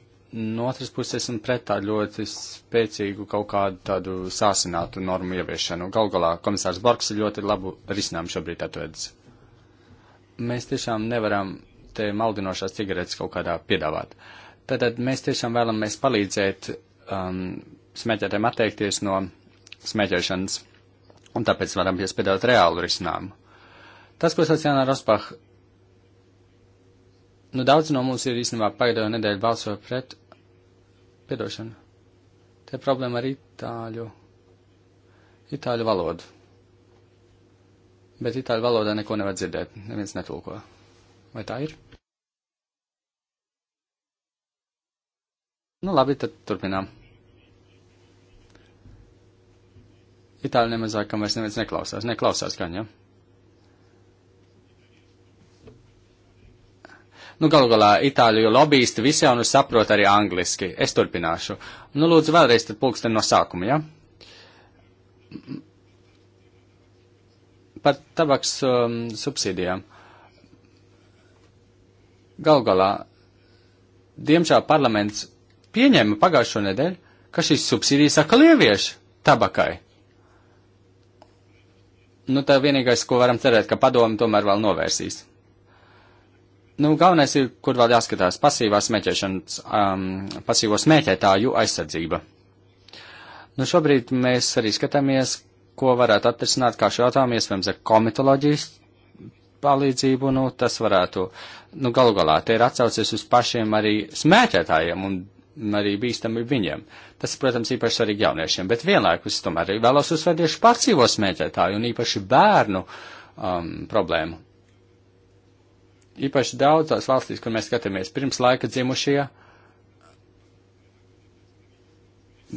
No otras puses esmu pret tā ļoti spēcīgu kaut kādu tādu sāsinātu normu ieviešanu. Gal galā komisārs Borgs ir ļoti labu risinājumu šobrīd atvedis. Mēs tiešām nevaram te maldinošās cigaretes kaut kādā piedāvāt. Tātad mēs tiešām vēlamies palīdzēt um, smēķētēm atteikties no smēķēšanas un tāpēc varam piespiedāt reālu risinājumu. Tas, ko sacīja Jāna Rospach, nu daudz no mums ir īstenībā pagaidojo nedēļu balso pret, piedošanu, te problēma ar itāļu, itāļu valodu. Bet itāļu valodā neko nevar dzirdēt, neviens netulko. Vai tā ir? Nu labi, tad turpinām. Itāļi nemazāk, kam vairs neviens neklausās. Neklausās gan, ja? Nu, galu galā, itāļu lobbyisti visi jau nu saprot arī angliski. Es turpināšu. Nu, lūdzu, vēlreiz tad pulksten no sākuma, ja? Par tabaks um, subsīdijām. Galu galā, diemžēl parlaments pieņēma pagājušo nedēļu, ka šīs subsīdijas atkal ievieš tabakai nu, tā vienīgais, ko varam cerēt, ka padomi tomēr vēl novērsīs. Nu, galvenais ir, kur vēl jāskatās, pasīvā smēķēšanas, um, pasīvo smēķētāju aizsardzība. Nu, šobrīd mēs arī skatāmies, ko varētu atrisināt, kā šo jautājumu iespējams ar komitoloģijas palīdzību, nu, tas varētu, nu, galu galā, te ir atsaucies uz pašiem arī smēķētājiem un arī bīstami viņiem. Tas, protams, īpaši svarīgi jauniešiem, bet vienlaikus tomēr vēlos uzsvērt tieši pārcīvo smēķētāju un īpaši bērnu um, problēmu. Īpaši daudzās valstīs, kur mēs skatāmies pirms laika dzimušie,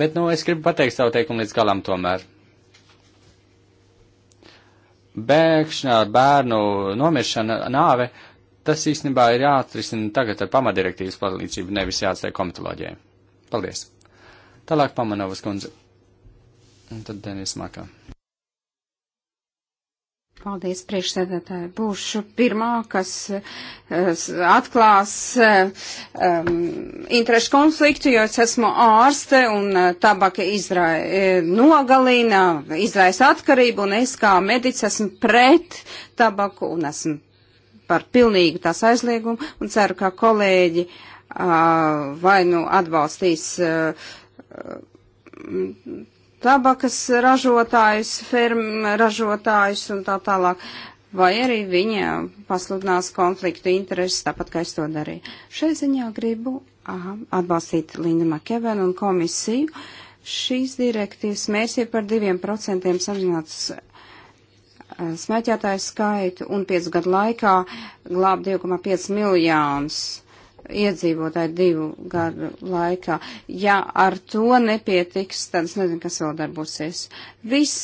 bet, nu, es gribu pateikt savu teikumu līdz galam tomēr. Bēgšana, bērnu nomiršana, nāve tas īstenībā ir jāatrisina tagad ar pamatdirektīvas palīdzību, nevis jāatstāja komitoloģijai. Paldies! Tālāk Pamanovas kundze. Un tad Denis Makā. Paldies, priekšsēdētāji. Būšu pirmā, kas uh, atklās eh, um, interešu konfliktu, jo es esmu ārste un eh, tabaka izra, nogalina, izraisa atkarību, un es kā medicis esmu pret tabaku un esmu par pilnīgu tās aizliegumu un ceru, ka kolēģi uh, vai nu atbalstīs uh, tabakas ražotājus, ferm ražotājus un tā tālāk. Vai arī viņa pasludinās konfliktu intereses, tāpat kā es to darīju. Šai ziņā gribu aha, atbalstīt Lindu Makevenu un komisiju. Šīs direktīvas mērķis ir par diviem procentiem samazināt Uh, smēķētāju skaitu un 5 gadu laikā glābt 2,5 miljonus iedzīvotāju divu gadu laikā. Ja ar to nepietiks, tad es nezinu, kas vēl darbosies. Viss,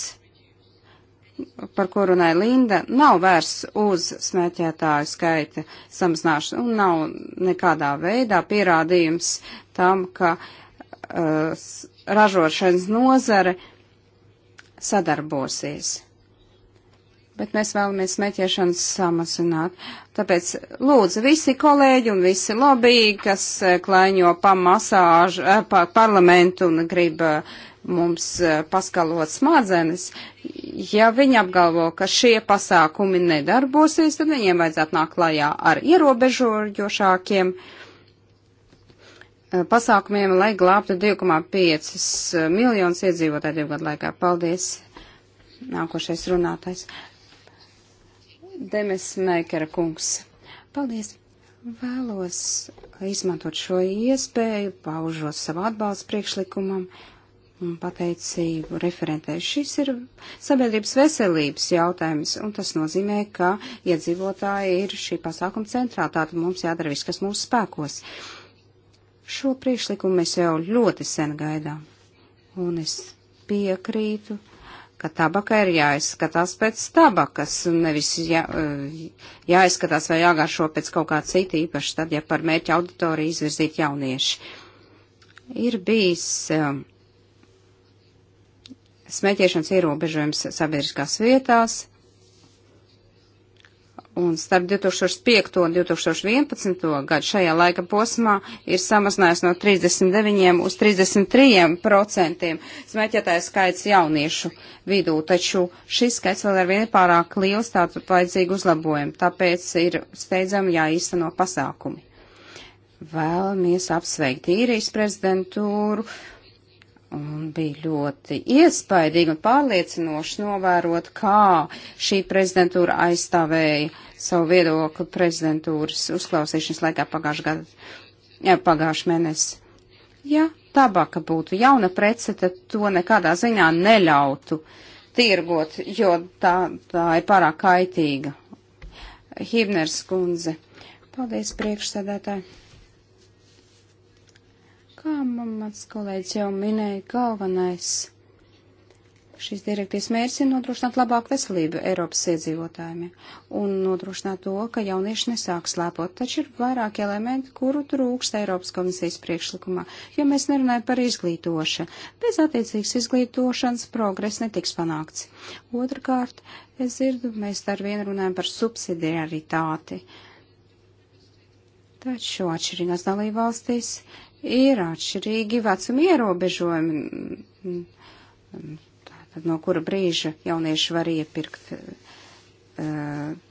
par ko runāja Linda, nav vērsts uz smēķētāju skaita samazināšanu un nav nekādā veidā pierādījums tam, ka uh, ražošanas nozare sadarbosies bet mēs vēlamies smēķēšanu samazināt. Tāpēc lūdzu visi kolēģi un visi lobby, kas eh, klaiņo pa masāžu, eh, pa parlamentu un grib eh, mums paskalot smadzenes, ja viņi apgalvo, ka šie pasākumi nedarbosies, tad viņiem vajadzētu nākt klajā ar ierobežojošākiem pasākumiem, lai glābtu 2,5 miljonus iedzīvotāju divu gadu laikā. Paldies! Nākošais runātais. Demes Meikera kungs. Paldies! Vēlos izmantot šo iespēju, paužot savu atbalstu priekšlikumam un pateicību referentē. Šis ir sabiedrības veselības jautājums, un tas nozīmē, ka iedzīvotāji ir šī pasākuma centrā, tātad mums jādara viss, kas mūsu spēkos. Šo priekšlikumu mēs jau ļoti sen gaidām, un es piekrītu ka tabaka ir jāizskatās pēc tabakas, un nevis jā, eh, jāizskatās vai jāgaršo pēc kaut kā cita īpaši, tad, ja par mērķu auditoriju izvirzīt jaunieši. Ir bijis um, smēķēšanas ierobežojums sabiedriskās vietās, Un starp 2005. un 2011. gadu šajā laika posmā ir samazinājies no 39 uz 33 procentiem smēķētāju skaits jauniešu vidū, taču šis skaits vēl ar vienu pārāk liels, tātad vajadzīgi uzlabojumi, tāpēc ir steidzami jāīsteno pasākumi. Vēlamies apsveikt īrijas prezidentūru Un bija ļoti iespaidīgi un pārliecinoši novērot, kā šī prezidentūra aizstāvēja savu viedokli prezidentūras uzklausīšanas laikā pagājušā gada, jā, pagājušā mēnesī. Ja tabaka būtu jauna prece, tad to nekādā ziņā neļautu tirgot, jo tā, tā ir pārāk kaitīga. Hibners kundze. Paldies, priekšsēdētāji. Kā mans kolēģis jau minēja, galvenais šīs direktīvas mērķis ir nodrošināt labāku veselību Eiropas iedzīvotājiem un nodrošināt to, ka jaunieši nesāk slēpot. Taču ir vairāk elementi, kuru trūkst Eiropas komisijas priekšlikumā, jo mēs nerunājam par izglītošanu. Bez attiecīgas izglītošanas progress netiks panākts. Otrakārt, es dzirdu, mēs ar vienu runājam par subsidiaritāti. Taču atšķirīgās dalībvalstīs ir atšķirīgi vecuma ierobežojumi, mm, tātad no kura brīža jaunieši var iepirkt eh,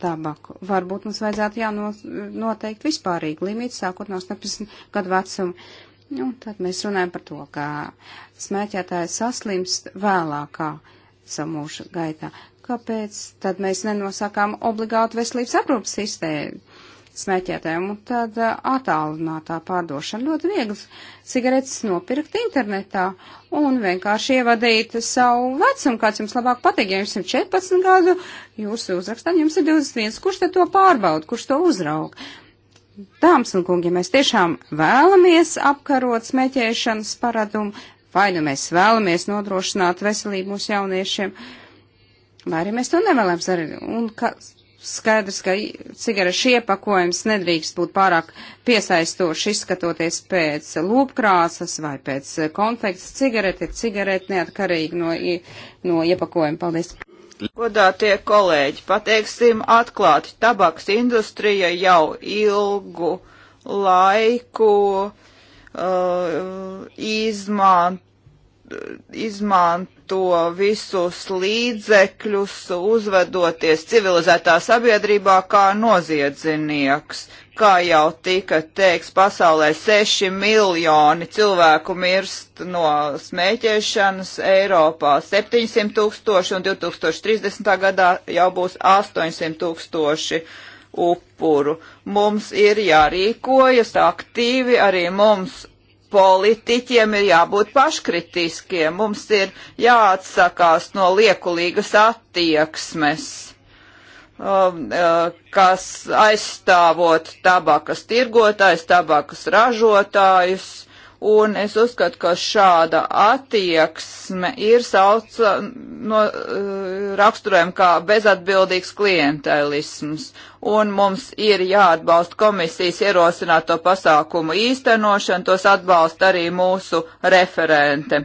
tabaku. Varbūt mums vajadzētu jānoteikt vispārīgi limīti, sākot no 18 gadu vecuma. Nu, tad mēs runājam par to, ka smēķētājs saslimst vēlākā savu mūža gaitā. Kāpēc tad mēs nenosakām obligātu veselības aprūpas sistēmu? smēķētājiem, un tad attālinātā pārdošana ļoti viegli cigaretes nopirkt internetā un vienkārši ievadīt savu vecumu, kāds jums labāk patīk, ja jums ir 14 gadu, jūs uzrakstāt, jums ir 21, kurš te to pārbauda, kurš to uzraug. Dāmas un kungi, ja mēs tiešām vēlamies apkarot smēķēšanas paradumu, vai nu mēs vēlamies nodrošināt veselību mūsu jauniešiem, vai arī mēs to nevēlamies darīt. Un kas, skaidrs, ka cigarešu iepakojums nedrīkst būt pārāk piesaistoši izskatoties pēc lūpkrāsas vai pēc konfekts. Cigarete ir cigarete neatkarīgi no, no iepakojuma. Paldies! Godātie kolēģi, pateiksim atklāti, tabaks industrija jau ilgu laiku uh, izmanto izmanto visus līdzekļus, uzvedoties civilizētā sabiedrībā kā noziedznieks. Kā jau tika teiks, pasaulē 6 miljoni cilvēku mirst no smēķēšanas, Eiropā 700 tūkstoši un 2030. gadā jau būs 800 tūkstoši upuru. Mums ir jārīkojas aktīvi, arī mums politiķiem ir jābūt paškritiskiem. Mums ir jāatsakās no liekulīgas attieksmes, um, uh, kas aizstāvot tabakas tirgotājs, tabakas ražotājus Un es uzskatu, ka šāda attieksme ir sauc no, eh, raksturojama kā bezatbildīgs klientelisms. Un mums ir jāatbalsta komisijas ierosināto pasākumu īstenošanu, tos atbalsta arī mūsu referente.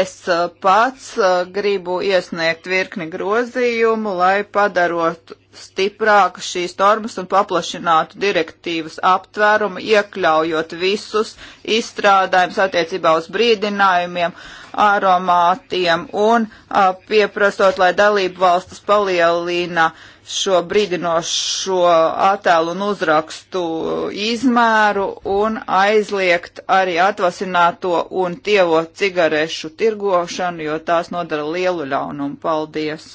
Es uh, pats uh, gribu iesniegt virkni grozījumu, lai padarotu stiprāku šīs normas un paplašinātu direktīvas aptvērumu, iekļaujot visus izstrādājumus attiecībā uz brīdinājumiem, aromātiem un a, uh, pieprasot, lai dalību valstis palielina uh, šo brīdinošo attēlu un uzrakstu izmēru un aizliegt arī atvasināto un tievo cigarešu tirgošanu, jo tās nodara lielu ļaunumu. Paldies!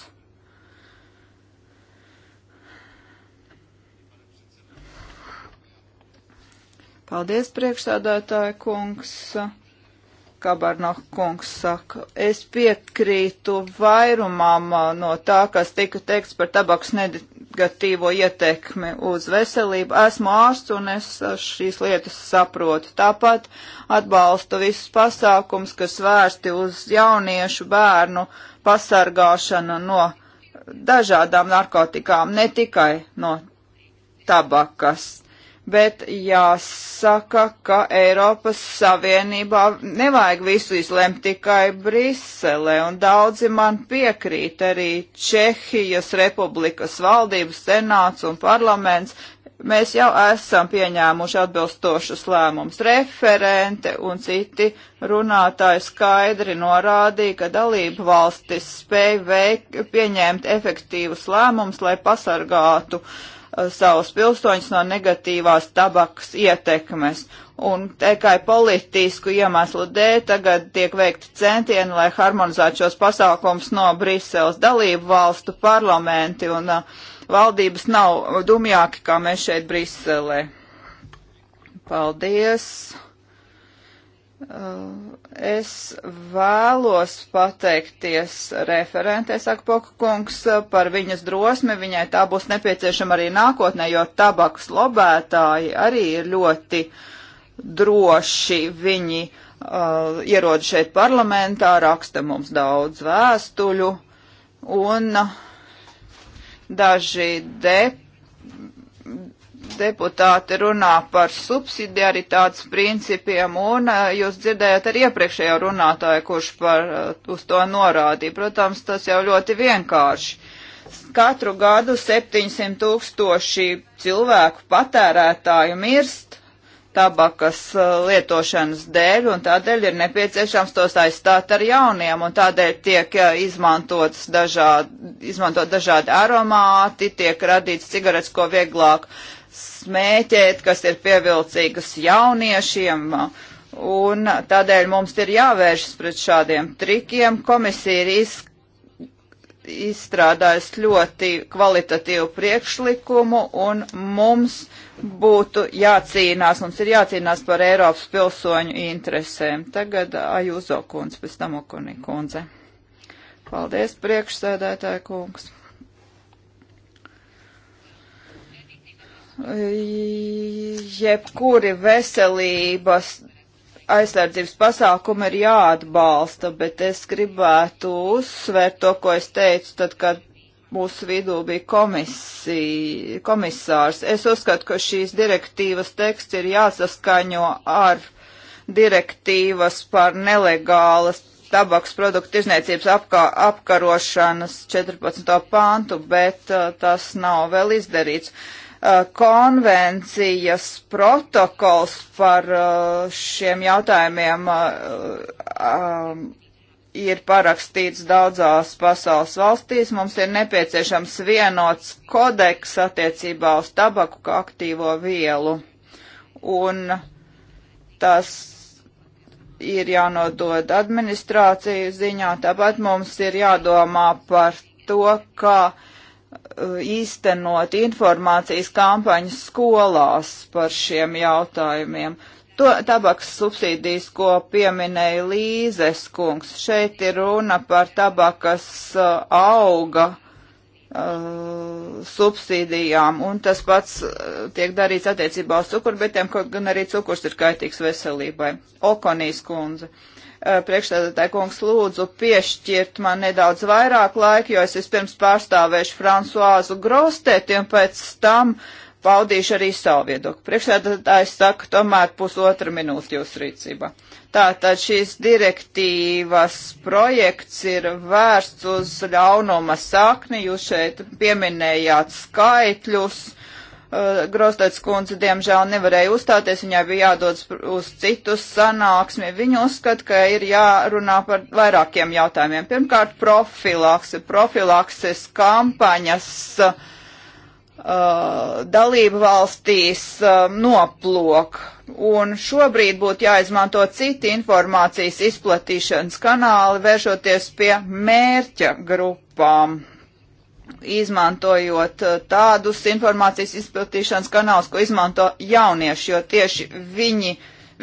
Paldies, priekšsādātāja kungs! Kabarno kungs saka, es piekrītu vairumam uh, no tā, kas tika teikts par tabaks negatīvo ietekmi uz veselību. Esmu ārsts un es uh, šīs lietas saprotu. Tāpat atbalstu visus pasākums, kas vērsti uz jauniešu bērnu pasargāšanu no dažādām narkotikām, ne tikai no tabakas bet jāsaka, ka Eiropas Savienībā nevajag visu izlemt tikai Brisele, un daudzi man piekrīt arī Čehijas Republikas valdības senāts un parlaments. Mēs jau esam pieņēmuši atbilstošus lēmumus. Referente un citi runātāji skaidri norādīja, ka dalību valstis spēja veik, pieņemt efektīvus lēmumus, lai pasargātu uh, Uh, savus pilsoņus no negatīvās tabakas ietekmes. Un tikai politisku iemeslu dēļ tagad tiek veikti centieni, lai harmonizētu šos pasākums no Briseles dalību valstu parlamenti, un uh, valdības nav dumjāki, kā mēs šeit Briselē. Paldies! Uh, es vēlos pateikties referentē, saka Pokakungs, uh, par viņas drosmi. Viņai tā būs nepieciešama arī nākotnē, jo tabakas lobētāji arī ir ļoti droši. Viņi uh, ierod šeit parlamentā, raksta mums daudz vēstuļu un daži deputāti deputāti runā par subsidiaritātes principiem, un eh, jūs dzirdējat arī iepriekšējo runātāju, kurš par, eh, uz to norādīja. Protams, tas jau ļoti vienkārši. Katru gadu 700 tūkstoši cilvēku patērētāju mirst tabakas eh, lietošanas dēļ, un tādēļ ir nepieciešams tos aizstāt ar jauniem, un tādēļ tiek izmantots dažādi, izmantot dažādi aromāti, tiek radīts cigaretes, ko vieglāk smēķēt, kas ir pievilcīgas jauniešiem. Un tādēļ mums ir jāvēršas pret šādiem trikiem. Komisija ir iz, izstrādājusi ļoti kvalitatīvu priekšlikumu un mums būtu jācīnās, mums ir jācīnās par Eiropas pilsoņu interesēm. Tagad Ajūzo kundze, pēc tam Okunī kundze. Paldies, priekšsēdētāja kungs. jebkuri veselības aizsardzības pasākumi ir jāatbalsta, bet es gribētu uzsvērt to, ko es teicu, tad, kad mūsu vidū bija komisija, komisārs. Es uzskatu, ka šīs direktīvas teksts ir jāsaskaņo ar direktīvas par nelegālas tabaks produktu tirzniecības apka, apkarošanas 14. pāntu, bet uh, tas nav vēl izdarīts. Uh, Uh, konvencijas protokols par uh, šiem jautājumiem uh, um, ir parakstīts daudzās pasaules valstīs. Mums ir nepieciešams vienots kodeks attiecībā uz tabaku kā aktīvo vielu. Un tas ir jānodod administrāciju ziņā, tāpat mums ir jādomā par to, kā uh, īstenot informācijas kampaņas skolās par šiem jautājumiem. To tabaks subsīdijas, ko pieminēja Līzes kungs, šeit ir runa par tabakas uh, auga uh, subsīdijām, un tas pats uh, tiek darīts attiecībā uz cukurbetiem, kaut gan arī cukurs ir kaitīgs veselībai. Okonijas kundze. Uh, Eh, priekšstādātāji kungs, lūdzu piešķirt man nedaudz vairāk laika, jo es vispirms pārstāvēšu Fransuāzu Grostēti un pēc tam paudīšu arī savu viedokli. Priekšstādātājs saka, tomēr pusotra minūte jūsu rīcībā. Tātad šīs direktīvas projekts ir vērsts uz ļaunuma sakni, jūs šeit pieminējāt skaitļus Eh, Grostets kundze diemžēl nevarēja uzstāties, viņai bija jādodas uz citu sanāksmi. Viņa uzskata, ka ir jārunā par vairākiem jautājumiem. Pirmkārt, profilakse, profilakses kampaņas uh, dalību valstīs uh, noplok. Un šobrīd būtu jāizmanto citi informācijas izplatīšanas kanāli, vēršoties pie mērķa grupām izmantojot uh, tādus informācijas izplatīšanas kanālus, ko izmanto jaunieši, jo tieši viņi,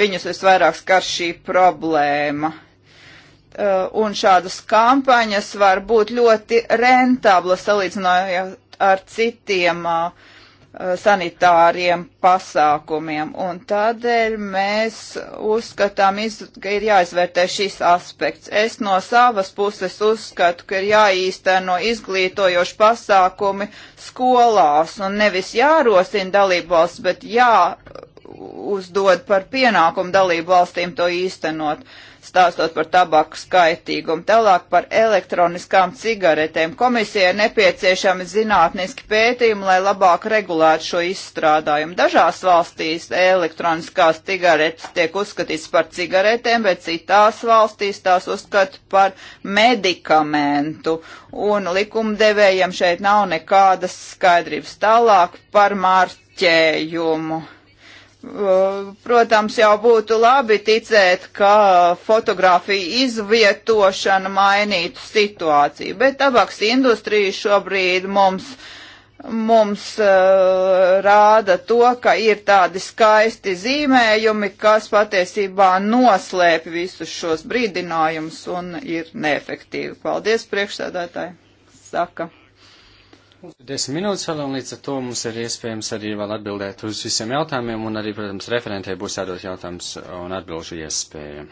viņus visvairāk skar šī problēma. Uh, un šādas kampaņas var būt ļoti rentablas salīdzinājot ar citiem uh, Eh, sanitāriem pasākumiem. Un tādēļ mēs uzskatām, ka ir jāizvērtē šis aspekts. Es no savas puses uzskatu, ka ir jāīsteno izglītojoši pasākumi skolās un nevis jārosina dalībvalsts, bet jā uzdod par pienākumu dalību valstīm to īstenot, stāstot par tabaku skaitīgumu. Tālāk par elektroniskām cigaretēm. Komisijai nepieciešami zinātniski pētījumi, lai labāk regulētu šo izstrādājumu. Dažās valstīs elektroniskās cigaretes tiek uzskatīts par cigaretēm, bet citās valstīs tās uzskata par medikamentu. Un likumdevējiem šeit nav nekādas skaidrības. Tālāk par mārķējumu Protams, jau būtu labi ticēt, ka fotografija izvietošana mainītu situāciju, bet tabaks industrija šobrīd mums, mums uh, rāda to, ka ir tādi skaisti zīmējumi, kas patiesībā noslēp visus šos brīdinājumus un ir neefektīvi. Paldies, priekšsēdētāji! Saka. Desmit minūtes vēl, un līdz ar to mums ir iespējams arī vēl atbildēt uz visiem jautājumiem, un arī, protams, referentē būs jādod jautājums un atbilžu iespēja.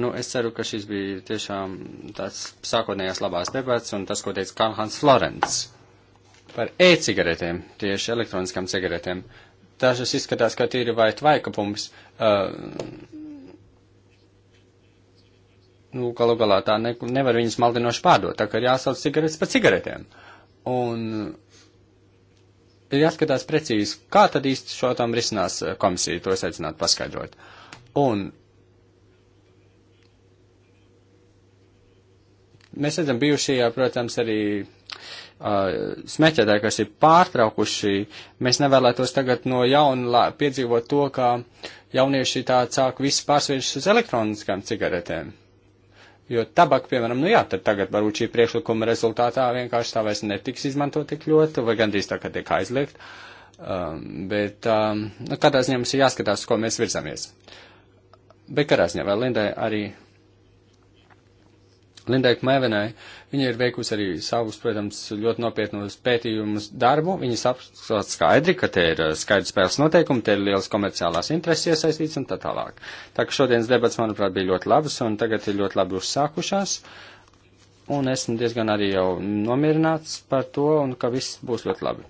Nu, es ceru, ka šis bija tiešām tāds sākotnējās labās debats, un tas, ko teica Kalhans Florence par e-cigaretēm, tieši elektroniskām cigaretēm, dažas izskatās, ka tīri vai tvaika pumps. Uh, nu, galu galā tā ne, nevar viņas maldinoši pārdot, tā kā ir jāsauc cigaretes pa cigaretēm. Un ir jāskatās precīzi, kā tad īsti šo tam risinās eh, komisija, to es aicinātu paskaidrot. Un mēs redzam bijušajā, protams, arī uh, smēķētāji, kas ir pārtraukuši, mēs nevēlētos tagad no jauna piedzīvot to, ka jaunieši tā sāk visu pārsvēršas uz elektroniskām cigaretēm. Jo tabaka, piemēram, nu jā, tad tagad varbūt šī priekšlikuma rezultātā vienkārši tā vairs netiks izmantot tik ļoti, vai gandrīz tā, ka tiek aizliegt. Um, bet um, nu, kādā ziņā mums ir jāskatās, ko mēs virzamies. Bet kādā ziņā vēl Lindai arī Lindai Kmēvenai, viņa ir veikusi arī savus, protams, ļoti nopietnus pētījumus darbu. Viņa saprot skaidri, ka te ir eh, skaidrs spēles noteikumi, te ir liels komerciālās intereses iesaistīts un tā tālāk. Tā ka šodienas debats, manuprāt, bija ļoti labas un tagad ir ļoti labi uzsākušās. Un esmu diezgan arī jau nomierināts par to un ka viss būs ļoti labi.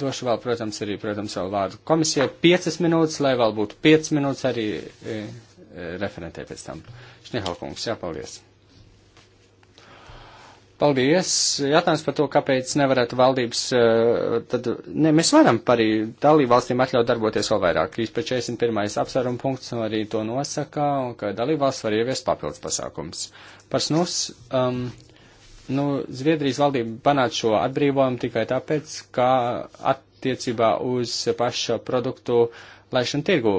Došu vēl, protams, arī, protams, savu vārdu komisijai piecas minūtes, lai vēl būtu piecas minūtes arī e, e, referentē pēc tam. Šnehalkungs, jāpaldies. Paldies! Jautājums par to, kāpēc nevarētu valdības, eh, tad, ne, mēs varam arī dalībvalstīm atļaut darboties vēl vairāk. 341. apsvērumu punkts arī to nosaka, un ka dalībvalsts var ieviest papildus pasākums. Par snus, um, nu, Zviedrijas valdība panāca šo atbrīvojumu tikai tāpēc, ka attiecībā uz pašu produktu laišanu tirgu,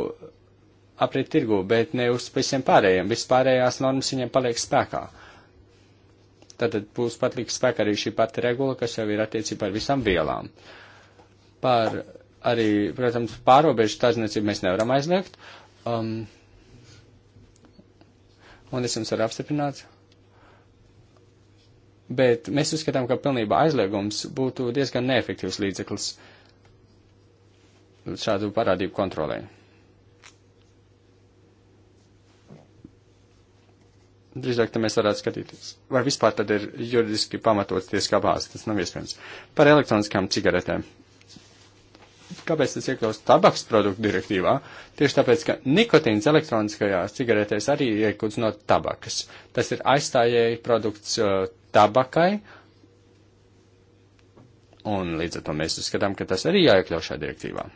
apriet tirgu, bet ne uz visiem pārējiem. Vispārējās normas viņiem paliek spēkā. Tad būs patlīgs spēk arī šī pati regula, kas jau ir attiecībā ar visām vielām. Par arī, protams, pārobežu tazniecību mēs nevaram aizliegt. Um, un es jums varu apstiprināt. Bet mēs uzskatām, ka pilnībā aizliegums būtu diezgan neefektīvs līdzeklis šādu parādību kontrolēju. drīzāk mēs varētu skatīties, vai vispār tad ir juridiski pamatots tieskā bāze, tas nav iespējams. Par elektroniskām cigaretēm. Kāpēc tas iekļaus tabaks produktu direktīvā? Tieši tāpēc, ka nikotīns elektroniskajās cigaretēs arī iekūts no tabakas. Tas ir aizstājēji produkts uh, tabakai, un līdz ar to mēs uzskatām, ka tas arī jāiekļauj šajā direktīvā.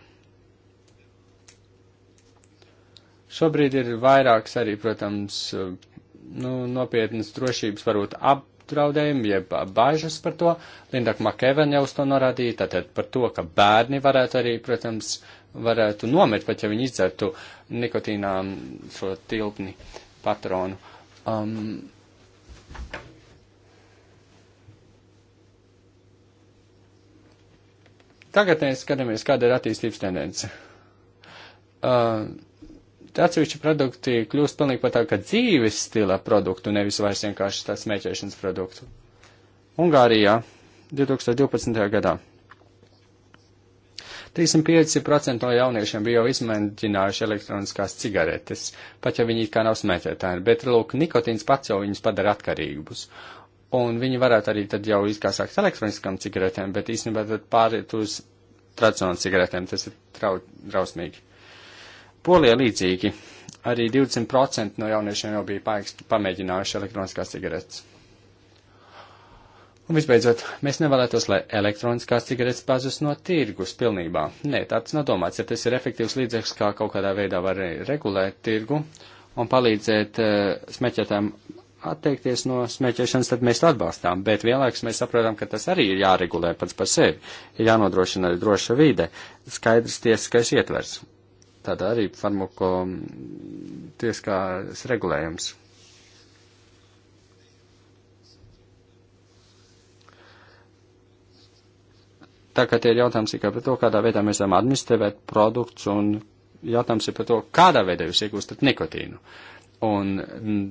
Šobrīd ir vairāks arī, protams, uh, nu, nopietnas drošības varbūt apdraudējumi, jeb bažas par to. Linda Makevena jau uz to norādīja, tātad par to, ka bērni varētu arī, protams, varētu nomirt, pat ja viņi izdzertu nikotīnā šo tilpni patronu. Um, Tagad mēs skatāmies, kāda ir attīstības tendence. Uh, atsevišķi produkti kļūst pilnīgi pat tā, ka dzīves stila produktu, nevis vairs vienkārši tāds smēķēšanas produktu. Ungārijā 2012. gadā 35% no jauniešiem bija jau izmēģinājuši elektroniskās cigaretes, pat ja viņi kā nav smēķētāji, bet, lūk, nikotīns pats jau viņus padara atkarīgus. Un viņi varētu arī tad jau izkāsākt elektroniskām cigaretēm, bet īstenībā tad pāriet uz tradicionālām cigaretēm, tas ir trau, drausmīgi. Polijā līdzīgi arī 20% no jauniešiem jau bija pamēģinājuši elektroniskās cigaretes. Un visbeidzot, mēs nevēlētos, lai elektroniskās cigaretes pazust no tirgus pilnībā. Nē, tāds nav domāts, ja tas ir efektīvs līdzeklis, kā kaut kādā veidā var regulēt tirgu un palīdzēt uh, smēķētājiem atteikties no smēķēšanas, tad mēs to atbalstām. Bet vienlaikus mēs saprotam, ka tas arī ir jāregulē pats par sevi. Ir jānodrošina arī droša vide, skaidrs tiesiskais ietvers. Tāda arī farmako mm, tieskās regulējums. Tā kā tie ir jautājums tikai par to, kādā veidā mēs varam administrēt produktus, un jautājums ir par to, kādā veidā jūs iegūstat nikotīnu. Un mm,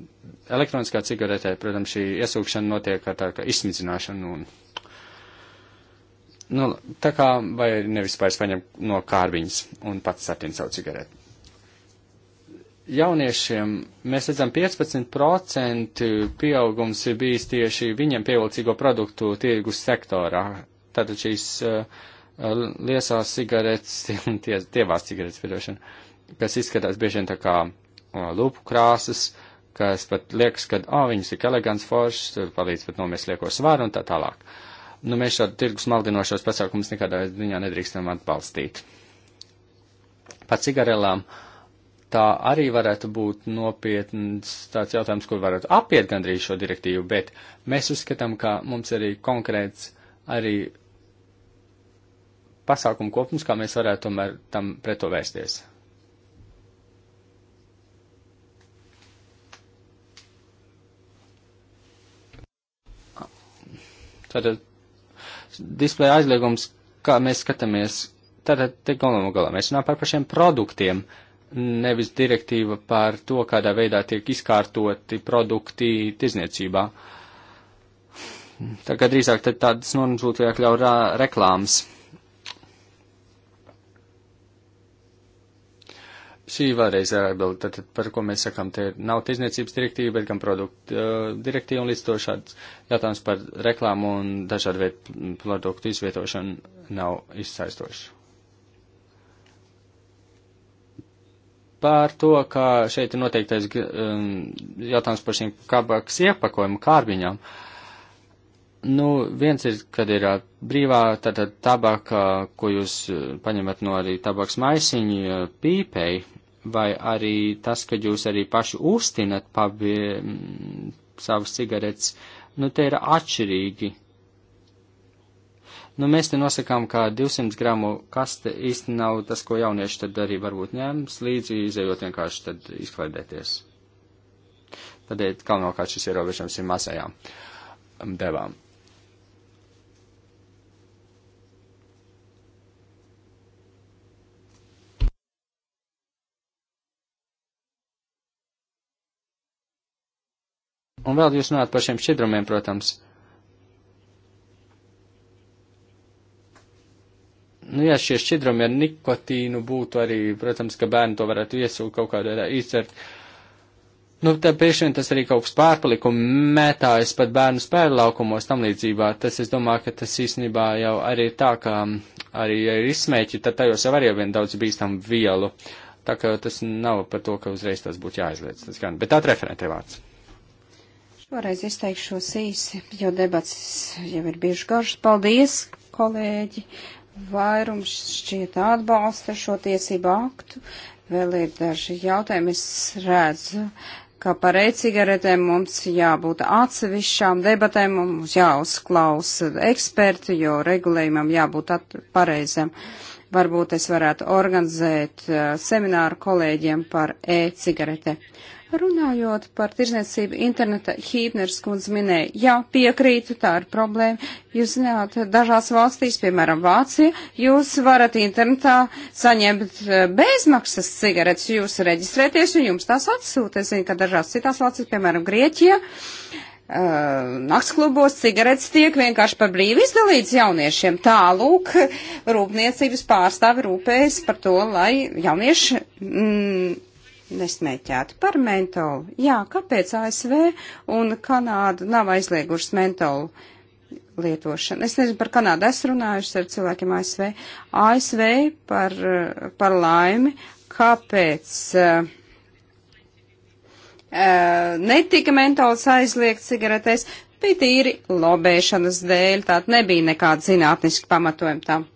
elektroniskā cigaretē, protams, šī iesūkšana notiek ar tā kā izsmidzināšanu un nu, tā kā vai nevis vairs paņem no kārbiņas un pats satin savu cigareti. Jauniešiem mēs redzam 15% pieaugums ir bijis tieši viņiem pievilcīgo produktu tirgus sektorā. Tātad šīs uh, liesās cigaretes, tie, tievās cigaretes, piedošana, kas izskatās bieži vien tā kā uh, lupu krāsas, kas pat liekas, ka, ah, oh, viņas ir elegants foršs, palīdz pat nomest lieko svaru un tā tālāk. Uh, Nu, mēs šādu tirgus maldinošos pasākumus nekādā ziņā nedrīkstam atbalstīt. Par cigarelām tā arī varētu būt nopietns tāds jautājums, kur varētu apiet gandrīz šo direktīvu, bet mēs uzskatām, ka mums arī konkrēts arī pasākumu kopums, kā mēs varētu tomēr tam preto vērsties. Tātad displeja aizliegums, kā mēs skatāmies, tātad te galvenā galā mēs runājam par pašiem produktiem, nevis direktīva par to, kādā veidā tiek izkārtoti produkti tirzniecībā. Tā kā drīzāk tad tādas normas būtu jākļauj reklāmas. šī vēlreiz ir atbilde, tad par ko mēs sakam, te nav tirzniecības direktīva, bet gan produktu uh, direktīva un līdz to šāds jautājums par reklāmu un dažādu veidu produktu izvietošanu nav izsaistoši. Pār to, ka šeit ir noteiktais um, jautājums par šīm kabaks iepakojumu kārbiņām. Nu, viens ir, kad ir uh, brīvā tātad tabaka, ko jūs uh, paņemat no arī tabaks maisiņu uh, pīpei, vai arī tas, ka jūs arī paši uztinat pabi, savus cigaretes, nu te ir atšķirīgi. Nu, mēs te nosakām, ka 200 gramu kaste īsti nav tas, ko jaunieši tad arī varbūt ņems līdzi, izējot vienkārši tad izklaidēties. Tādēļ galvenokārt šis ierobežams ir mazajām devām. Un vēl jūs runājat par šiem šķidrumiem, protams. Nu, ja šie šķidrumi ar nikotīnu būtu arī, protams, ka bērni to varētu iesūkt kaut kādā veidā izcert. Nu, tā bieži vien tas arī kaut kas pārpalikuma mētājas pat bērnu spēļu laukumos tam līdzībā. Tas, es domāju, ka tas īstenībā jau arī ir tā, ka arī ja ir izsmēķi, tad tajos jau arī jau vien daudz bīstam vielu. Tā kā tas nav par to, ka uzreiz tas būtu jāizliec. Tas gan, bet tā referentē vārds. Šoreiz izteikšos īsi, jo debats jau ir bijuši garš. Paldies, kolēģi! Vairums šķiet atbalsta šo tiesību aktu. Vēl ir daži jautājumi. Es redzu, ka par e-cigaretēm mums jābūt atsevišķām debatēm, mums jāuzklausa eksperti, jo regulējumam jābūt pareizam. Varbūt es varētu organizēt eh, semināru kolēģiem par e-cigaretēm. Runājot par tirzniecību interneta, Hībners kundze minēja, jā, piekrītu, tā ir problēma. Jūs zināt, dažās valstīs, piemēram, Vācija, jūs varat internetā saņemt eh, bezmaksas cigaretes, jūs reģistrēties un jums tās atsūta. Es zinu, ka dažās citās valstīs, piemēram, Grieķija, Uh, eh, naktsklubos cigaretes tiek vienkārši par brīvu izdalīts jauniešiem. Tālūk, rūpniecības pārstāvi rūpējas par to, lai jaunieši mm, nesmēķēti. Par mentolu. Jā, kāpēc ASV un Kanāda nav aizliegušas mentolu lietošanu? Es nezinu, par Kanādu es runājuši ar cilvēkiem ASV. ASV par, par laimi, kāpēc uh, uh, netika mentols aizliegts cigaretēs, bija tīri lobēšanas dēļ, tātad nebija nekāda zinātniska pamatojuma tam.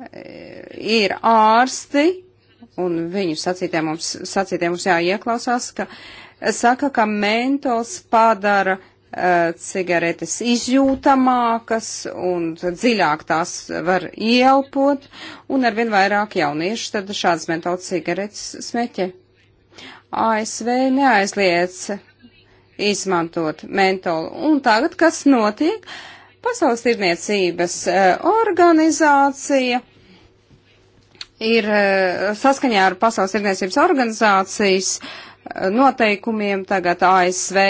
Uh, ir ārsti, un viņu sacītē mums, sacītē mums jāieklausās, ka saka, ka mentos padara uh, cigaretes izjūtamākas un dziļāk tās var ielpot, un arvien vairāk jaunieši tad šādas mentola cigaretes smeķē. ASV neaizliedz izmantot mentolu. Un tagad kas notiek? Pasaules tirniecības uh, eh, organizācija ir eh, saskaņā ar Pasaules tirdzniecības organizācijas eh, noteikumiem tagad ASV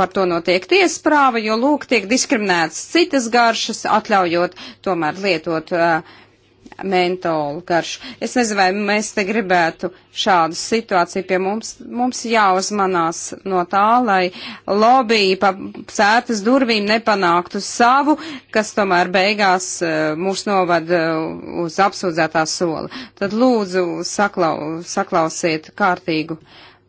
par to notiek tiesprāva, jo lūk tiek diskriminētas citas garšas, atļaujot tomēr lietot uh, mentola garšu. Es nezinu, vai mēs te gribētu šādu situāciju pie mums. Mums jāuzmanās no tā, lai lobby pa cērtas durvīm nepanāktu savu, kas tomēr beigās eh, mūs novada eh, uz apsūdzētā soli. Tad lūdzu saklau, saklausiet kārtīgu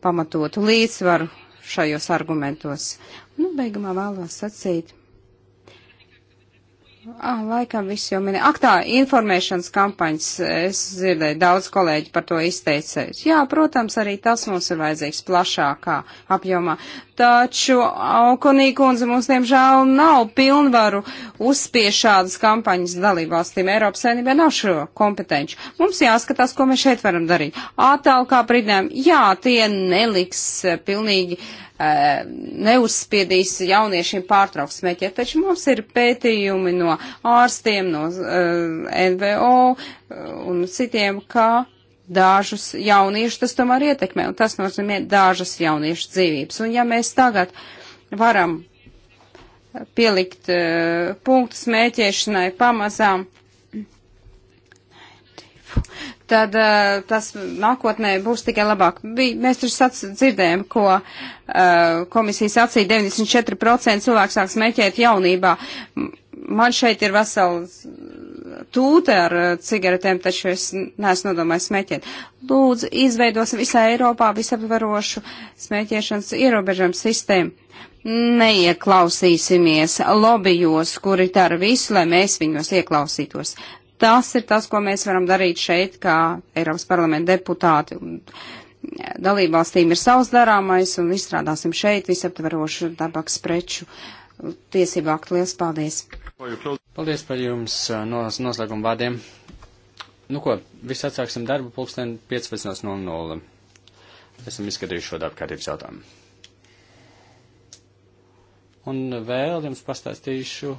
pamatotu līdzsvaru šajos argumentos. Nu, beigumā vēlos sacīt Ah, laikam viss jau minēja. Ak tā, informēšanas kampaņas, es dzirdēju, daudz kolēģi par to izteicējis. Jā, protams, arī tas mums ir vajadzīgs plašākā apjomā. Taču Aukonī kundze mums, diemžēl, nav pilnvaru uzspies šādas kampaņas dalībvalstīm. Eiropas saimnībā nav šo kompetenci. Mums jāskatās, ko mēs šeit varam darīt. Atālkā pridinājumi, jā, tie neliks pilnīgi. Uh, Eh, neuzspiedīs jauniešiem pārtraukt smēķēt, taču mums ir pētījumi no ārstiem, no eh, NVO eh, un citiem, kā dažus jauniešus tas tomēr ietekmē, un tas nozīmē dažas jauniešu dzīvības. Un ja mēs tagad varam pielikt punktu smēķēšanai pamazām, tad uh, tas nākotnē būs tikai labāk. Bij, mēs taču sats dzirdējam, ko uh, komisija sacīja, 94% cilvēks sāk smēķēt jaunībā. Man šeit ir vesels tūte ar eh, cigaretēm, taču es neesmu nodomājis smēķēt. Lūdzu, izveidosim visā Eiropā visapvarošu smēķēšanas ierobežojumu sistēmu. Neieklausīsimies lobbyjos, kuri dara visu, lai mēs viņos ieklausītos. Tas ir tas, ko mēs varam darīt šeit, kā Eiropas parlamenta deputāti. E, dalībvalstīm ir savs darāmais un izstrādāsim šeit visaptvarošu tabaks preču tiesību aktu. Lielas paldies! Paldies par jums e, nos, noslēgumu vārdiem. Nu ko, viss atsāksim darbu pulksten 15.00. Esam izskatījuši šo darbu kārtības jautājumu. Un vēl jums pastāstīšu.